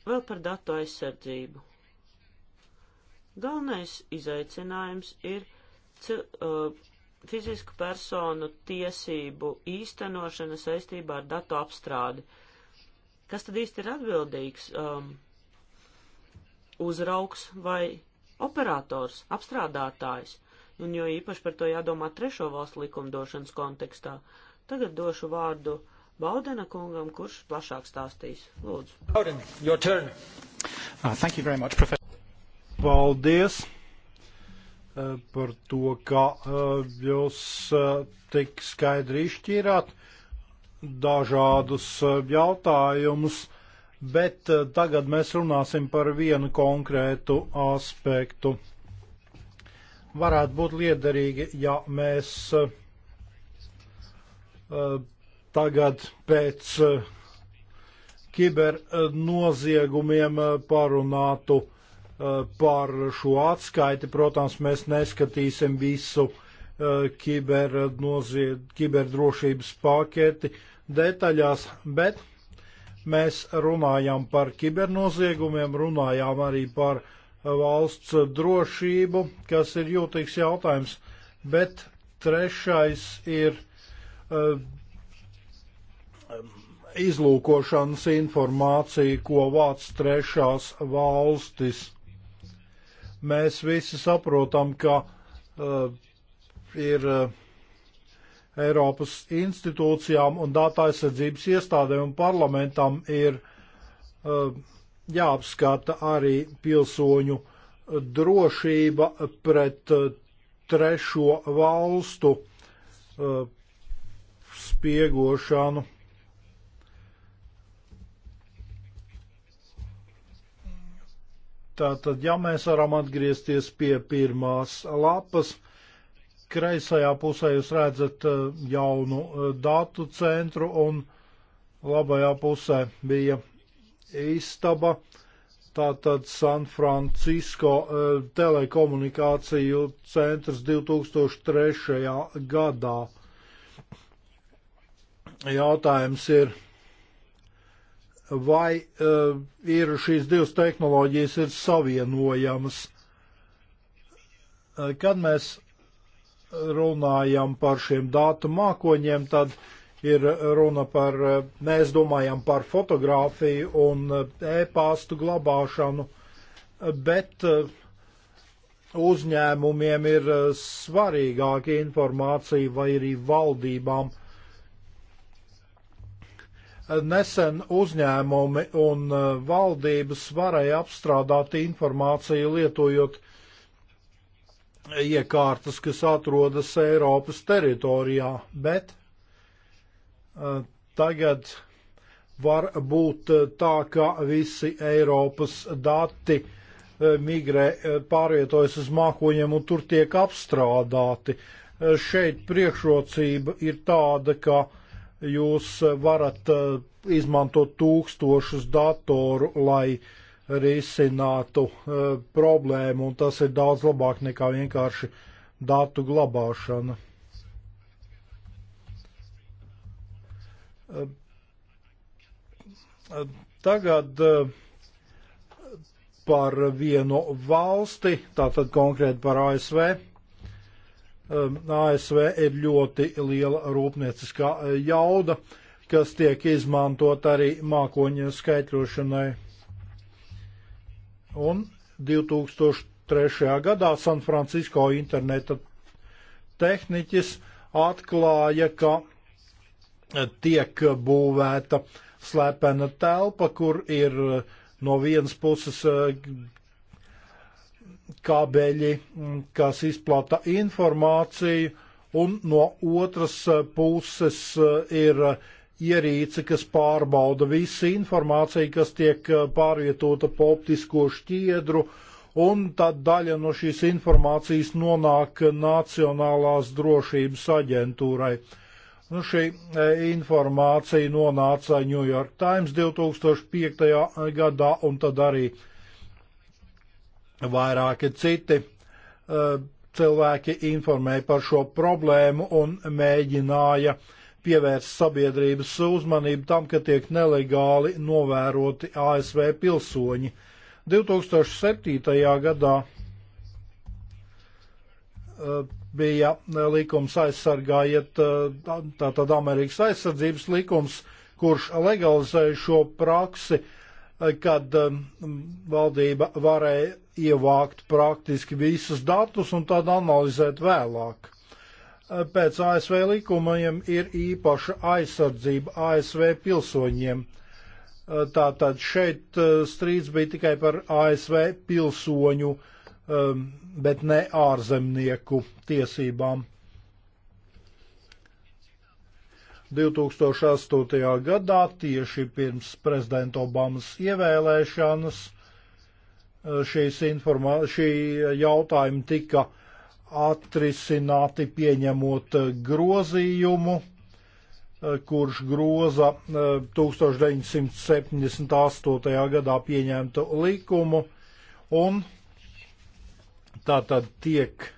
vēl par datu aizsardzību. Galvenais izaicinājums ir uh, fizisku personu tiesību īstenošana saistībā ar datu apstrādi. Kas tad īsti ir atbildīgs? Um, uzraugs vai operators, apstrādātājs? Un jo īpaši par to jādomā trešo valstu likumdošanas kontekstā. Tagad došu vārdu uh, Baudena kungam, kurš plašāk stāstīs. Lūdzu. Bauden, your turn. Uh, thank you very much, Professor. Paldies uh, par to, ka uh, jūs uh, tik skaidri izšķīrāt dažādus uh, jautājumus, bet uh, tagad mēs runāsim par vienu konkrētu aspektu. Varētu būt liederīgi, ja mēs uh, tagad pēc eh, kibernoziegumiem eh, eh, parunātu par šo atskaiti. Protams, mēs neskatīsim visu kibernozied, kiberdrošības paketi detaļās, bet mēs runājām par kibernoziegumiem, runājām arī par valsts drošību, kas ir jūtīgs jautājums, bet trešais ir Um, izlūkošanas informāciju, ko vāc trešās valstis. Mēs visi saprotam, ka uh, ir uh, Eiropas institūcijām un datu aizsardzības iestādēm un parlamentam ir uh, jāapskata arī pilsoņu drošība pret uh, trešo valstu uh, spiegošanu. Tātad, ja mēs varam atgriezties pie pirmās lapas, kreisajā pusē jūs redzat eh, jaunu eh, datu centru un labajā pusē bija istaba. Tātad San Francisco eh, telekomunikāciju centrs 2003. gadā. Jautājums ir, vai uh, ir šīs divas tehnoloģijas ir savienojamas. Eh, kad mēs runājam par šiem datu mākoņiem, tad ir runa par, eh, mēs domājam par fotografiju un e-pāstu glabāšanu, bet uzņēmumiem ir svarīgāka informācija vai arī valdībām Nesen uzņēmumi un uh, valdības varēja apstrādāt informāciju lietojot iekārtas, kas atrodas Eiropas teritorijā, bet uh, tagad var būt uh, tā, ka visi Eiropas dati migrē, pārvietojas uz mākoņiem un tur tiek apstrādāti. Šeit priekšrocība ir tāda, ka Jūs varat eh, izmantot tūkstošus datoru, lai risinātu eh, problēmu, un tas ir daudz labāk nekā vienkārši datu glabāšana. Eh, tagad par vienu valsti, tātad konkrēti par ASV Um, ASV ir ļoti liela rūpnieciskā jauda, kas tiek izmantot arī mākoņa skaitļošanai. Un 2003. gadā San Francisco interneta tehniķis atklāja, ka tiek būvēta slepena telpa, kur ir no vienas puses kabeļi, mm, kas izplata informāciju, un no otras eh, puses eh, ir eh, ierīce, kas pārbauda visu informāciju, kas tiek pārvietota pa optisko šķiedru, un tad daļa no šīs informācijas nonāk Nacionālās drošības aģentūrai. Nu, šī informācija nonāca New York Times 2005. gadā un tad arī uh, vairāki citi eh, cilvēki informēja par šo problēmu un mēģināja pievērst sabiedrības uzmanību tam, ka tiek nelegāli novēroti ASV pilsoņi. 2007. gadā eh, bija likums aizsargājiet, eh, tātad Amerikas aizsardzības likums, kurš legalizēja šo praksi kad um, valdība varēja ievākt praktiski visus datus un tad analizēt vēlāk. Pēc ASV likumiem ir īpaša aizsardzība ASV pilsoņiem. Tātad šeit uh, strīds bija tikai par ASV pilsoņu, um, bet ne ārzemnieku tiesībām. 2008. gadā, tieši pirms prezidenta Obamas ievēlēšanas, e, šīs informā, šī jautājumi tika atrisināti pieņemot grozījumu, e, kurš groza 1978. E, gadā pieņemtu likumu, un tā tad tiek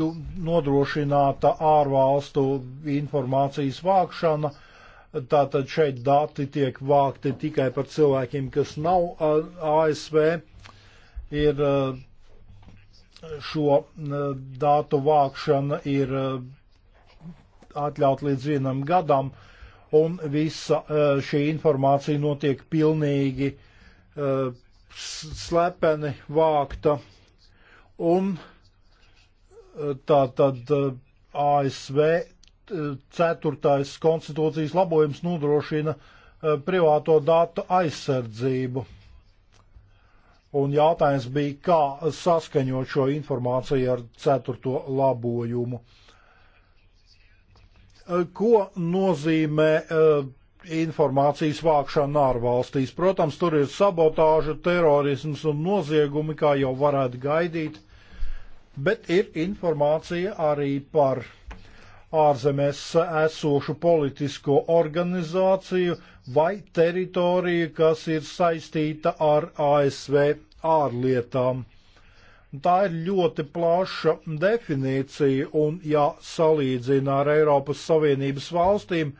tiktu nodrošināta ārvalstu informācijas vākšana. Tātad šeit dati tiek vākti tikai par cilvēkiem, kas nav ASV. Ir šo datu vākšana ir atļaut līdz vienam gadam, un visa šī informācija notiek pilnīgi slepeni vākta. Un Tā tad eh, ASV eh, ceturtais konstitūcijas labojums nodrošina eh, privāto datu aizsardzību. Un jautājums bija, kā saskaņot šo informāciju ar ceturto labojumu. Ko nozīmē informācijas vākšana ārvalstīs? Protams, tur ir sabotāža, terorisms un noziegumi, kā jau varētu gaidīt bet ir informācija arī par ārzemēs esošu politisko organizāciju vai teritoriju, kas ir saistīta ar ASV ārlietām. Tā ir ļoti plaša definīcija, un ja salīdzina ar Eiropas Savienības valstīm,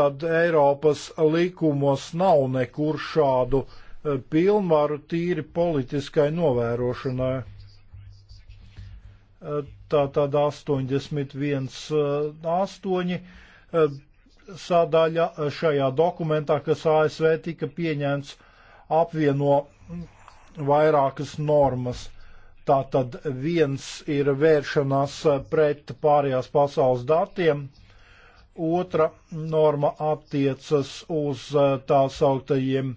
tad Eiropas likumos nav nekur šādu eh, pilnvaru tīri politiskai novērošanai tātad 81.8 eh, eh, sadaļa šajā dokumentā, kas ASV tika pieņemts, apvieno vairākas normas. Tātad viens ir vēršanās eh, pret pārējās pasaules datiem, otra norma attiecas uz tā sauktajiem uh,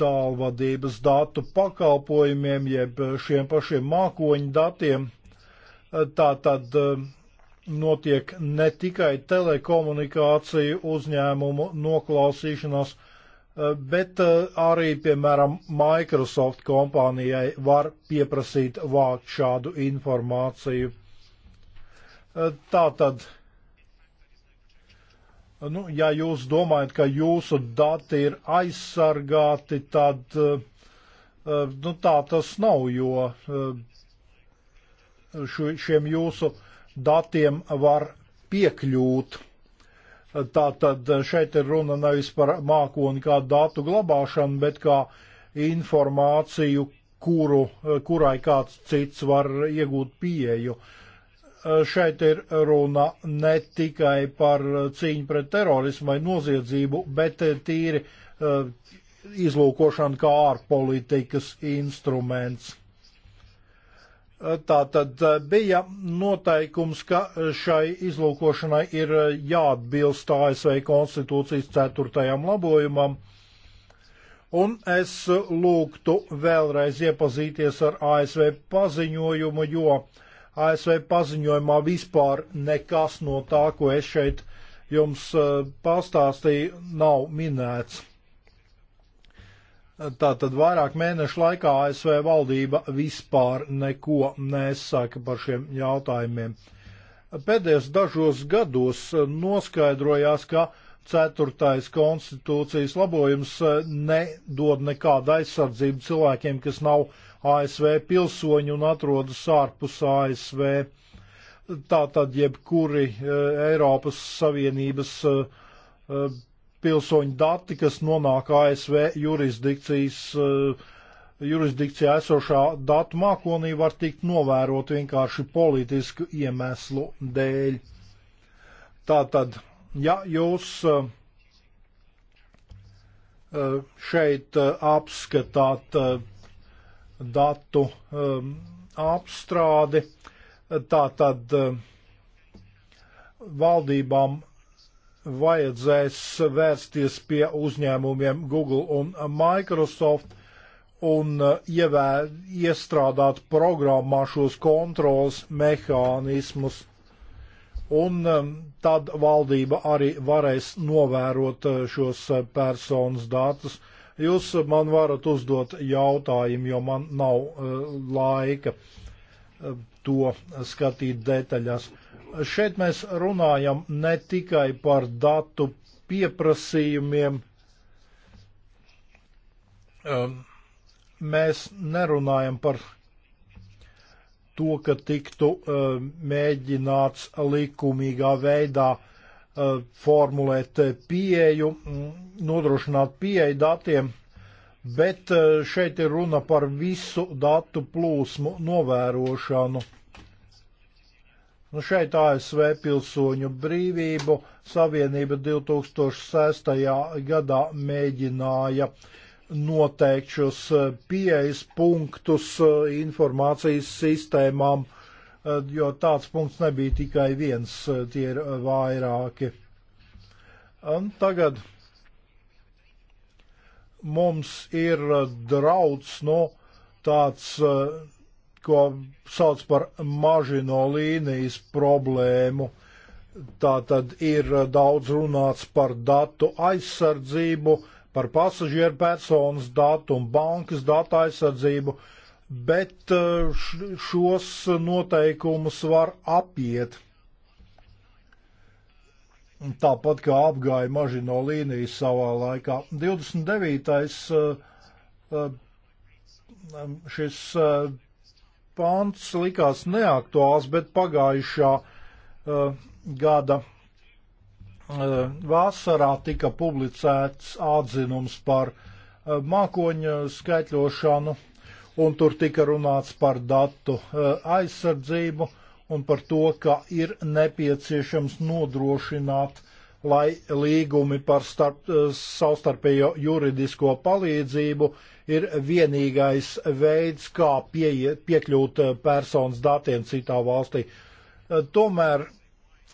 tālvadības datu pakalpojumiem, jeb šiem pašiem mākoņu datiem. Tā tad um, notiek ne tikai telekomunikāciju uzņēmumu noklausīšanās, uh, bet uh, arī, piemēram, Microsoft kompānijai var pieprasīt vākt šādu informāciju. Uh, tā tad Nu, ja jūs domājat, ka jūsu dati ir aizsargāti, tad eh, eh, nu, tā tas nav, jo eh, šiem jūsu datiem var piekļūt. Tā tad šeit ir runa nevis par mākoni kā datu glabāšanu, bet kā informāciju, kuru, kurai kāds cits var iegūt pieeju. Uh, Eh, šeit ir runa ne tikai par eh, cīņu pret terorismu vai noziedzību, bet eh, tīri izlūkošana kā ārpolitikas instruments. Tā tad bija noteikums, ka šai izlūkošanai ir jāatbilst ASV konstitūcijas ceturtajam labojumam, un es lūgtu vēlreiz iepazīties ar ASV paziņojumu, jo uh, ASV paziņojumā vispār nekas no tā, ko es šeit jums e, pastāstīju, nav minēts. Tātad vairāk mēnešu laikā ASV valdība vispār neko nesaka par šiem jautājumiem. Pēdējos dažos gados noskaidrojās, ka ceturtais konstitūcijas labojums e, nedod nekādu aizsardzību cilvēkiem, kas nav ASV pilsoņi un atrodas ārpus ASV. Tātad jebkuri e, Eiropas Savienības e, e, pilsoņu dati, kas nonāk ASV jurisdikcijas, jurisdikcijā esošā datu mākonī, var tikt novērot vienkārši politisku iemeslu dēļ. Tātad, ja jūs šeit apskatāt datu um, apstrādi. Tātad um, valdībām vajadzēs vērsties pie uzņēmumiem Google un Microsoft un uh, ievē, iestrādāt programmā šos kontrols mehānismus. Un um, tad valdība arī varēs novērot uh, šos uh, personas datus. Uh, Jūs man varat uzdot jautājumu, jo man nav uh, laika uh, to skatīt detaļās. Šeit mēs runājam ne tikai par datu pieprasījumiem. Um, mēs nerunājam par to, ka tiktu uh, mēģināts likumīgā veidā Uh, formulēt uh, pieeju, mm, nodrošināt pieeju datiem, bet uh, šeit ir runa par visu datu plūsmu novērošanu. Nu, šeit ASV pilsoņu brīvību Savienība 2006. gadā mēģināja noteikt šos pieejas punktus informācijas sistēmām jo tāds punkts nebija tikai viens, eh, tie ir eh, vairāki. Un tagad mums ir eh, drauds no nu, tāds, ko sauc par mažino līnijas problēmu. Tā tad ir daudz runāts par datu aizsardzību, par pasažieru personas datu un bankas datu aizsardzību. Uh, bet uh, šos noteikumus var apiet. Tāpat kā apgāja mažino līniju savā laikā. 29. Uh, uh, um, šis pāns likās neaktuāls, bet pagājušā gada vasarā tika publicēts atzinums par mākoņu skaitļošanu un tur tika runāts par datu e, aizsardzību un par to, ka ir nepieciešams nodrošināt, lai līgumi par starp, e, savstarpējo juridisko palīdzību ir vienīgais veids, kā pie, piekļūt e, personas datiem citā valstī. Tomēr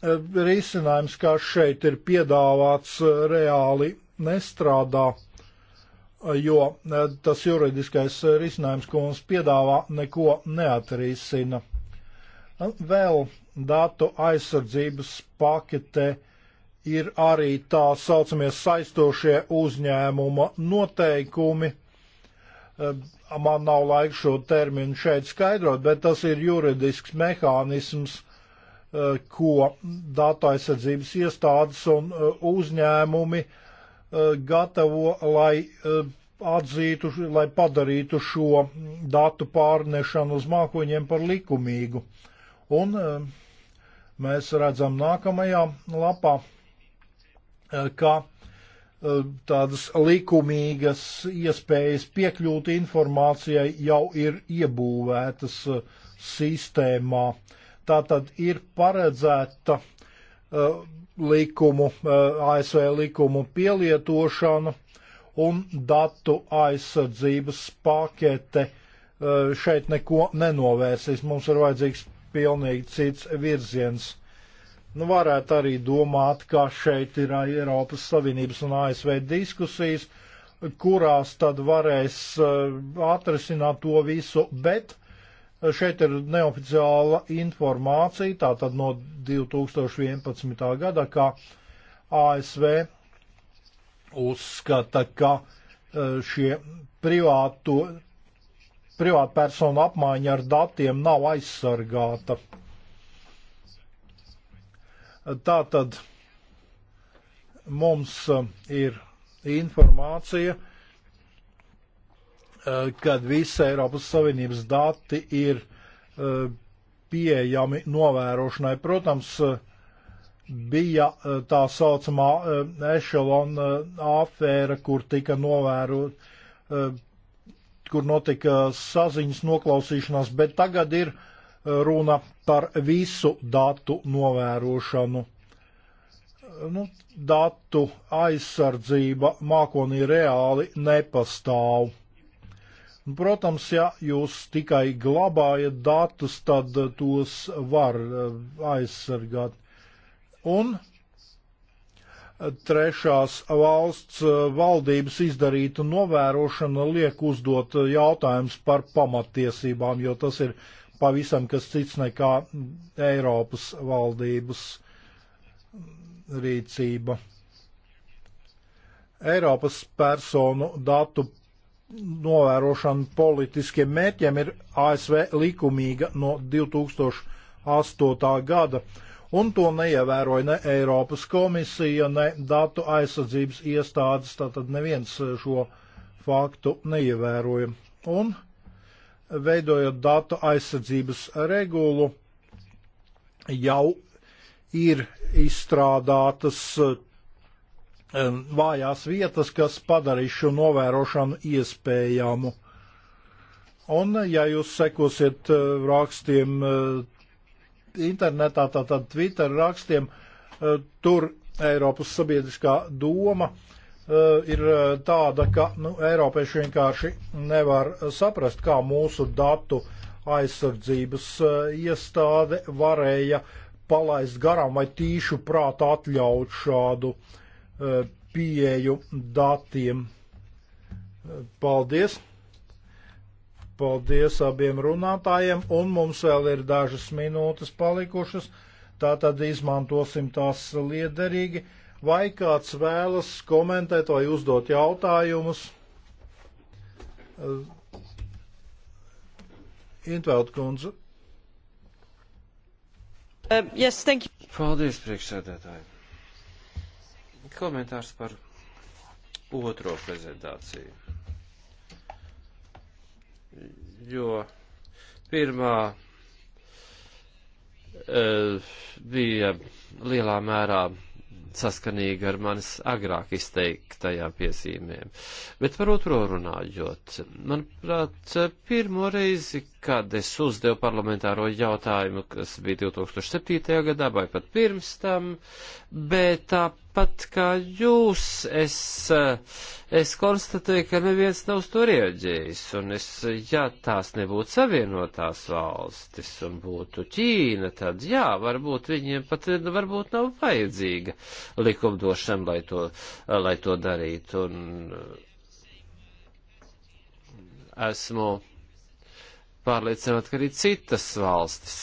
risinājums, kā šeit ir piedāvāts, reāli nestrādā jo eh, tas juridiskais eh, risinājums, ko mums piedāvā, neko neatrisina. Nu, vēl datu aizsardzības pakete ir arī tā saucamie saistošie uzņēmuma noteikumi. Eh, man nav laika šo terminu šeit skaidrot, bet tas ir juridisks mehānisms, ko datu aizsardzības iestādes un uzņēmumi uh, Eh, gatavo, lai eh, atzītu, lai padarītu šo datu pārnešanu uz mākoņiem par likumīgu. Un eh, mēs redzam nākamajā lapā, ka tādas likumīgas iespējas piekļūt informācijai jau ir iebūvētas sistēmā. Tā tad ir paredzēta Uh, likumu, uh, ASV likumu pielietošanu un datu aizsardzības pakete uh, šeit neko nenovērsīs. Mums ir vajadzīgs pilnīgi cits virziens. Nu, varētu arī domāt, ka šeit ir Eiropas Savienības un ASV diskusijas, kurās tad varēs atrisināt to visu, bet Šeit ir neoficiāla informācija, tātad no 2011. gada, ka ASV uzskata, ka e, šie privātu, privātpersonu apmaiņa ar datiem nav aizsargāta. Tātad mums e, ir informācija, uh, Eh, kad visi Eiropas Savienības dati ir eh, pieejami novērošanai. Protams, bija eh, tā saucamā ešalona afēra, kur tika novērot, kur notika saziņas noklausīšanās, bet tagad ir runa par visu datu novērošanu. Nu, datu aizsardzība mākonī reāli nepastāv. Protams, ja jūs tikai glabājat datus, tad eh, tos var eh, aizsargāt. Un eh, trešās valsts valdības izdarīta novērošana liek uzdot jautājums par pamatiesībām, jo tas ir pavisam kas cits nekā Eiropas valdības rīcība. Eiropas personu datu novērošana politiskiem mērķiem ir ASV likumīga no 2008. gada, un to neievēroja ne Eiropas komisija, ne datu aizsardzības iestādes, tātad neviens šo faktu neievēroja. Un veidojot datu aizsardzības regulu, jau ir izstrādātas Um, vājās vietas, kas padarīs šo novērošanu iespējamu. Un, ja jūs sekosiet uh, rakstiem uh, internetā, tātad Twitter rakstiem, uh, tur Eiropas sabiedriskā doma ir tāda, ka nu, Eiropieši vienkārši nevar saprast, kā mūsu datu aizsardzības iestāde varēja palaist garām vai tīšu prātu atļaut šādu uh, pieeju datiem. Paldies! Paldies abiem runātājiem, un mums vēl ir dažas minūtes palikušas, tā tad izmantosim tās liederīgi. Vai kāds vēlas komentēt vai uzdot jautājumus? Intveld kundze. Uh, yes, thank you. Paldies, priekšsēdētāji. Komentārs par otro prezentāciju. Jo pirmā e, bija lielā mērā saskanīga ar manis agrāk izteiktajām piezīmēm. Bet par otro runājot, manuprāt, pirmo reizi, kad es uzdevu parlamentāro jautājumu, kas bija 2007. gadā vai pat pirms tam, bet tāpat kā jūs, es, es konstatēju, ka neviens nav uz to rieģējis, un es, ja tās nebūtu savienotās valstis un būtu Ķīna, tad jā, varbūt viņiem pat varbūt nav vajadzīga likumdošana, lai to, lai to darītu, un uh, esmu pārliecināt, ka arī citas valstis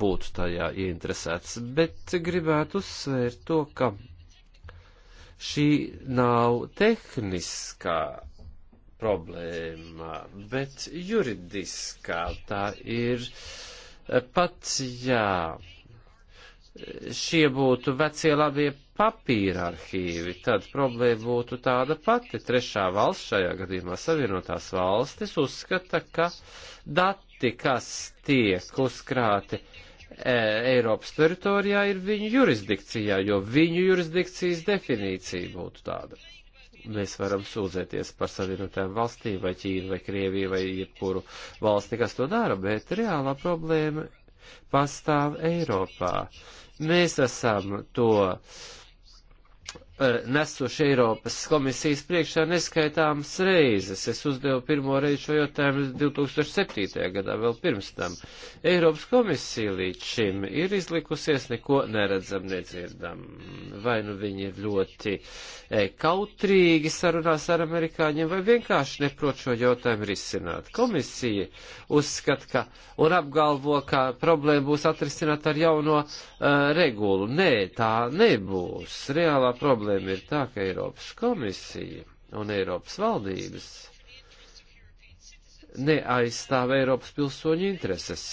būtu tajā ieinteresētas, bet gribētu uzsvērt to, ka šī nav tehniskā problēma, bet juridiskā tā ir eh, pats, jā, šie būtu vecie labie papīra arhīvi, tad problēma būtu tāda pati. Trešā valsts, šajā gadījumā Savienotās valstis, uzskata, ka dati, kas tiek uzkrāti e, Eiropas teritorijā, ir viņu jurisdikcijā, jo viņu jurisdikcijas definīcija būtu tāda. Mēs varam sūdzēties par savienotām valstīm, vai Ķīnu, vai Krieviju, vai jebkuru valsti, kas to dara, bet reālā problēma pastāv Eiropā. Mēs esam to uh, nesuši Eiropas komisijas priekšā neskaitāmas reizes. Es uzdevu pirmo reizi šo jautājumu 2007. gadā, vēl pirms tam. Eiropas komisija līdz šim ir izlikusies neko neredzam, nedzirdam. Vai nu viņi ir ļoti e, kautrīgi sarunās ar amerikāņiem, vai vienkārši neprot šo jautājumu risināt. Komisija uzskata, ka un apgalvo, ka problēma būs atrisināt ar jauno e, regulu. Nē, tā nebūs. Reālā problēma problēma ir tā, ka Eiropas komisija un Eiropas valdības neaizstāv Eiropas pilsoņu intereses.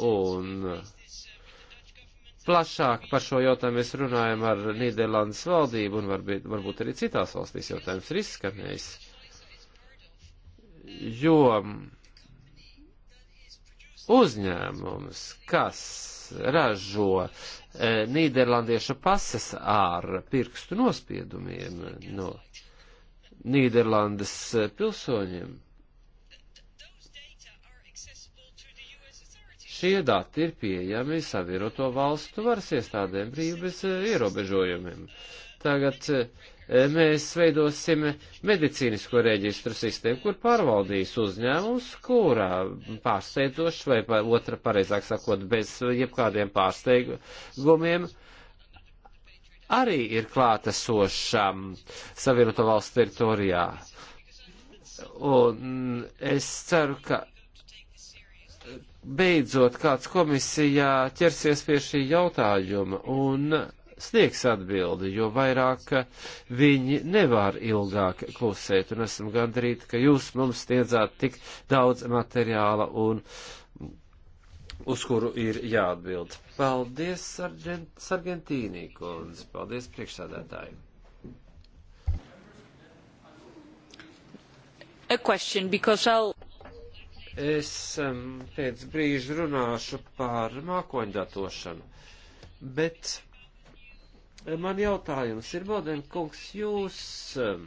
Un plašāk par šo jautājumu mēs runājam ar Nīderlandes valdību un varbūt, varbūt arī citās valstīs jautājums ir izskanējis. Jo uzņēmums, kas ražo uh, Eh, nīderlandiešu pases ar pirkstu nospiedumiem no Nīderlandes eh, pilsoņiem. Šie dati ir pieejami saviroto valstu varas iestādēm brīvi bez eh, ierobežojumiem. Tagad uh, mēs veidosim medicīnisko reģistru sistēmu, kur pārvaldīs uzņēmums, kurā pārsteidzoši vai otra pareizāk sakot bez jebkādiem pārsteigumiem arī ir klātesošam Savienoto valstu teritorijā. Un es ceru, ka beidzot kāds komisijā ķersies pie šī jautājuma un sniegs atbildi, jo vairāk viņi nevar ilgāk klusēt, un esam gandrīt, ka jūs mums sniedzāt tik daudz materiāla un uz kuru ir jāatbild. Paldies, Sargent, Sargentīnī kundze, paldies priekšsādātājiem. A question, because I'll... Es um, pēc brīža runāšu par mākoņdatošanu, bet Man jautājums ir, Boden kungs, jūs um,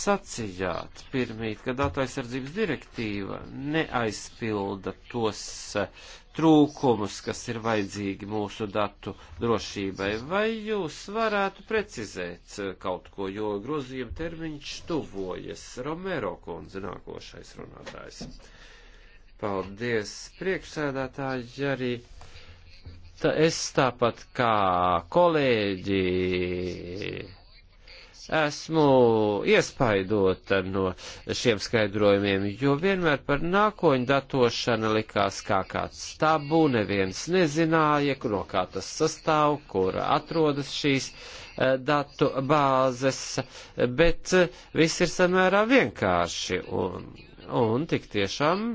sacījāt pirmīt, ka datu aizsardzības direktīva neaizpilda tos uh, trūkumus, kas ir vajadzīgi mūsu datu drošībai. Vai jūs varētu precizēt uh, kaut ko, jo grozījuma termiņš tuvojas? Romero kundze nākošais runātājs. Paldies, priekšsēdētāji, arī. Ja tā es tāpat kā kolēģi esmu iespaidota no šiem skaidrojumiem, jo vienmēr par nākoņu datošana likās kā kāds tabu, neviens nezināja, no kā tas sastāv, kur atrodas šīs e, datu bāzes, bet viss ir samērā vienkārši un, un tik tiešām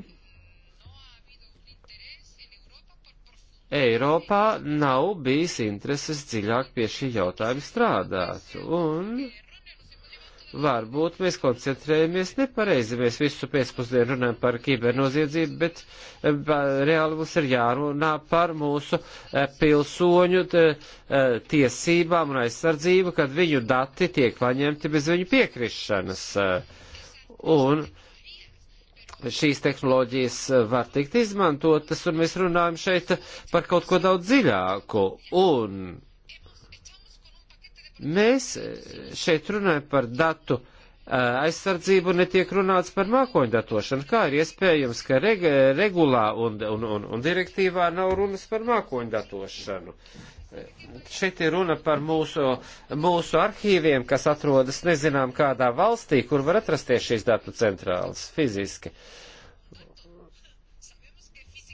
Eiropā nav bijis intereses dziļāk pie šī jautājuma strādāt. Un varbūt mēs koncentrējamies nepareizi. Mēs visu pēcpusdienu runājam par kibernoziedzību, bet eh, reāli mums ir jārunā par mūsu eh, pilsoņu eh, tiesībām un aizsardzību, kad viņu dati tiek paņemti bez viņu piekrišanas. Un šīs tehnoloģijas eh, var tikt izmantotas, un mēs runājam šeit par kaut ko daudz dziļāku. Un mēs eh, šeit runājam par datu eh, aizsardzību, netiek runāts par mākoņdatošanu. Kā ir iespējams, ka reg regulā un, un, un, un direktīvā nav runas par mākoņdatošanu? Uh, šeit ir runa par mūsu, mūsu arhīviem, kas atrodas nezinām kādā valstī, kur var atrasties šīs datu centrālas fiziski.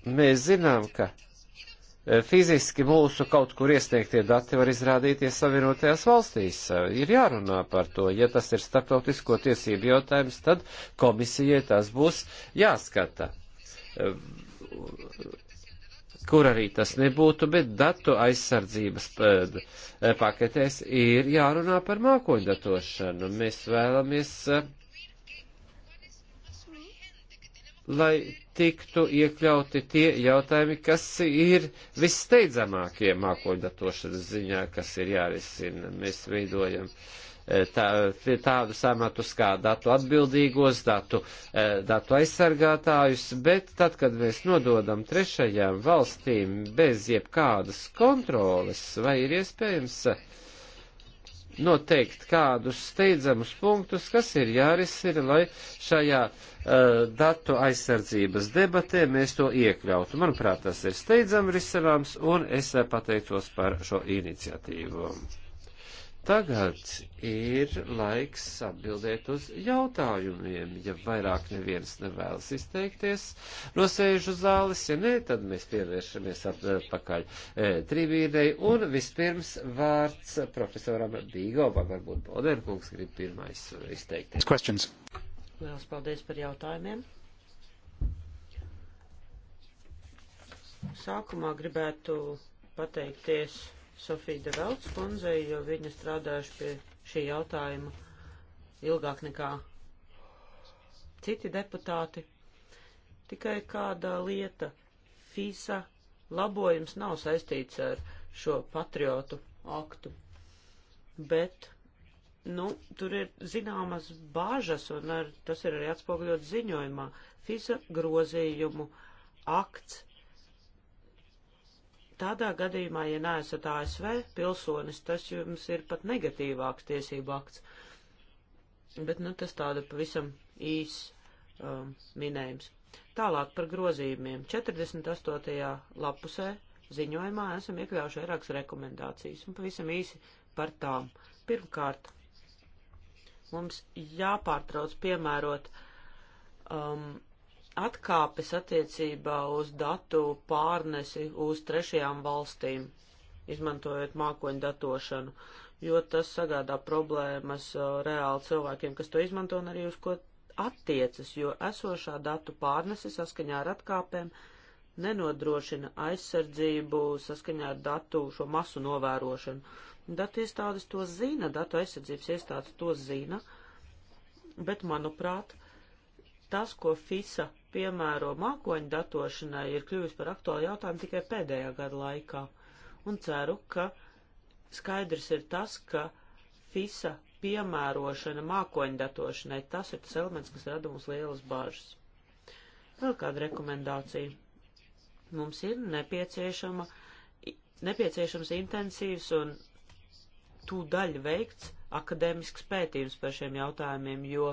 Mēs zinām, ka e, fiziski mūsu kaut kur iesniegtie dati var izrādīties Savienotajās valstīs. E, ir jārunā par to. Ja tas ir starptautisko tiesību jautājums, tad komisijai tas būs jāskata e, kur arī tas nebūtu, bet datu aizsardzības eh, eh, paketēs ir jārunā par mākoņdatošanu. Mēs vēlamies, eh, lai tiktu iekļauti tie jautājumi, kas ir vissteidzamākie mākoņdatošanas ziņā, kas ir jārisina. Mēs veidojam uh, Eh, tā, tādus amatus kā datu atbildīgos, datu, eh, datu aizsargātājus, bet tad, kad mēs nododam trešajām valstīm bez jebkādas kontroles, vai ir iespējams noteikt kādus steidzamus punktus, kas ir jārisina, lai šajā uh, datu aizsardzības debatē mēs to iekļautu. Manuprāt, tas ir steidzami risināms, un es pateicos par šo iniciatīvu. Tagad ir laiks atbildēt uz jautājumiem. Ja vairāk neviens nevēlas izteikties no sēžu zāles, ja nē, tad mēs pievēršamies atpakaļ e, trivīdei. Un vispirms vārds profesoram Bīgovam, varbūt Bodenkungs grib pirmais izteikties. Questions. Lielas paldies par jautājumiem. Sākumā gribētu pateikties Sofija Develts kundzei, jo viņa strādājuši pie šī jautājuma ilgāk nekā citi deputāti. Tikai kāda lieta - FISA labojums nav saistīts ar šo patriotu aktu, bet, nu, tur ir zināmas bāžas, un ar, tas ir arī atspoguļot ziņojumā. FISA grozījumu akts Tādā gadījumā, ja neesat ASV pilsonis, tas jums ir pat negatīvāks tiesību akts. Bet, nu, tas tāda pavisam īs um, minējums. Tālāk par grozījumiem. 48. lapusē ziņojumā esam iekļāvuši vairākas rekomendācijas, un pavisam īsi par tām. Pirmkārt, mums jāpārtrauc piemērot um, atkāpes attiecībā uz datu pārnesi uz trešajām valstīm, izmantojot mākoņu datošanu, jo tas sagādā problēmas uh, reāli cilvēkiem, kas to izmanto un arī uz ko attiecas, jo esošā datu pārnesi saskaņā ar atkāpēm nenodrošina aizsardzību saskaņā ar datu šo masu novērošanu. Datu iestādes to zina, datu aizsardzības iestādes to zina, bet, manuprāt, Tas, ko FISA piemēro mākoņu datošanai, ir kļuvis par aktuālu jautājumu tikai pēdējā gada laikā. Un ceru, ka skaidrs ir tas, ka FISA piemērošana mākoņu datošanai, tas ir tas elements, kas rada mums lielas bāžas. Vēl kāda rekomendācija. Mums ir nepieciešama, nepieciešams intensīvs un tūdaļ veikts akadēmisks pētījums par šiem jautājumiem, jo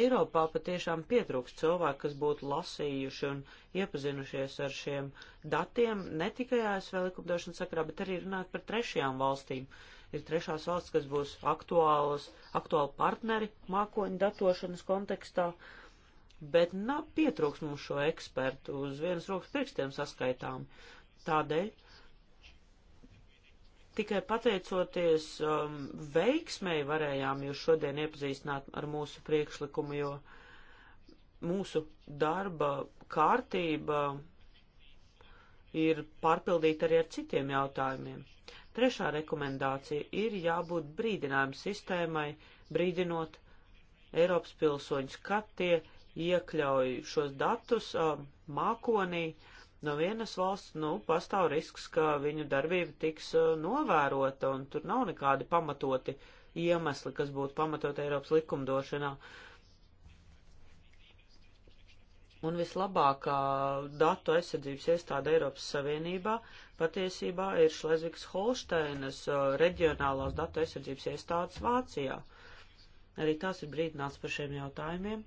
Eiropā patiešām pietrūks cilvēku, kas būtu lasījuši un iepazinušies ar šiem datiem, ne tikai ASV likumdošanas sakarā, bet arī runāt par trešajām valstīm. Ir trešās valsts, kas būs aktuālas, aktuāli partneri mākoņu datošanas kontekstā, bet nav pietrūks mums šo ekspertu uz vienas rokas pirkstiem saskaitām. Tādēļ Tikai pateicoties um, veiksmēji varējām jūs šodien iepazīstināt ar mūsu priekšlikumu, jo mūsu darba kārtība ir pārpildīta arī ar citiem jautājumiem. Trešā rekomendācija ir jābūt brīdinājuma sistēmai, brīdinot Eiropas pilsoņus, kad tie iekļauj šos datus um, mākonī, uh, no vienas valsts, nu, pastāv risks, ka viņu darbība tiks uh, novērota, un tur nav nekādi pamatoti iemesli, kas būtu pamatot Eiropas likumdošanā. Un vislabākā datu aizsardzības iestāde Eiropas Savienībā patiesībā ir Šlezvigs Holšteinas uh, reģionālās datu aizsardzības iestādes Vācijā. Arī tās ir brīdināts par šiem jautājumiem,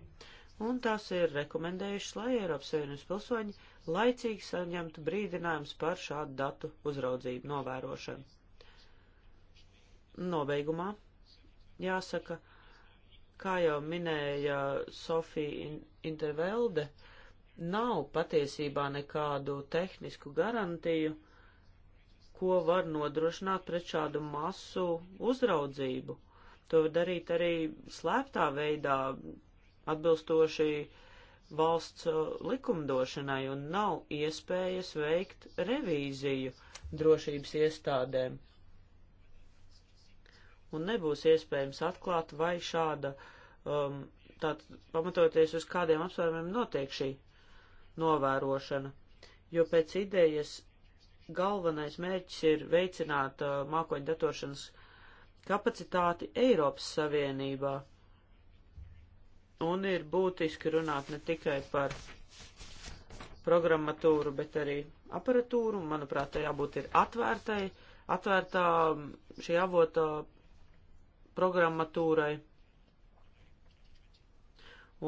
un tās ir rekomendējušas, lai Eiropas Savienības pilsoņi laicīgi saņemtu brīdinājums par šādu datu uzraudzību novērošanu. Nobeigumā jāsaka, kā jau minēja Sofija Intervelde, nav patiesībā nekādu tehnisku garantiju, ko var nodrošināt pret šādu masu uzraudzību. To var darīt arī slēptā veidā, atbilstoši uh, valsts uh, likumdošanai un nav iespējas veikt revīziju drošības iestādēm. Un nebūs iespējams atklāt, vai šāda, um, tātad pamatoties uz kādiem apsvērumiem notiek šī novērošana. Jo pēc idejas galvenais mērķis ir veicināt uh, mākoņu datošanas kapacitāti Eiropas Savienībā Un ir būtiski runāt ne tikai par programmatūru, bet arī aparatūru. Manuprāt, tā jābūt ir atvērtai, atvērtā šī avota programmatūrai.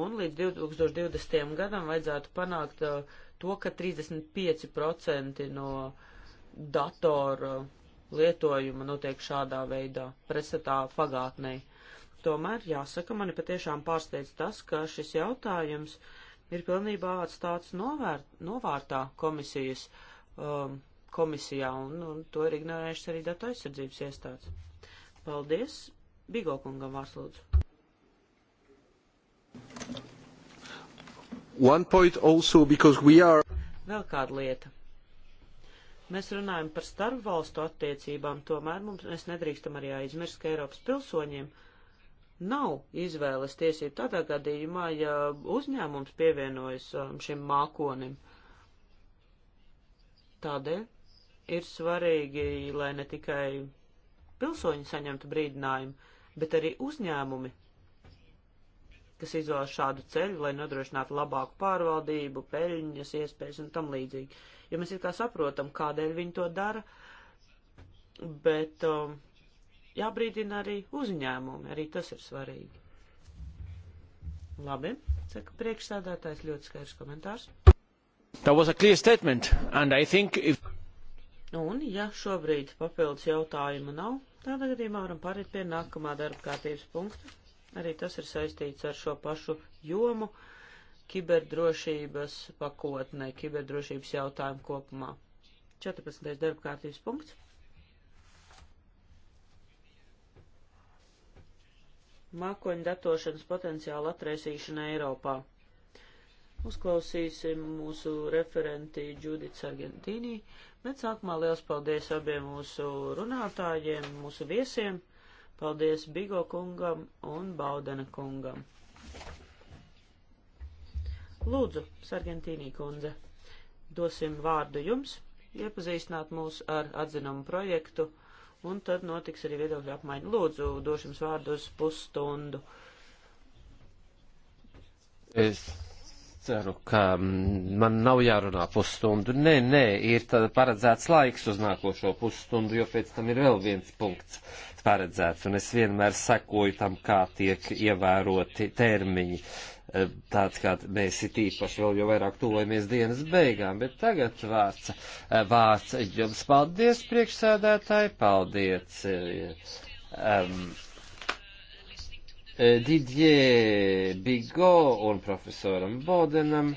Un līdz 2020. gadam vajadzētu panākt uh, to, ka 35% no datoru lietojuma notiek šādā veidā, pretstatā pagātnē. Uh, Tomēr jāsaka, mani patiešām pārsteidz tas, ka šis jautājums ir pilnībā atstāts novērt, novārtā komisijas um, komisijā, un, un to ir ignorējušas arī datu aizsardzības iestādes. Paldies! Bigokungam vārds lūdzu. One point also because we are. Vēl kāda lieta. Mēs runājam par starpvalstu attiecībām, tomēr mums, mēs nedrīkstam arī aizmirst, ka Eiropas pilsoņiem uh, nav izvēles tiesību tādā gadījumā, ja uzņēmums pievienojas um, šim mākonim. Tādēļ ir svarīgi, lai ne tikai pilsoņi saņemtu brīdinājumu, bet arī uzņēmumi, kas izvēlas šādu ceļu, lai nodrošinātu labāku pārvaldību, peļņas iespējas un tam līdzīgi. Jo mēs it kā saprotam, kādēļ viņi to dara, bet. Um, jābrīdina arī uzņēmumi, arī tas ir svarīgi. Labi, saka priekšsēdētājs ļoti skaidrs komentārs. That was a clear statement, and I think if... Un, ja šobrīd papildus jautājumu nav, tādā gadījumā varam pāriet pie nākamā darba kārtības punkta. Arī tas ir saistīts ar šo pašu jomu - kiberdrošības pakotnē, kiberdrošības jautājumu kopumā. 14. darba kārtības punkts. mākoņu datošanas potenciālu atraisīšana Eiropā. Uzklausīsim mūsu referenti Džudica Argentīnī, bet sākumā liels paldies abiem mūsu runātājiem, mūsu viesiem. Paldies Bigo kungam un Baudena kungam. Lūdzu, Sargentīnī kundze, dosim vārdu jums, iepazīstināt mūs ar atzinumu projektu un tad notiks arī viedokļu apmaiņa. Lūdzu, došu jums vārdu uz pusstundu. Es ceru, ka mm, man nav jārunā pusstundu. Nē, nē, ir paredzēts laiks uz nākošo pusstundu, jo pēc tam ir vēl viens punkts paredzēts, un es vienmēr sekoju tam, kā tiek ievēroti termiņi. Uh, tad, kad mēs it īpaši vēl jau vairāk tuvojamies dienas beigām, bet tagad vārds, vārds jums paldies, priekšsēdētāji, paldies. Um, Didie Bigo un profesoram Bodenam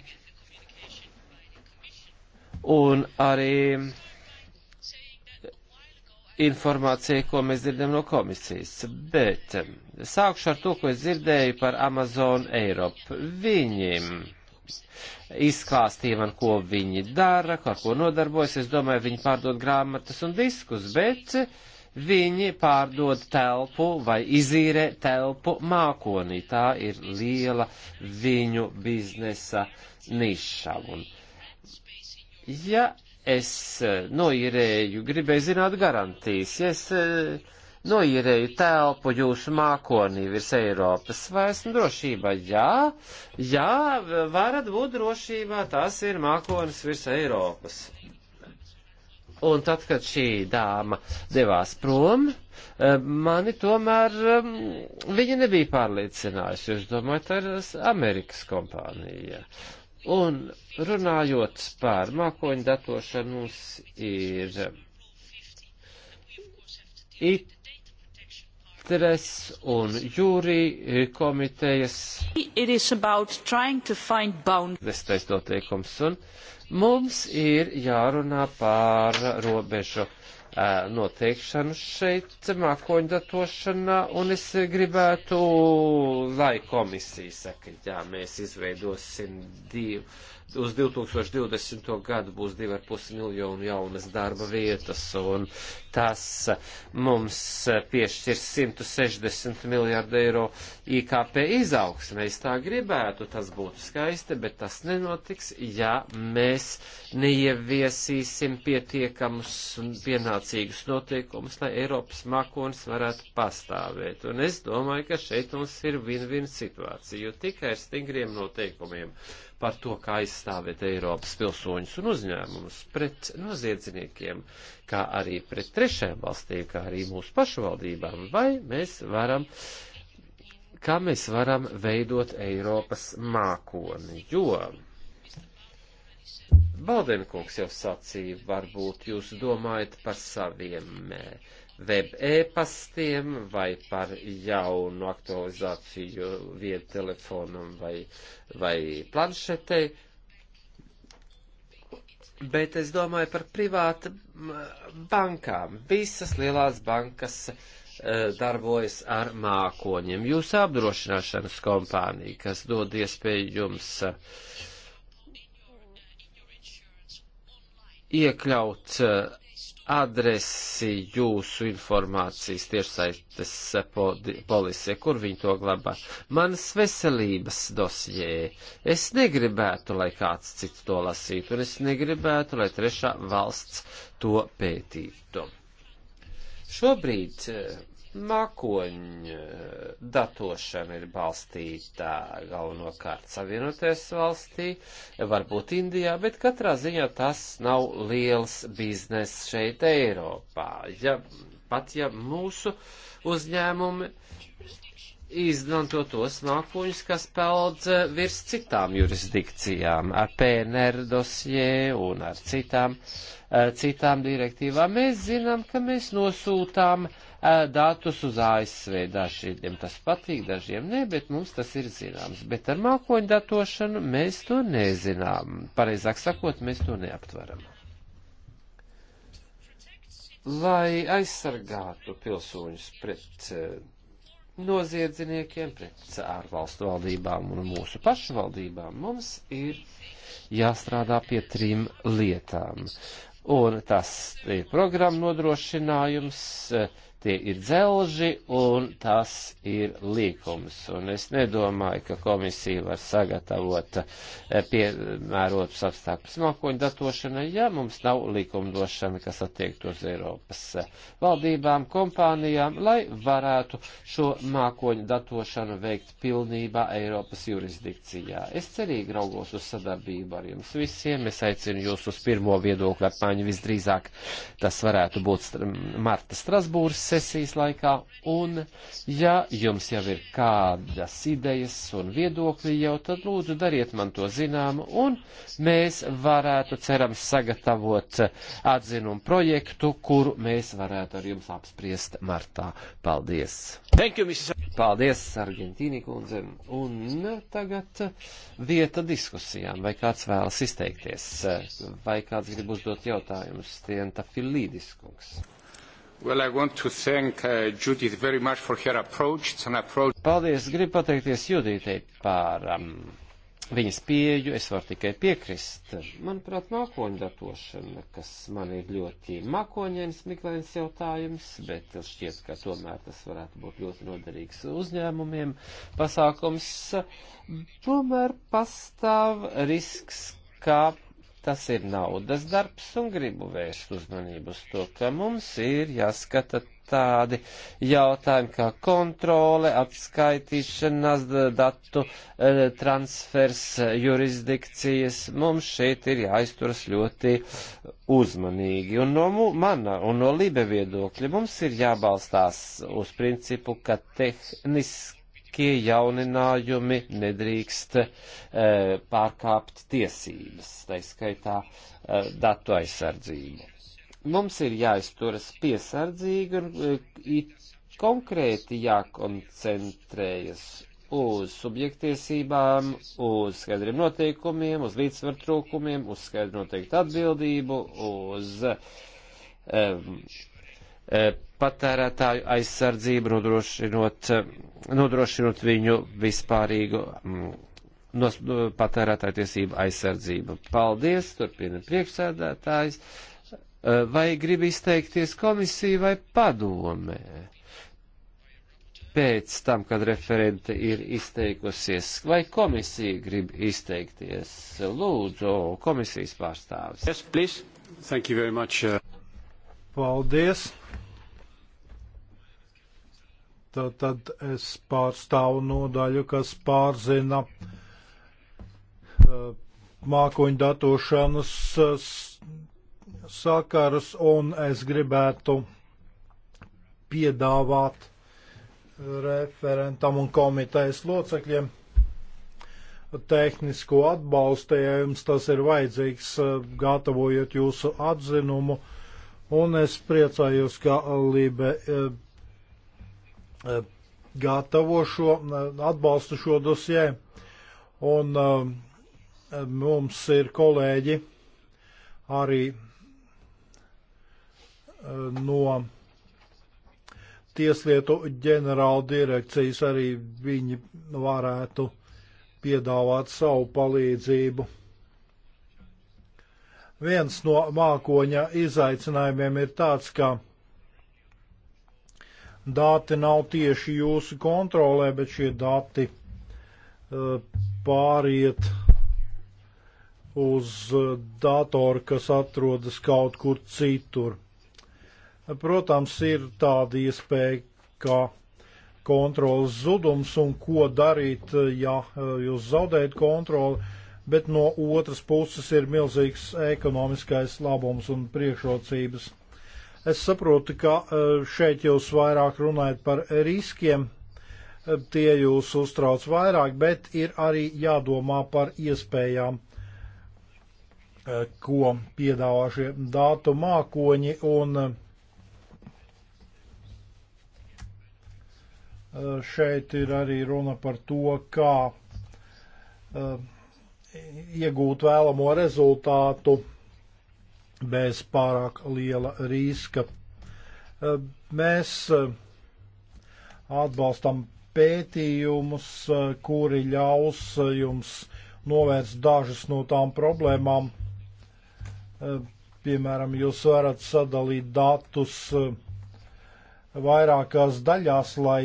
un arī informācija, ko mēs dzirdam no komisijas. Bet sākšu ar to, ko es dzirdēju par Amazon Europe. Viņiem izklāstīja man, ko viņi dara, ar ko nodarbojas. Es domāju, viņi pārdod grāmatas un diskus, bet viņi pārdod telpu vai izīrē telpu mākonī. Tā ir liela viņu biznesa niša. Un, ja es eh, noīrēju, gribēju zināt garantijas, ja es eh, noīrēju telpu jūsu mākonī virs Eiropas, vai esmu drošībā? Jā, jā, varat būt drošībā, tas ir mākonis virs Eiropas. Un tad, kad šī dāma devās prom, eh, mani tomēr viņa nebija pārliecinājusi. Es domāju, tā ir Amerikas kompānija. Uh, Un runājot par mākoņu datošanu, mums ir ITRES un jūrī komitejas desmitais noteikums, un mums ir jārunā par robežu noteikšanu šeit mākoņu datošanā, un es gribētu, lai komisija saka, jā, mēs izveidosim divu uz 2020. gadu būs 2,5 miljonu jaunas darba vietas, un tas mums piešķirs 160 miljārdu eiro IKP izaugsmē. Es tā gribētu, tas būtu skaisti, bet tas nenotiks, ja mēs neieviesīsim pietiekamus un pienācīgus noteikumus, lai Eiropas mākonis varētu pastāvēt. Un es domāju, ka šeit mums ir vin-vin situācija, jo tikai ar stingriem noteikumiem par to, kā aizstāvēt Eiropas pilsoņus un uzņēmumus pret noziedzniekiem, kā arī pret trešajām valstīm, kā arī mūsu pašvaldībām, vai mēs varam, kā mēs varam veidot Eiropas mākoni, jo Baldenkungs jau sacīja, varbūt jūs domājat par saviem mērķiem web e-pastiem vai par jaunu aktualizāciju vietu telefonam vai, vai planšetei. Bet es domāju par privātu bankām. Visas lielās bankas uh, darbojas ar mākoņiem. Jūsu apdrošināšanas kompānija, kas dod iespēju jums e, iekļaut e, adresi jūsu informācijas tiešsaites polisie, kur viņi to glabā. Manas veselības dosjē. Es negribētu, lai kāds cits to lasītu, un es negribētu, lai trešā valsts to pētītu. Šobrīd mākoņu eh, datošana ir balstīta galvenokārt Savienotajās valstī, varbūt Indijā, bet katrā ziņā tas nav liels biznes šeit Eiropā. Ja, pat ja mūsu uzņēmumi izmanto tos mākoņus, kas peld eh, virs citām jurisdikcijām, ar PNR dosjē un ar citām, eh, citām direktīvām, mēs zinām, ka mēs nosūtām uh, datus uz ASV. Dažiem tas patīk, dažiem nē, bet mums tas ir zināms. Bet ar mākoņu datošanu mēs to nezinām. Pareizāk sakot, mēs to neaptveram. Lai aizsargātu pilsoņus pret eh, noziedziniekiem, pret ārvalstu valdībām un mūsu pašu valdībām, mums ir jāstrādā pie trim lietām un tas ir programma nodrošinājums, eh, tie ir dzelži un tas ir līkums. Un es nedomāju, ka komisija var sagatavot eh, piemērotus apstākļus mākoņu datošanai, ja mums nav likumdošana, kas attiektos Eiropas eh, valdībām, kompānijām, lai varētu šo mākoņu datošanu veikt pilnībā Eiropas jurisdikcijā. Es cerīgi raugos uz sadarbību ar jums visiem. Es aicinu jūs uz pirmo viedokļu apmaiņu visdrīzāk. Tas varētu būt Marta Strasbūrs sesijas laikā, un ja jums jau ir kādas idejas un viedokļi jau, tad lūdzu dariet man to zināmu, un mēs varētu cerams sagatavot atzinumu projektu, kuru mēs varētu ar jums apspriest martā. Paldies! Thank you, Mrs. Paldies, Argentīni kundze. Un tagad vieta diskusijām. Vai kāds vēlas izteikties? Vai kāds grib uzdot jautājumus? Tienta Filīdis kungs. Well, I want to thank uh, Judith very much for her approach. It's an approach. Paldies, gribu pateikties Judītei par um, viņas pieeju, es varu tikai piekrist. Manuprāt, mākoņdatošana, kas man ir ļoti mākoņēns, miglēns jautājums, bet šķiet, ka tomēr tas varētu būt ļoti noderīgs uzņēmumiem pasākums. Tomēr pastāv risks, ka Tas ir naudas darbs un gribu vērst uzmanību uz to, ka mums ir jāskata tādi jautājumi kā kontrole, atskaitīšanās, datu e, transfers, jurisdikcijas. Mums šeit ir jāizturas ļoti uzmanīgi. Un no mana un no Libe viedokļa mums ir jābalstās uz principu, ka tehniski jebkie jauninājumi nedrīkst e, pārkāpt tiesības, tā skaitā e, datu aizsardzību. Mums ir jāizturas piesardzīgi un e, konkrēti jākoncentrējas uz subjektiesībām, uz skaidriem noteikumiem, uz līdzsvaru trūkumiem, uz skaidru noteiktu atbildību, uz um, e, E, patērētāju aizsardzību, nodrošinot, e, nodrošinot viņu vispārīgu mm, nos, patērētāju tiesību aizsardzību. Paldies, turpina priekšsēdētājs. E, vai grib izteikties komisija vai padomē? Pēc tam, kad referente ir izteikusies, vai komisija grib izteikties? Lūdzu, komisijas pārstāvis. Yes, please. Thank you very much. Uh... Paldies! Tad, tad es pārstāvu nodaļu, kas pārzina uh, mākoņu datošanas uh, sakarus, un es gribētu piedāvāt eh, referentam un komitejas locekļiem tehnisko atbalstu, ja jums tas ir vajadzīgs, uh, gatavojot jūsu atzinumu. Uh, un es priecājos, ka Lībe e, e, gatavo šo e, atbalstu šo dosē, un mums ir kolēģi arī no Tieslietu ģenerāla direkcijas arī viņi varētu piedāvāt savu palīdzību. Viens no mākoņa izaicinājumiem ir tāds, ka dati nav tieši jūsu kontrolē, bet šie dati eh, pāriet uz datoru, kas atrodas kaut kur citur. Protams, ir tāda iespēja, ka kontrols zudums un ko darīt, ja eh, jūs zaudējat kontroli, bet no otras puses ir milzīgs ekonomiskais labums un priekšrocības. Es saprotu, ka e, šeit jūs vairāk runājat par riskiem, e, tie jūs uztrauc vairāk, bet ir arī jādomā par iespējām, e, ko piedāvā šie dātu mākoņi un šeit ir arī runa par to, kā iegūt vēlamo rezultātu bez pārāk liela riska. E, mēs e, atbalstam pētījumus, e, kuri ļaus jums novērst dažas no tām problēmām. Piemēram, jūs varat sadalīt datus vairākās daļās, lai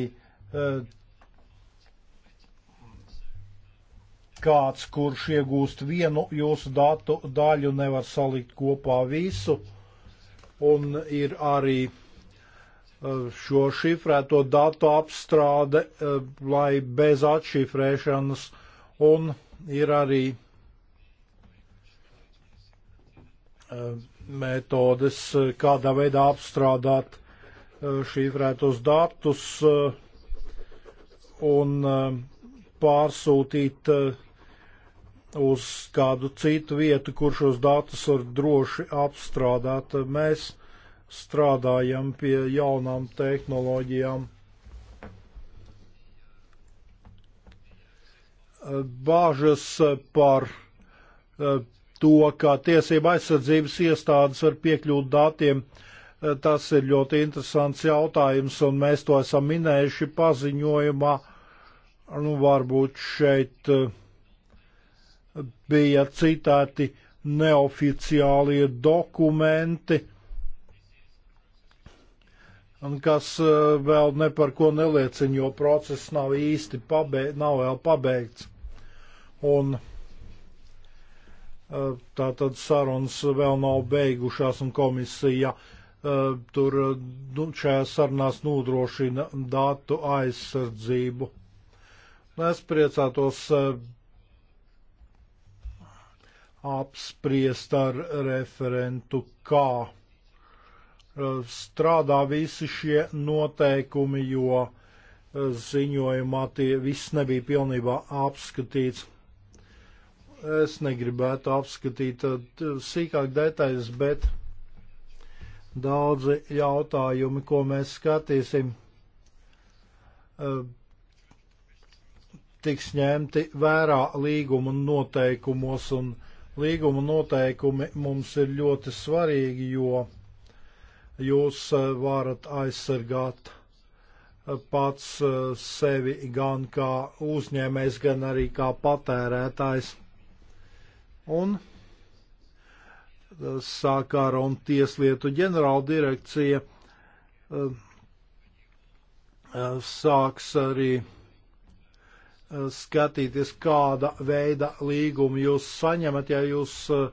kāds, kurš iegūst vienu jūsu datu daļu, nevar salikt kopā visu. Un ir arī eh, šo šifrēto datu apstrāde, eh, lai bez atšifrēšanas, un ir arī eh, metodes, kādā veidā apstrādāt šifrētos datus un pārsūtīt uh, uz kādu citu vietu, kur šos datus var droši apstrādāt. Mēs strādājam pie jaunām tehnoloģijām. Bāžas par eh, to, ka tiesība aizsardzības iestādes var piekļūt datiem, eh, tas ir ļoti interesants jautājums, un mēs to esam minējuši paziņojumā. Nu, varbūt šeit uh, bija citāti neoficiālie dokumenti, kas eh, vēl ne par ko neliecina, jo process nav īsti pabeigts, nav vēl pabeigts. Un eh, tā tad sarunas vēl nav beigušās, un komisija eh, tur nu, šajā sarunās nodrošina datu aizsardzību. Es priecātos apspriest ar referentu, kā e, strādā visi šie noteikumi, jo e, ziņojumā tie viss nebija pilnībā apskatīts. Es negribētu apskatīt e, sīkāk detaļas, bet daudzi jautājumi, ko mēs skatīsim, tiks ņemti vērā līguma noteikumos un noteikumos Līguma noteikumi mums ir ļoti svarīgi, jo jūs eh, varat aizsargāt eh, pats eh, sevi gan kā uzņēmējs, gan arī kā patērētājs. Un sākāra un tieslietu ģenerāla direkcija sāks arī skatīties, kāda veida līgumu jūs saņemat, ja jūs eh,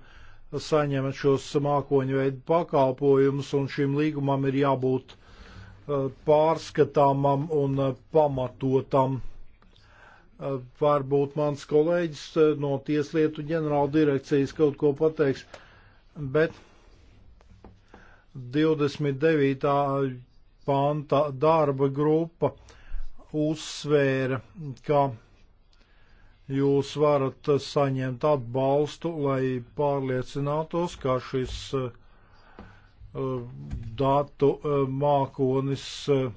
saņemat šos mākoņu veidu pakalpojumus, un šim līgumam ir jābūt eh, pārskatāmam un eh, pamatotam. Varbūt mans kolēģis no Tieslietu ģenerāla direkcijas kaut ko pateiks, bet 29. panta darba grupa uzsvēra, ka jūs varat saņemt atbalstu, lai pārliecinātos, ka šis eh, datu eh, mākonis eh,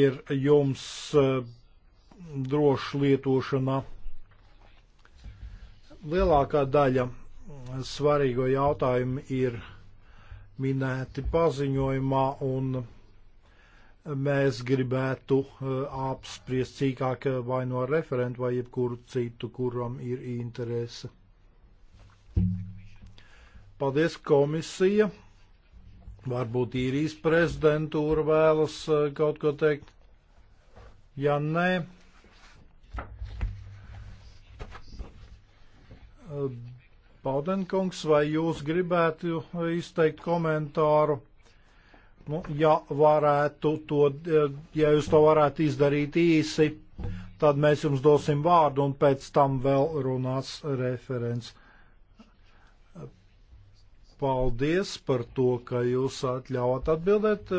ir jums droši lietošanā. Lielākā daļa svarīgo jautājumu ir minēti paziņojumā un mēs gribētu eh, apspriest cīkāk eh, vai no referentu vai jebkuru citu, kuram ir interese. Paldies komisija. Varbūt īrijas prezidentūra vēlas eh, kaut ko teikt. Ja nē, Baudenkungs, vai jūs gribētu izteikt komentāru? Nu, ja, varētu to, eh, ja jūs to varētu izdarīt īsi, tad mēs jums dosim vārdu un pēc tam vēl runās referents. Paldies par to, ka jūs atļāvāt atbildēt.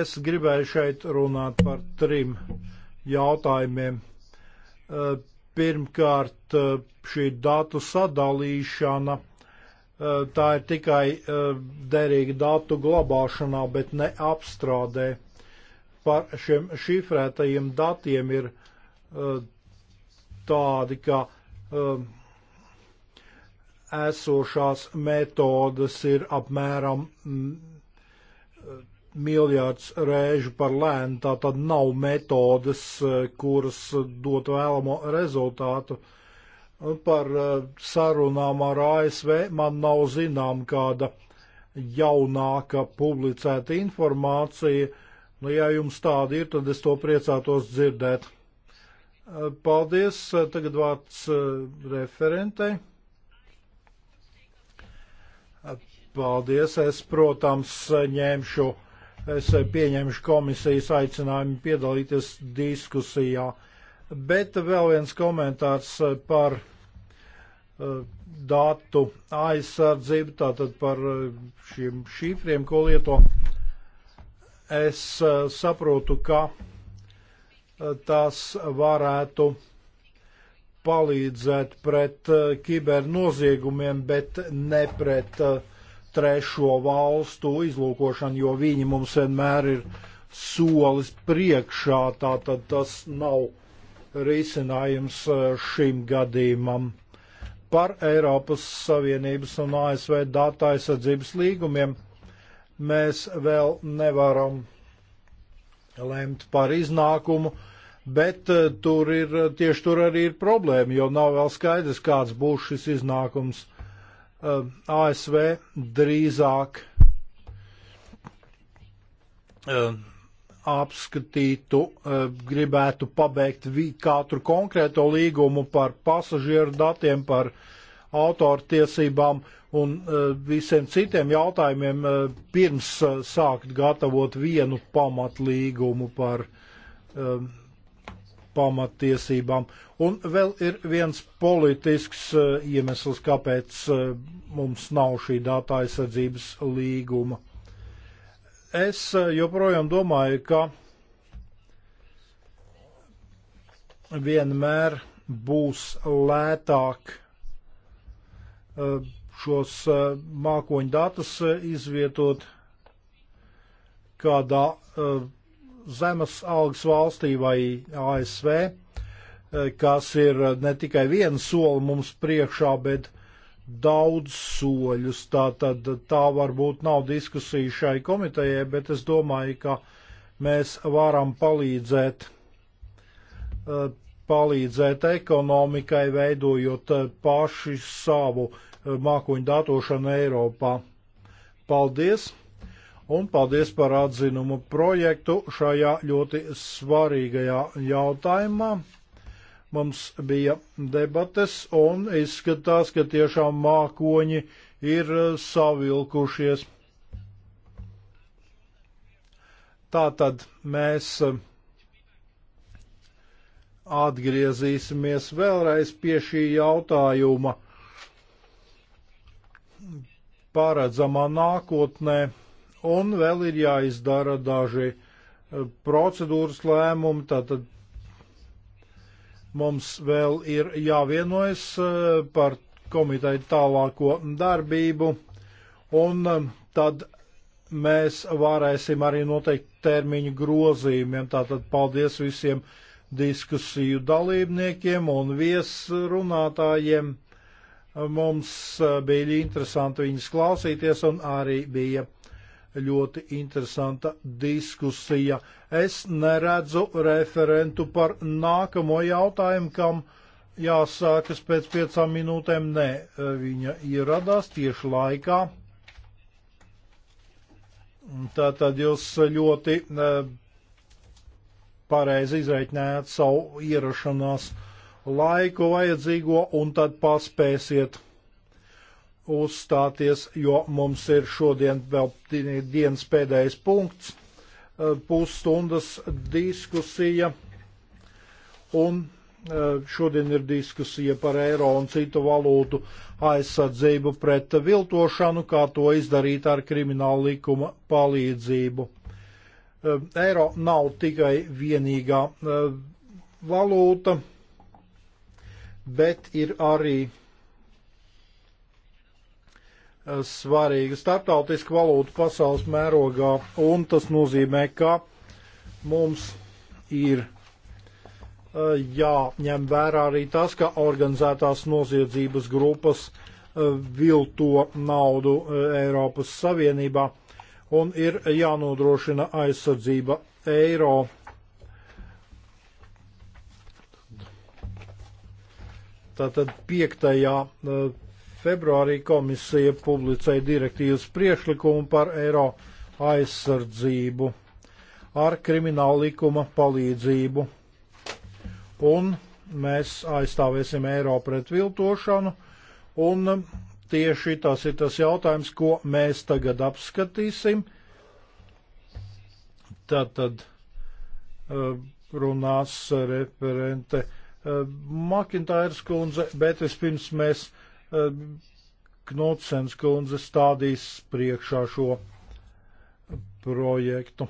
Es gribēju šeit runāt par trim jautājumiem. Eh, pirmkārt, eh, šī datu sadalīšana Eh, tā ir tikai eh, derīga datu glabāšanā, bet ne apstrādē. Par šiem šifrētajiem datiem ir eh, tādi, ka esošās metodas ir apmēram mm, miljārds reižu par lēnu, tā tad nav metodas, kuras dot vēlamo rezultātu. Uh, par eh, sarunām ar ASV man nav zinām kāda jaunāka publicēta informācija. Nu, ja jums tāda ir, tad es to priecātos dzirdēt. Eh, paldies. Eh, tagad vārds referentei. Paldies. Es, protams, ņemšu, es pieņemšu komisijas aicinājumu piedalīties diskusijā. Uh, Bet vēl viens komentārs eh, par eh, datu aizsardzību, tātad par eh, šiem šifriem, ko lieto. Es saprotu, ka tas varētu palīdzēt pret kibernoziegumiem, bet ne pret trešo valstu izlūkošanu, jo viņi mums vienmēr ir solis priekšā, tātad tas nav risinājums eh, šim gadījumam par Eiropas Savienības un ASV datu aizsardzības līgumiem. Mēs vēl nevaram lemt par iznākumu, bet eh, tur ir, tieši tur arī ir problēma, jo nav vēl skaidrs, kāds būs šis iznākums. Eh, ASV drīzāk apskatītu, eh, gribētu pabeigt katru konkrēto līgumu par pasažieru datiem, par autortiesībām un eh, visiem citiem jautājumiem, eh, pirms sākt gatavot vienu pamatlīgumu par pamatiesībām. Un vēl ir viens politisks iemesls, kāpēc mums nav šī datu aizsardzības līguma es eh, joprojām domāju, ka vienmēr būs lētāk eh, šos eh, mākoņu datus izvietot kādā zemes algas valstī vai ASV, kas ir ne tikai viena sola mums priekšā, bet daudz soļus. Tā tad tā varbūt nav diskusija šai komitejai, bet es domāju, ka mēs varam palīdzēt, eh, palīdzēt ekonomikai, veidojot eh, paši savu eh, mākoņu datošanu Eiropā. Paldies! Un paldies par atzinumu projektu šajā ļoti svarīgajā jautājumā. Mums bija debates un izskatās, ka tiešām mākoņi ir savilkušies. Tātad mēs atgriezīsimies vēlreiz pie šī jautājuma paredzamā nākotnē, un vēl ir jāizdara daži eh, procedūras lēmumi, tātad Mums vēl ir jāvienojas eh, par komiteju tālāko darbību, un eh, tad mēs varēsim arī noteikt termiņu grozījumiem. Tātad paldies visiem diskusiju dalībniekiem un viesrunātājiem. Mums eh, bija interesanti viņus klausīties un arī bija ļoti interesanta diskusija. Es neredzu referentu par nākamo jautājumu, kam jāsākas pēc piecām minūtēm. Nē, viņa ieradās tieši laikā. Tātad jūs ļoti e, pareizi izreikinājāt savu ierašanās laiku vajadzīgo un tad paspēsiet uzstāties, jo mums ir šodien vēl dienas pēdējais punkts, e, pusstundas diskusija. Un e, šodien ir diskusija par eiro un citu valūtu aizsardzību pret viltošanu, kā to izdarīt ar kriminālu likuma palīdzību. E, eiro nav tikai vienīgā valūta, bet ir arī svarīga starptautiska valūta pasaules mērogā, un tas nozīmē, ka mums ir jāņem vērā arī tas, ka organizētās noziedzības grupas vilto naudu Eiropas Savienībā un ir jānodrošina aizsardzība eiro. Tātad piektajā Februārī komisija publicēja direktīvas priekšlikumu par eiro aizsardzību ar krimināla likuma palīdzību. Un mēs aizstāvēsim eiro pret viltošanu, un tieši tas ir tas jautājums, ko mēs tagad apskatīsim. Tātad eh, runās referente eh, Makintājas kundze, bet vispirms mēs Ehm, Knotsens kundze stādīs priekšā šo projektu.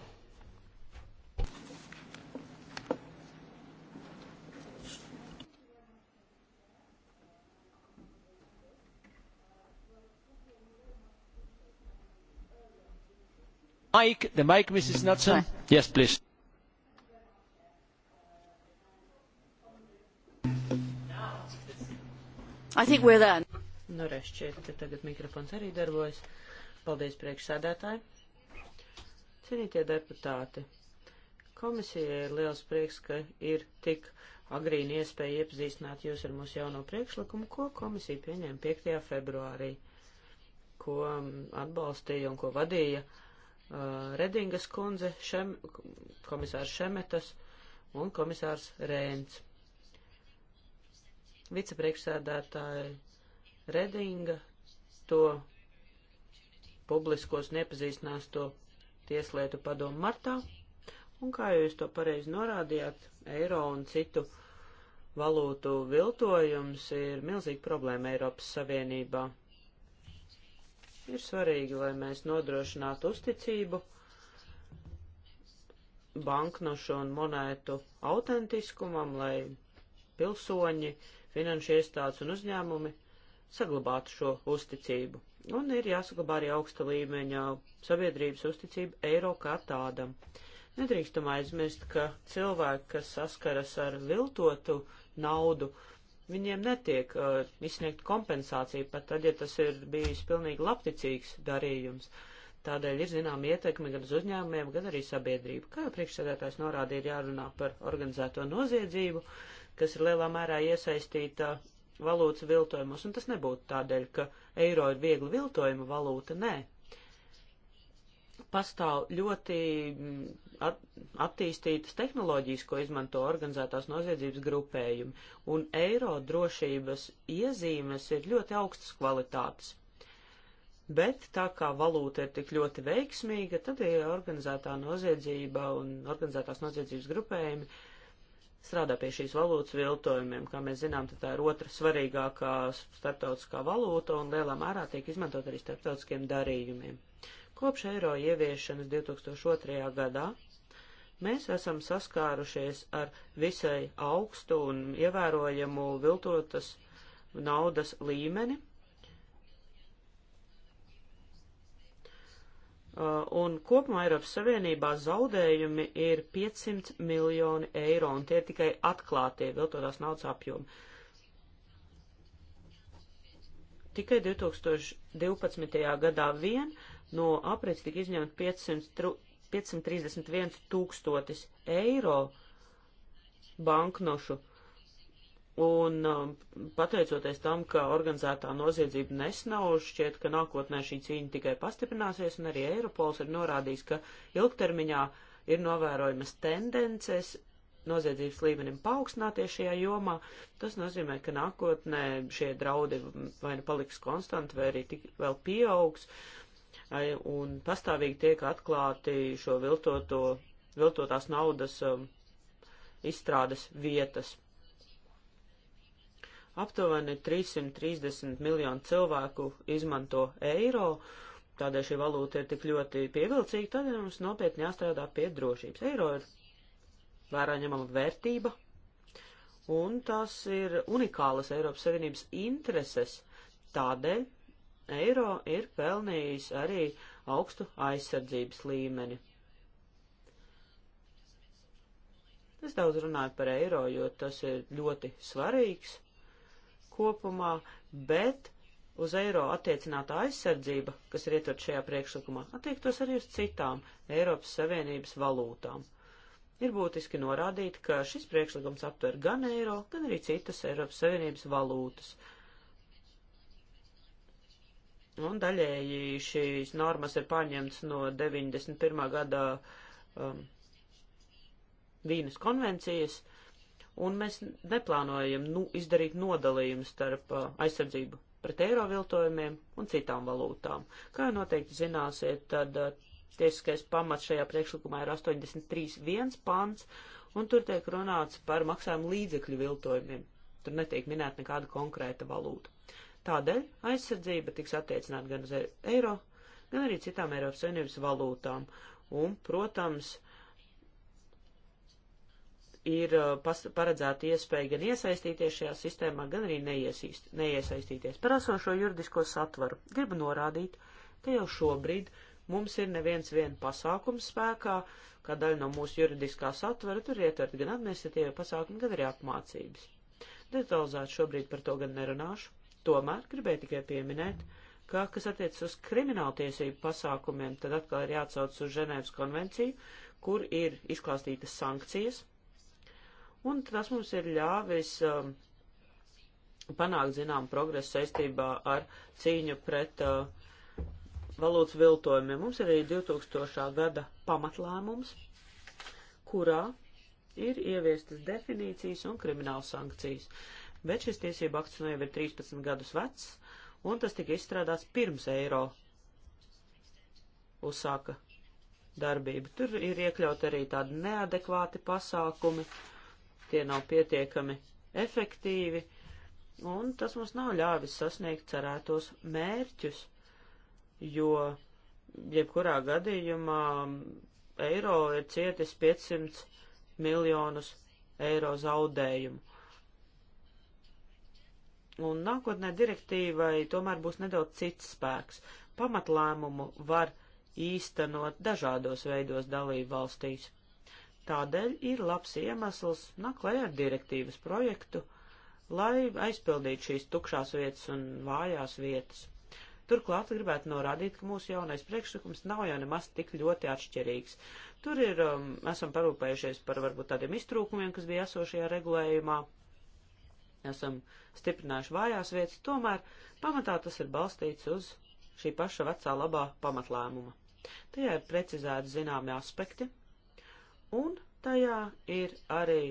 Mic, the mic, Mrs. Knudsen. Yes, please. I think we're there. Nu, re, šķiet, ka tagad mikrofons arī darbojas. Paldies priekšsēdētāji. Cienītie deputāti, komisijai ir liels prieks, ka ir tik agrīna iespēja iepazīstināt jūs ar mūsu jauno priekšlikumu, ko komisija pieņēma 5. februārī, ko mm, atbalstīja un ko vadīja uh, Redingas kundze, šem, komisārs Šemetas un komisārs Rēns. Vicepriekšsēdētāji Redinga to publiskos nepazīstinās to tieslietu padomu martā, un kā jūs to pareizi norādījāt, eiro un citu valūtu viltojums ir milzīga problēma Eiropas Savienībā. Ir svarīgi, lai mēs nodrošinātu uzticību banknošu un monētu autentiskumam, lai pilsoņi, finanšu iestādes un uzņēmumi saglabātu šo uzticību. Un ir jāsaglabā arī augsta līmeņa sabiedrības uzticība eiro kā tādam. Nedrīkstam aizmirst, ka cilvēki, kas saskaras ar viltotu naudu, viņiem netiek uh, izsniegt kompensācija, pat tad, ja tas ir bijis pilnīgi labticīgs darījums. Tādēļ ir zinām ietekme gan uz uzņēmumiem, gan arī sabiedrību. Kā jau priekšsēdētājs norādīja, jārunā par organizēto noziedzību, kas ir lielā mērā iesaistīta valūtas viltojumus, un tas nebūtu tādēļ, ka eiro ir viegli viltojuma valūta, nē. Pastāv ļoti mm, at attīstītas tehnoloģijas, ko izmanto organizētās noziedzības grupējumi, un eiro drošības iezīmes ir ļoti augstas kvalitātes. Bet tā kā valūta ir tik ļoti veiksmīga, tad ir organizētā noziedzība un organizētās noziedzības grupējumi uh, strādā pie šīs valūtas viltojumiem. Kā mēs zinām, tā ir otra svarīgākā starptautiskā valūta un lielā mērā tiek izmantot arī starptautiskiem darījumiem. Kopš eiro ieviešanas 2002. gadā mēs esam saskārušies ar visai augstu un ievērojamu viltotas naudas līmeni, Uh, un kopumā Eiropas Savienībā zaudējumi ir 500 miljoni eiro, un tie ir tikai atklātie viltotās naudas apjomi. Tikai 2012. gadā vien no aprits tika izņemt 500, 531 tūkstotis eiro banknošu, Un um, pateicoties tam, ka organizētā noziedzība nesnauž, šķiet, ka nākotnē šī cīņa tikai pastiprināsies, un arī Eiropols ir norādījis, ka ilgtermiņā ir novērojamas tendences noziedzības līmenim paaugstināties šajā jomā. Tas nozīmē, ka nākotnē šie draudi vai nu paliks konstanti, vai arī tik vēl pieaugs, un pastāvīgi tiek atklāti šo viltoto, viltotās naudas um, izstrādes vietas Aptuveni 330 miljonu cilvēku izmanto eiro, tādēļ šī valūta ir tik ļoti pievilcīga, tad mums nopietni jāstrādā pie drošības. Eiro ir vērā ņemama vērtība, un tas ir unikālas Eiropas Savienības intereses. Tādēļ eiro ir pelnījis arī augstu aizsardzības līmeni. Es daudz runāju par eiro, jo tas ir ļoti svarīgs kopumā, bet uz eiro attiecinātā aizsardzība, kas ir ietvert šajā priekšlikumā, attiektos arī uz citām Eiropas Savienības valūtām. Ir būtiski norādīt, ka šis priekšlikums aptver gan eiro, gan arī citas Eiropas Savienības valūtas. Un daļēji šīs normas ir paņemts no 91. gada um, Vīnas konvencijas, uh, un mēs neplānojam nu, izdarīt nodalījumu starp uh, aizsardzību pret eiro viltojumiem un citām valūtām. Kā jau noteikti zināsiet, tad uh, tiesiskais pamats šajā priekšlikumā ir 83.1 pants, un tur tiek runāts par maksājumu līdzekļu viltojumiem. Tur netiek minēta nekāda konkrēta valūta. Tādēļ aizsardzība tiks attiecināta gan uz e-, eiro, gan arī citām Eiropas Savienības valūtām. Un, protams, uh, ir uh, pas, paredzēta iespēja gan iesaistīties šajā sistēmā, gan arī neiesaist, neiesaistīties. Par esošo juridisko satvaru gribu norādīt, ka jau šobrīd mums ir neviens vien pasākums spēkā, kā daļa no mūsu juridiskā satvera, tur ietvert gan administratīvie pasākumi, gan arī apmācības. Detalizēt šobrīd par to gan nerunāšu, tomēr gribēju tikai pieminēt, ka, kas attiecas uz krimināltiesību pasākumiem, tad atkal ir jāatsauc uz Ženēvas konvenciju, kur ir izklāstītas sankcijas, un tas mums ir ļāvis um, panākt zinām progresu saistībā ar cīņu pret uh, valūtas viltojumiem. Mums ir arī 2000. gada pamatlēmums, kurā ir ieviestas definīcijas un krimināla sankcijas. Bet šis tiesība akts nu jau ir 13 gadus vecs, un tas tika izstrādāts pirms eiro uzsāka darbību. Tur ir iekļaut arī tādi neadekvāti pasākumi, uh, tie nav pietiekami efektīvi, un tas mums nav ļāvis sasniegt cerētos mērķus, jo jebkurā gadījumā eiro ir cietis 500 miljonus eiro zaudējumu. Un nākotnē direktīvai tomēr būs nedaudz cits spēks. Pamatlēmumu var īstenot dažādos veidos dalību valstīs. Tādēļ ir labs iemesls naklēt ar direktīvas projektu, lai aizpildītu šīs tukšās vietas un vājās vietas. Turklāt gribētu norādīt, ka mūsu jaunais priekšlikums nav jau nemaz tik ļoti atšķirīgs. Tur ir, um, esam parūpējušies par varbūt tādiem iztrūkumiem, kas bija esošajā regulējumā, esam stiprinājuši vājās vietas, tomēr pamatā tas ir balstīts uz šī paša vecā labā pamatlēmuma. Tajā ir precizēti zināmi aspekti, un tajā ir arī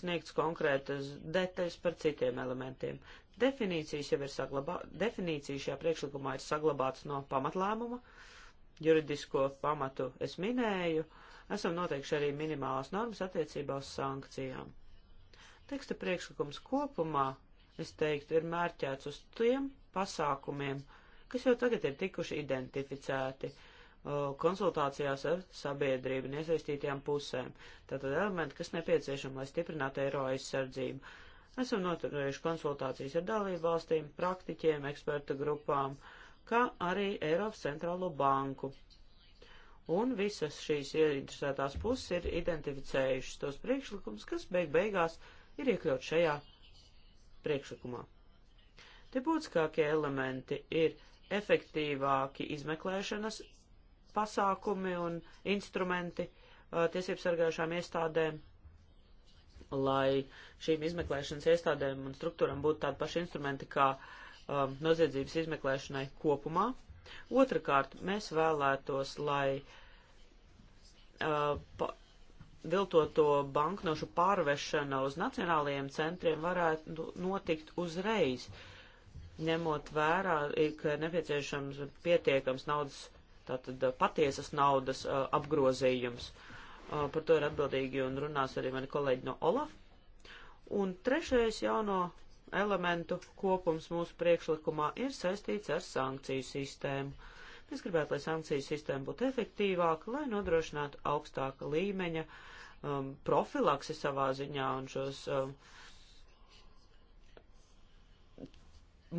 sniegts konkrētas detaļas par citiem elementiem. Definīcijas jau ir saglabātas, definīcijas šajā priekšlikumā ir saglabātas no pamatlēmuma, juridisko pamatu es minēju, esam noteikši arī minimālās normas attiecībā uz sankcijām. Teksta priekšlikums kopumā, es teiktu, ir mērķēts uz tiem pasākumiem, kas jau tagad ir tikuši identificēti, Uh, konsultācijās ar sabiedrību un iesaistītajām pusēm. Tātad elementi, kas nepieciešami, lai stiprinātu eiro aizsardzību. Esam noturējuši konsultācijas ar dalību valstīm, praktiķiem, eksperta grupām, kā arī Eiropas centrālo banku. Un visas šīs ieinteresētās puses ir identificējušas tos priekšlikumus, kas beig beigās ir iekļaut šajā priekšlikumā. Te būtiskākie elementi ir efektīvāki izmeklēšanas pasākumi un instrumenti uh, tiesību sargājušām iestādēm, lai šīm izmeklēšanas iestādēm un struktūram būtu tādi paši instrumenti kā um, noziedzības izmeklēšanai kopumā. Otrakārt, mēs vēlētos, lai uh, pa, viltoto banknošu pārvešana uz nacionālajiem centriem varētu notikt uzreiz, ņemot vērā, ka nepieciešams pietiekams naudas tātad patiesas naudas apgrozījums. Par to ir atbildīgi un runās arī mani kolēģi no Olaf. Un trešais jauno elementu kopums mūsu priekšlikumā ir saistīts ar sankciju sistēmu. Mēs gribētu, lai sankciju sistēma būtu efektīvāka, lai nodrošinātu augstāka līmeņa um, profilaksi savā ziņā un šos um,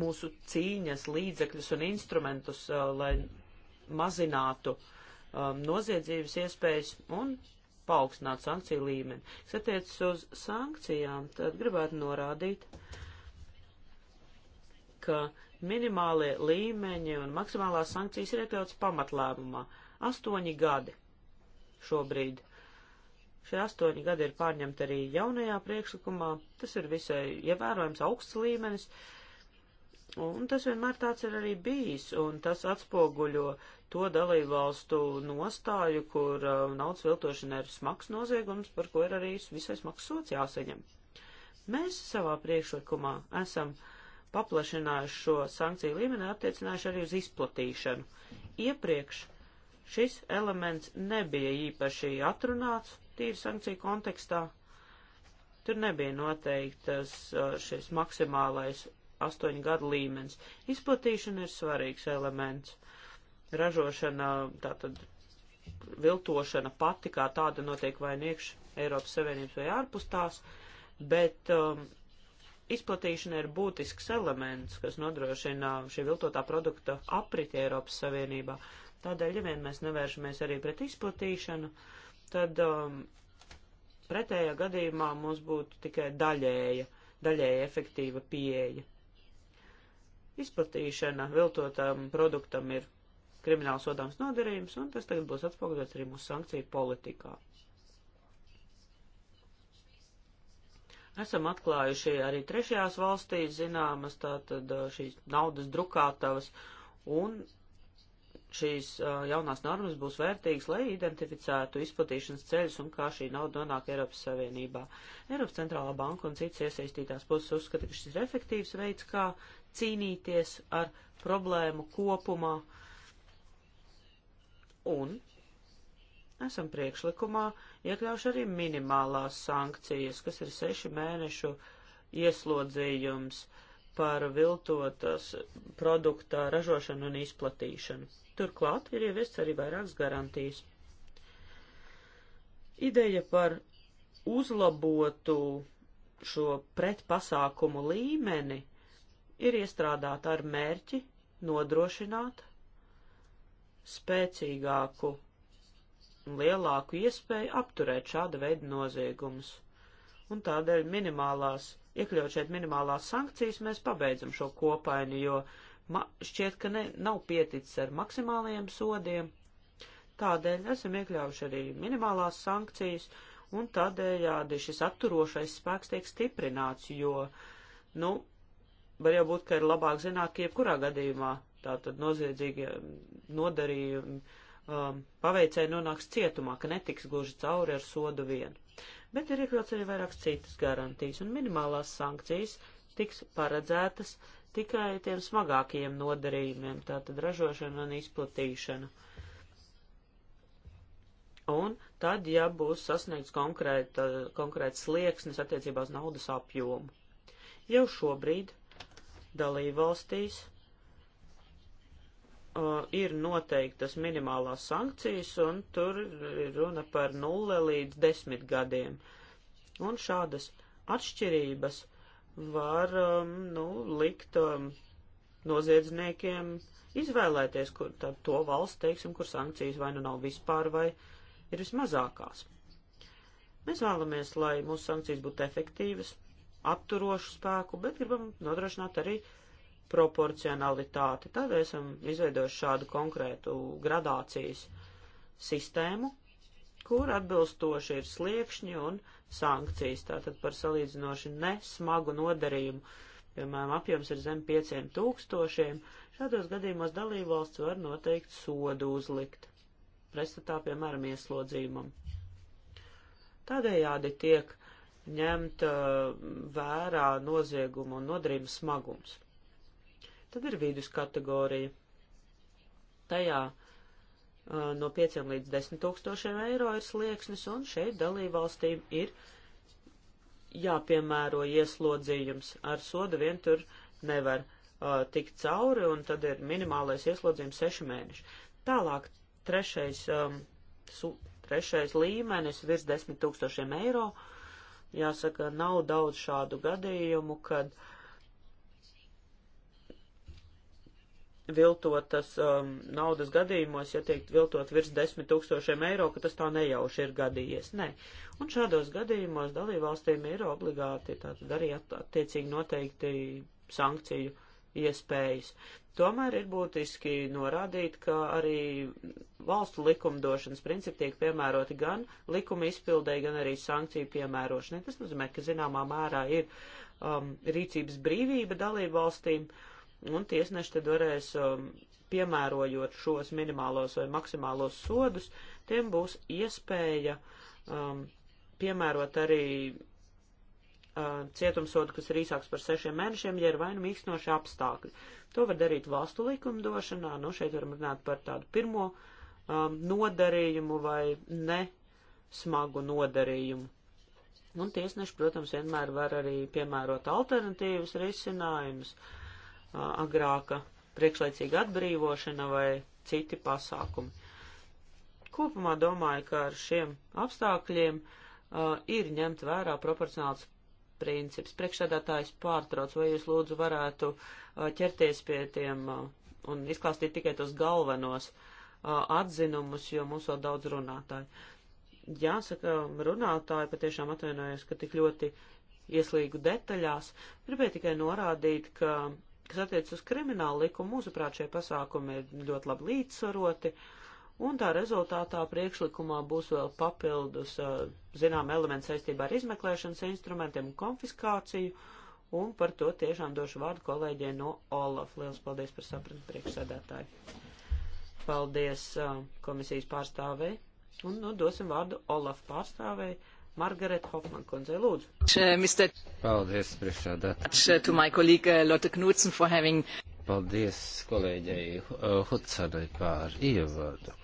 mūsu cīņas līdzekļus un instrumentus, uh, lai mazinātu um, noziedzības iespējas un paaugstināt sankciju līmeni. Kas attiecas uz sankcijām, tad gribētu norādīt, ka minimālie līmeņi un maksimālās sankcijas ir iekļauts pamatlēmumā. Astoņi gadi šobrīd. Šie astoņi gadi ir pārņemti arī jaunajā priekšlikumā. Tas ir visai ievērojams augsts līmenis. Un tas vienmēr tāds ir arī bijis, un tas atspoguļo to dalībvalstu nostāju, kur uh, naudas viltošana ir smags noziegums, par ko ir arī visai smags sots jāsaņem. Mēs savā priekšlikumā esam paplašinājuši šo sankciju līmeni, attiecinājuši arī uz izplatīšanu. Iepriekš šis elements nebija īpaši atrunāts tīri sankciju kontekstā. Tur nebija noteiktas uh, šis maksimālais astoņu gadu līmenis. Izplatīšana ir svarīgs elements. Uh, ražošana, tātad viltošana pati kā tāda notiek vai niekš nu Eiropas Savienības vai ārpus tās, bet um, izplatīšana ir būtisks elements, kas nodrošina šī viltotā produkta apriti Eiropas Savienībā. Tādēļ, ja vien mēs nevēršamies arī pret izplatīšanu, tad um, pretējā gadījumā mums būtu tikai daļēja, daļēja efektīva pieeja. Izplatīšana viltotam produktam ir krimināli sodāms nodarījums, un tas tagad būs atspoguļots arī mūsu sankciju politikā. Esam atklājuši arī trešajās valstīs zināmas tātad šīs naudas drukātavas, un šīs uh, jaunās normas būs vērtīgas, lai identificētu izplatīšanas ceļus un kā šī nauda nonāk Eiropas Savienībā. Eiropas centrālā banka un citas iesaistītās puses uzskata, ka šis ir efektīvs veids, kā cīnīties ar problēmu kopumā. Uh, un esam priekšlikumā iekļauši arī minimālās sankcijas, kas ir seši mēnešu ieslodzījums par viltotas produkta ražošanu un izplatīšanu. Turklāt ir ieviests arī vairākas garantijas. Ideja par uzlabotu šo pretpasākumu līmeni ir iestrādāta ar mērķi nodrošināt spēcīgāku un lielāku iespēju apturēt šāda veida noziegumus. Un tādēļ minimālās, iekļaut šeit minimālās sankcijas, mēs pabeidzam šo kopainu, jo šķiet, ka ne, nav pieticis ar maksimālajiem sodiem. Tādēļ esam iekļāvuši arī minimālās sankcijas, un tādējādi šis atturošais spēks tiek stiprināts, jo, nu, var jau būt, ka ir labāk zināt, ka jebkurā gadījumā tātad noziedzīgie nodarījumi um, paveicēji nonāks cietumā, ka netiks gluži cauri ar sodu vien. Bet ir iekļauts arī vairākas citas garantijas, un minimālās sankcijas tiks paredzētas tikai tiem smagākajiem nodarījumiem, tātad ražošana un izplatīšana. Un tad, ja būs sasniegts konkrēta, uh, konkrēts slieksnis attiecībā uz naudas apjomu. Jau šobrīd dalībvalstīs uh, ir noteiktas minimālās sankcijas, un tur runa par nulle līdz desmit gadiem. Un šādas atšķirības var, um, nu, likt um, noziedzniekiem izvēlēties, kur tad to valsts, teiksim, kur sankcijas vai nu nav vispār vai ir vismazākās. Mēs vēlamies, lai mūsu sankcijas būtu efektīvas, atturošu spēku, bet gribam nodrošināt arī uh, proporcionalitāti. Tad esam izveidojuši šādu konkrētu gradācijas sistēmu, kur atbilstoši ir sliekšņi un sankcijas. Tātad par salīdzinoši nesmagu nodarījumu, piemēram, apjoms ir zem 5000, šādos gadījumos dalībvalsts var noteikt sodu uzlikt, prestatā, piemēram, ieslodzījumam. Tādējādi tiek ņemta uh, vērā nozieguma un nodarījuma smagums. Tad ir vidus kategorija. Tajā uh, no 5 līdz 10 tūkstošiem eiro ir slieksnis, un šeit dalībvalstīm ir jāpiemēro ieslodzījums. Ar sodu vien tur nevar uh, tikt cauri, un tad ir minimālais ieslodzījums 6 mēneši. Tālāk trešais, um, su, trešais līmenis virs 10 tūkstošiem eiro. Jāsaka, nav daudz šādu gadījumu, kad uh, viltotas um, naudas gadījumos, ja tiek viltot virs 10 tūkstošiem eiro, ka tas tā nejauši ir gadījies. Nē. Un šādos gadījumos dalībvalstīm ir obligāti tātad arī attiecīgi noteikti sankciju iespējas. Tomēr ir būtiski norādīt, ka arī valstu likumdošanas principi tiek piemēroti gan likuma izpildē, gan arī sankciju piemērošanai. Tas nozīmē, ka zināmā mērā ir um, rīcības brīvība dalību valstīm. Uh, un tiesneši tad varēs, um, piemērojot šos minimālos vai maksimālos sodus, tiem būs iespēja um, piemērot arī uh, cietumsodu, kas ir īsāks par sešiem mēnešiem, ja ir vainu mīkstinoši apstākļi. To var darīt valstu likumdošanā, nu šeit varam runāt par tādu pirmo um, nodarījumu vai ne smagu nodarījumu. Un tiesneši, protams, vienmēr var arī piemērot alternatīvas risinājumus. Uh, agrāka priekšlaicīga atbrīvošana vai citi pasākumi. Kopumā domāju, ka ar šiem apstākļiem uh, ir ņemt vērā proporcionāls princips. Priekšsēdētājs pārtrauc, vai jūs lūdzu varētu uh, ķerties pie tiem uh, un izklāstīt tikai tos galvenos uh, atzinumus, jo mums vēl daudz runātāji. Jāsaka, runātāji patiešām atvainojos, ka tik ļoti ieslīgu detaļās. Gribēju tikai norādīt, ka Kas attiec uz kriminālu likumu, mūsuprāt, šie pasākumi ir ļoti labi līdzsvaroti, un tā rezultātā priekšlikumā būs vēl papildus, zinām, elements saistībā ar izmeklēšanas instrumentiem un konfiskāciju, un par to tiešām došu vārdu kolēģiem no Olaf. Liels paldies par sapratni priekšsēdētāju. Paldies komisijas pārstāvei, un nu, dosim vārdu Olaf pārstāvei Margaret Hoffman kundze, lūdzu. Paldies, priekšsēdētāji. Eh, Paldies kolēģei Hudsanai eh, par ievadu.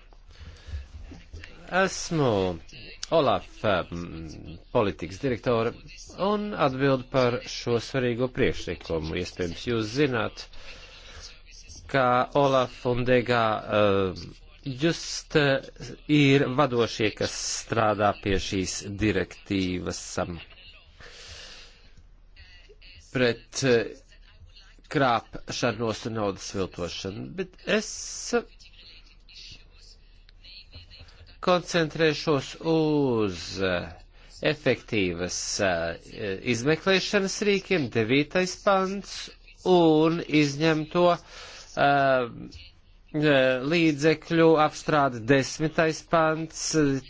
Esmu Olaf eh, politikas direktora un atbildu par šo svarīgo priekšlikumu. Iespējams, jūs zināt, ka Olaf un Degā uh, just eh, ir vadošie, kas strādā pie šīs direktīvas pret eh, krāpšanos un naudas viltošanu, bet es koncentrēšos uz eh, efektīvas izmeklēšanas rīkiem, devītais pants, un izņem to uh, līdzekļu apstrāde desmitais pants,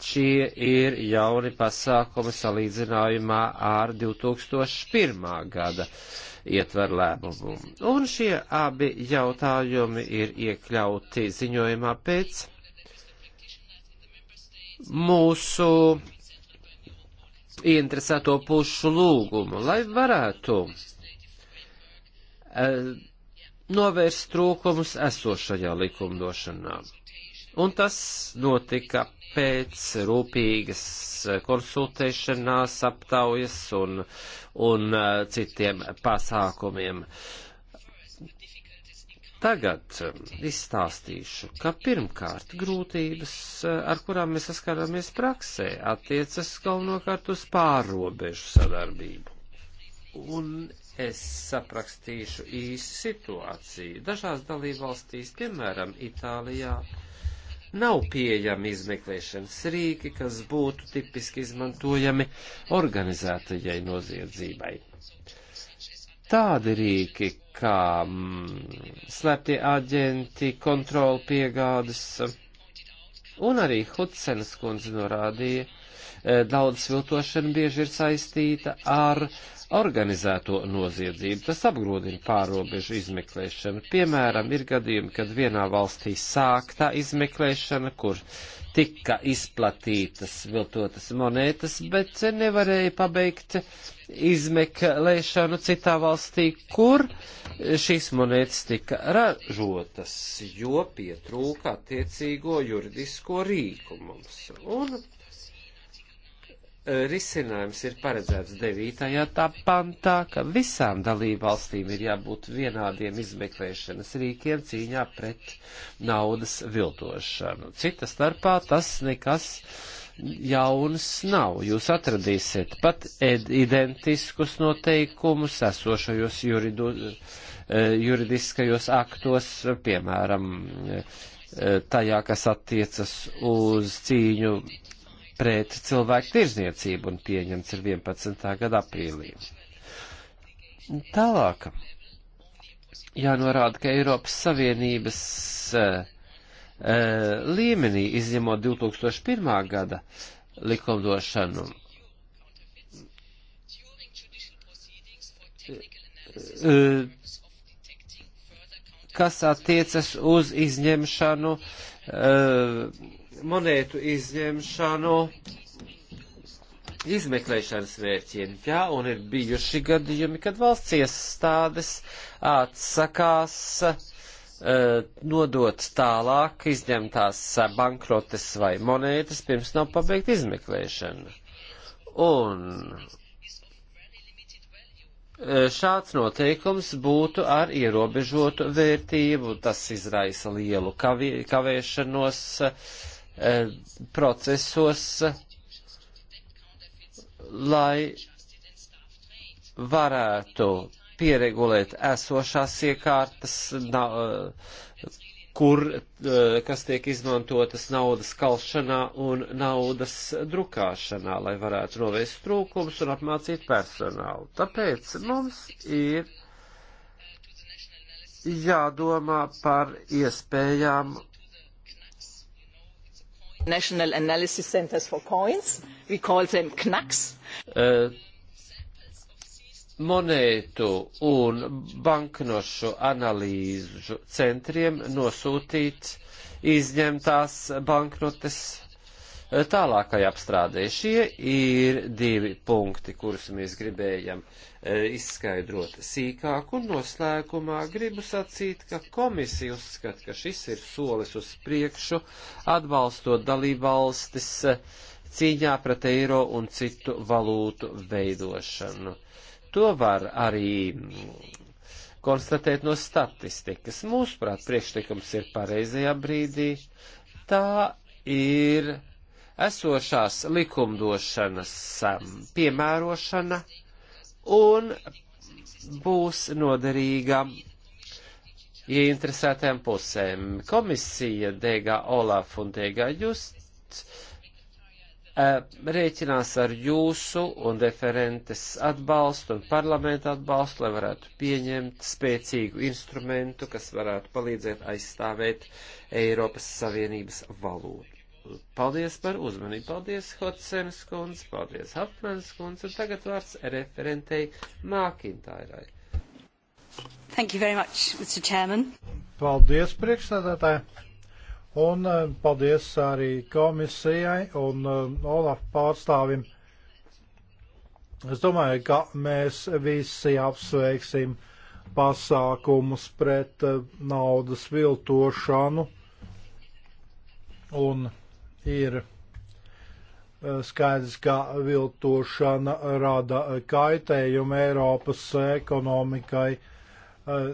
šie ir jauni pasākumi salīdzinājumā ar 2001. gada ietver lēmumu. Un šie abi jautājumi ir iekļauti ziņojumā pēc mūsu ieinteresēto pušu lūgumu, lai varētu uh, novērst trūkumus esošajā likumdošanā. Un tas notika pēc rūpīgas konsultēšanās, aptaujas un, un uh, citiem pasākumiem. Tagad um, izstāstīšu, ka pirmkārt grūtības, uh, ar kurām mēs saskaramies praksē, attiecas galvenokārt uz pārrobežu sadarbību. Un Es saprakstīšu īsi situāciju. Dažās dalībvalstīs, piemēram, Itālijā, nav pieejami izmeklēšanas rīki, kas būtu tipiski izmantojami organizētajai noziedzībai. Tādi rīki, kā mm, slēptie aģenti, kontrola piegādes, un arī Hudsenas kundze norādīja, eh, daudz viltošana bieži ir saistīta ar organizēto noziedzību. Tas apgrūdina pārobežu izmeklēšanu. Piemēram, ir gadījumi, kad vienā valstī sāktā izmeklēšana, kur tika izplatītas viltotas monētas, bet nevarēja pabeigt izmeklēšanu citā valstī, kur šīs monētas tika ražotas, jo pietrūka attiecīgo juridisko rīku mums. Un risinājums ir paredzēts 9. pantā, ka visām dalībvalstīm ir jābūt vienādiem izmeklēšanas rīkiem cīņā pret naudas viltošanu. Cita starpā tas nekas jauns nav. Jūs atradīsiet pat identiskus noteikumus esošajos juridu, e, juridiskajos aktos, piemēram, e, tajā, kas attiecas uz cīņu pret cilvēku tirzniecību un pieņemts ir 11. gada aprīlī. Tālāk jānorāda, ka Eiropas Savienības uh, uh, līmenī, izņemot 2001. gada likumdošanu, e, kas attiecas uz izņemšanu uh, monētu izņemšanu izmeklēšanas mērķiem. Jā, un ir bijuši gadījumi, kad valsts iestādes atsakās uh, nodot tālāk izņemtās bankrotes vai monētas, pirms nav pabeigta izmeklēšana. Un eh, Šāds noteikums būtu ar ierobežotu vērtību, tas izraisa lielu kavē, kavēšanos, uh, Eh, procesos, lai varētu pieregulēt esošās iekārtas, na, eh, kur, eh, kas tiek izmantotas naudas kalšanā un naudas drukāšanā, lai varētu novērst trūkums un apmācīt personālu. Tāpēc mums ir jādomā par iespējām National Analysis Centers for Coins, we call them CNACs. Uh, monētu un banknošu analīžu centriem nosūtīt izņemtās banknotes tālākai apstrādē. Šie ir divi punkti, kurus mēs gribējam e, izskaidrot sīkāk, un noslēgumā gribu sacīt, ka komisija uzskata, ka šis ir solis uz priekšu, atbalstot dalībvalstis e, cīņā pret eiro un citu valūtu veidošanu. To var arī mm, konstatēt no statistikas. Mūsuprāt, priekšlikums ir pareizajā brīdī. Tā ir esošās likumdošanas um, piemērošana un būs noderīga ieinteresētām pusēm. Komisija Dēgā Olaf un Dēgā Just eh, rēķinās ar jūsu un referentes atbalstu un parlamentu atbalstu, lai varētu pieņemt spēcīgu instrumentu, kas varētu palīdzēt aizstāvēt Eiropas Savienības valūtu. Paldies par uzmanību. Paldies, Hotsenas kundze, paldies, Hapmanas kundze. Un tagad vārds referentei Mākintairai. Thank you very much, Mr. Chairman. Paldies, priekšstādātāji. Un eh, paldies arī komisijai un eh, Olaf pārstāvim. Es domāju, ka mēs visi apsveiksim pasākumus pret eh, naudas viltošanu. Un ir eh, skaidrs, ka viltošana rada kaitējumu Eiropas ekonomikai, eh,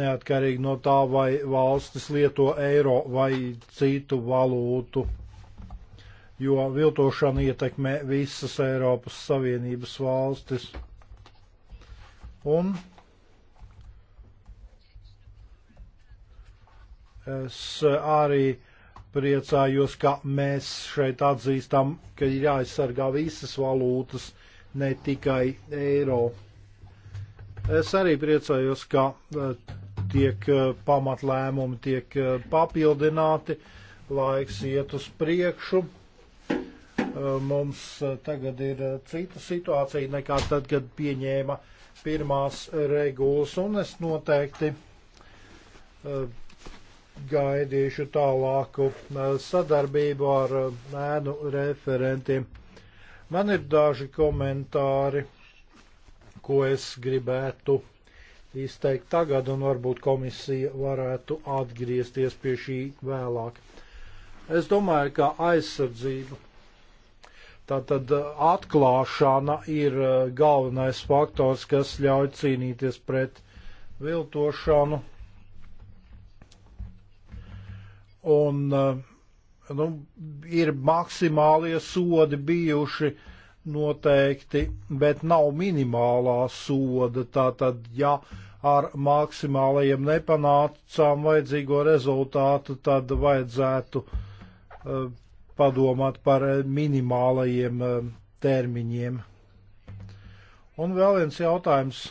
neatkarīgi no tā, vai valstis lieto eiro vai citu valūtu, jo viltošana ietekmē visas Eiropas Savienības valstis. Un es arī priecājos, ka mēs šeit atzīstam, ka ir jāaizsargā visas valūtas, ne tikai eiro. Es arī priecājos, ka e, tiek e, pamatlēmumi tiek e, papildināti, laiks iet uz priekšu. Mums tagad ir cita situācija nekā tad, kad pieņēma pirmās regulas, un es noteikti gaidīšu tālāku e, sadarbību ar e, ēnu referentiem. Man ir daži komentāri, ko es gribētu izteikt tagad, un varbūt komisija varētu atgriezties pie šī vēlāk. Es domāju, ka aizsardzība, tātad e, atklāšana ir galvenais faktors, kas ļauj cīnīties pret viltošanu Un eh, nu, ir maksimālie sodi bijuši noteikti, bet nav minimālā soda. Tātad, ja ar maksimālajiem nepanācām vajadzīgo rezultātu, tad vajadzētu uh, padomāt par minimālajiem uh, termiņiem. Un vēl viens jautājums.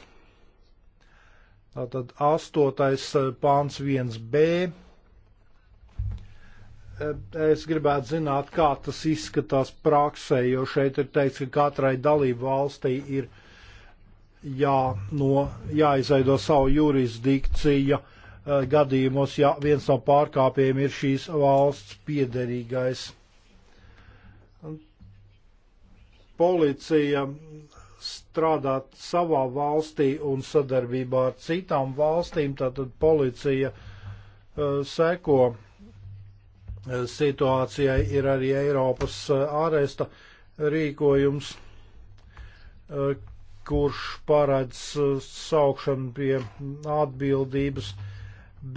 Tātad 8. pāns 1b Es gribētu zināt, kā tas izskatās praksē, jo šeit ir teikts, ka katrai dalību valstī ir jā, no, jāizveido savu jurisdikciju eh, gadījumos, ja viens no pārkāpiem ir šīs valsts piederīgais. Policija strādā savā valstī un sadarbībā ar citām valstīm, tātad policija uh, seko situācijai ir arī Eiropas eh, āresta rīkojums, eh, kurš paredz eh, saukšanu pie atbildības,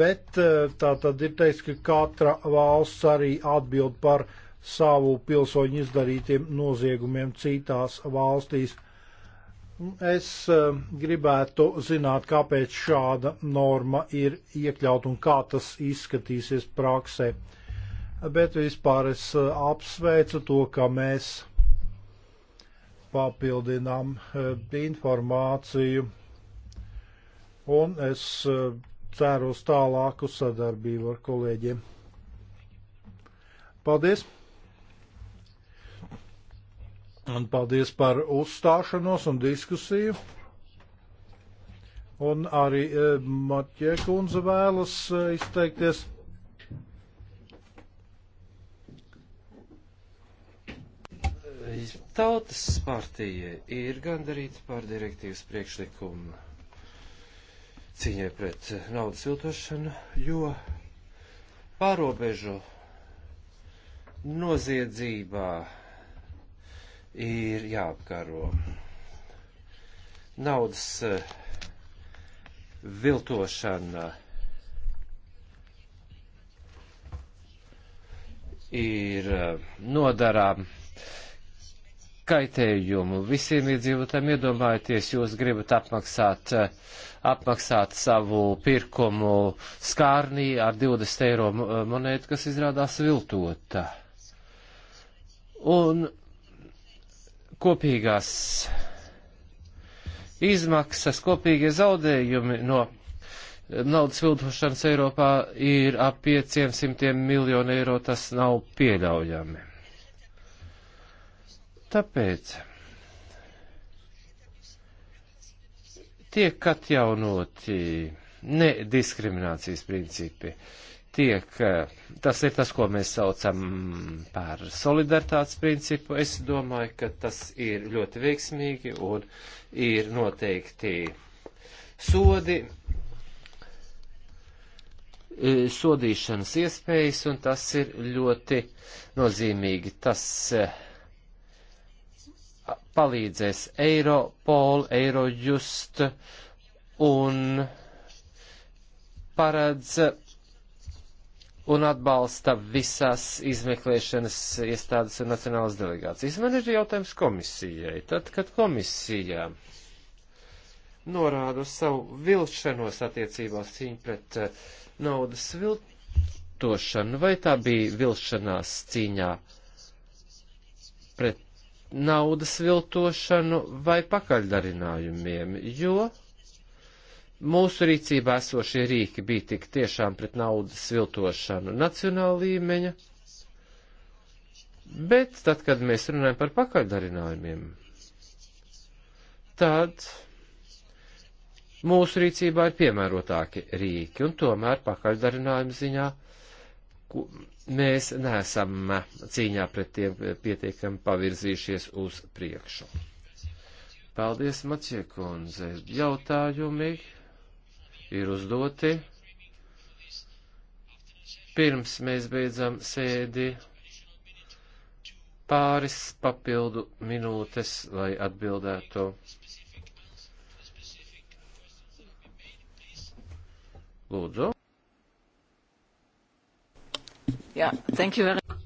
bet tā tad ir teiks, ka katra valsts arī atbild par savu pilsoņu izdarītiem noziegumiem citās valstīs. Es gribētu zināt, kāpēc šāda norma ir iekļaut un kā tas izskatīsies praksē. Uh, bet vispār es eh, apsveicu to, ka mēs papildinām eh, informāciju, un es eh, ceru uz tālāku sadarbību ar kolēģiem. Paldies! Un paldies par uzstāšanos un diskusiju. Un arī Matjē kundze vēlas izteikties. Tautas partija ir gandarīta par direktīvas priekšlikumu cīņai pret naudas viltošanu, jo pārobežu noziedzībā ir jāapkaro. Naudas eh, viltošana ir eh, nodarām kaitējumu visiem iedzīvotājiem. Iedomājieties, jūs gribat apmaksāt, apmaksāt savu pirkumu skārnī ar 20 eiro monētu, kas izrādās viltota. Un kopīgās izmaksas, kopīgie zaudējumi no naudas viltošanas Eiropā ir ap 500 miljonu eiro, tas nav pieļaujami. Tāpēc tiek atjaunoti nediskriminācijas principi. Tiek, tas ir tas, ko mēs saucam par solidaritātes principu. Es domāju, ka tas ir ļoti veiksmīgi un ir noteikti sodi, sodīšanas iespējas, un tas ir ļoti nozīmīgi. Tas, uh, palīdzēs Eiropol, Eirojust un paredz un atbalsta visās izmeklēšanas iestādes un nacionālas delegācijas. Man ir jautājums komisijai. Tad, kad komisija norāda uz savu vilšanos attiecībās cīņu pret eh, naudas viltošanu, vai tā bija vilšanās cīņā pret naudas viltošanu vai pakaļdarinājumiem, jo mūsu rīcībā esošie rīki bija tik tiešām pret naudas viltošanu nacionāla līmeņa, bet tad, kad mēs runājam par pakaļdarinājumiem, tad mūsu rīcībā ir piemērotāki rīki, un tomēr pakaļdarinājuma ziņā mēs neesam cīņā pret tiem pietiekami pavirzījušies uz priekšu. Paldies, Macie kundze. Jautājumi ir uzdoti. Pirms mēs beidzam sēdi pāris papildu minūtes, lai atbildētu. Lūdzu. Jā, yeah, thank you very much.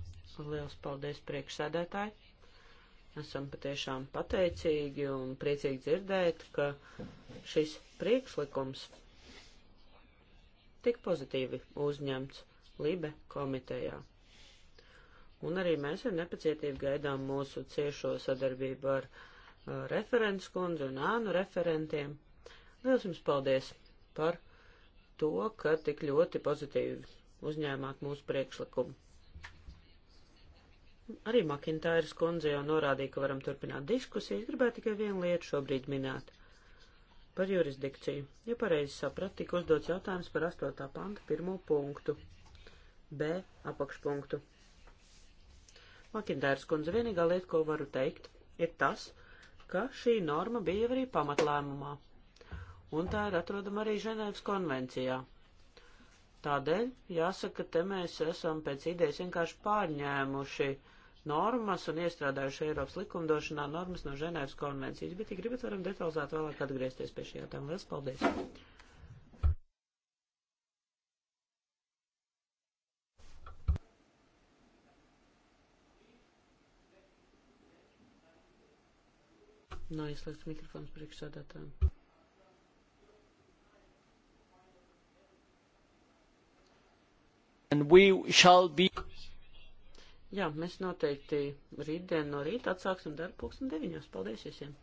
Liels paldies priekšsēdētāji. Esam patiešām pateicīgi un priecīgi dzirdēt, ka šis priekšlikums tik pozitīvi uzņemts Libe komitejā. Un arī mēs ar nepacietību gaidām mūsu ciešo sadarbību ar uh, referents kundzi un ānu referentiem. Liels jums paldies par to, ka tik ļoti pozitīvi uzņēmāt mūsu priekšlikumu. Arī Makintāras kundze jau norādīja, ka varam turpināt diskusijas, gribētu tikai vienu lietu šobrīd minēt. Par jurisdikciju. Ja pareizi saprat, tika uzdots jautājums par 8. panta pirmo punktu. B. apakšpunktu. Makintāras kundze vienīgā lieta, ko varu teikt, ir tas, ka šī norma bija arī pamatlēmumā. Un tā ir atrodama arī Ženēvas konvencijā. Tādēļ, jāsaka, te mēs esam pēc idejas vienkārši pārņēmuši normas un iestrādājuši Eiropas likumdošanā normas no Ženēvas konvencijas, bet, ja gribat, varam detalizēt vēlāk atgriezties pie šī jautājuma. Lielas paldies! Nav no, ieslēgts mikrofons priekšsādātājiem. Be... Jā, mēs noteikti rītdien no rīta atsāksim darbu pulksten deviņos. Paldies visiem!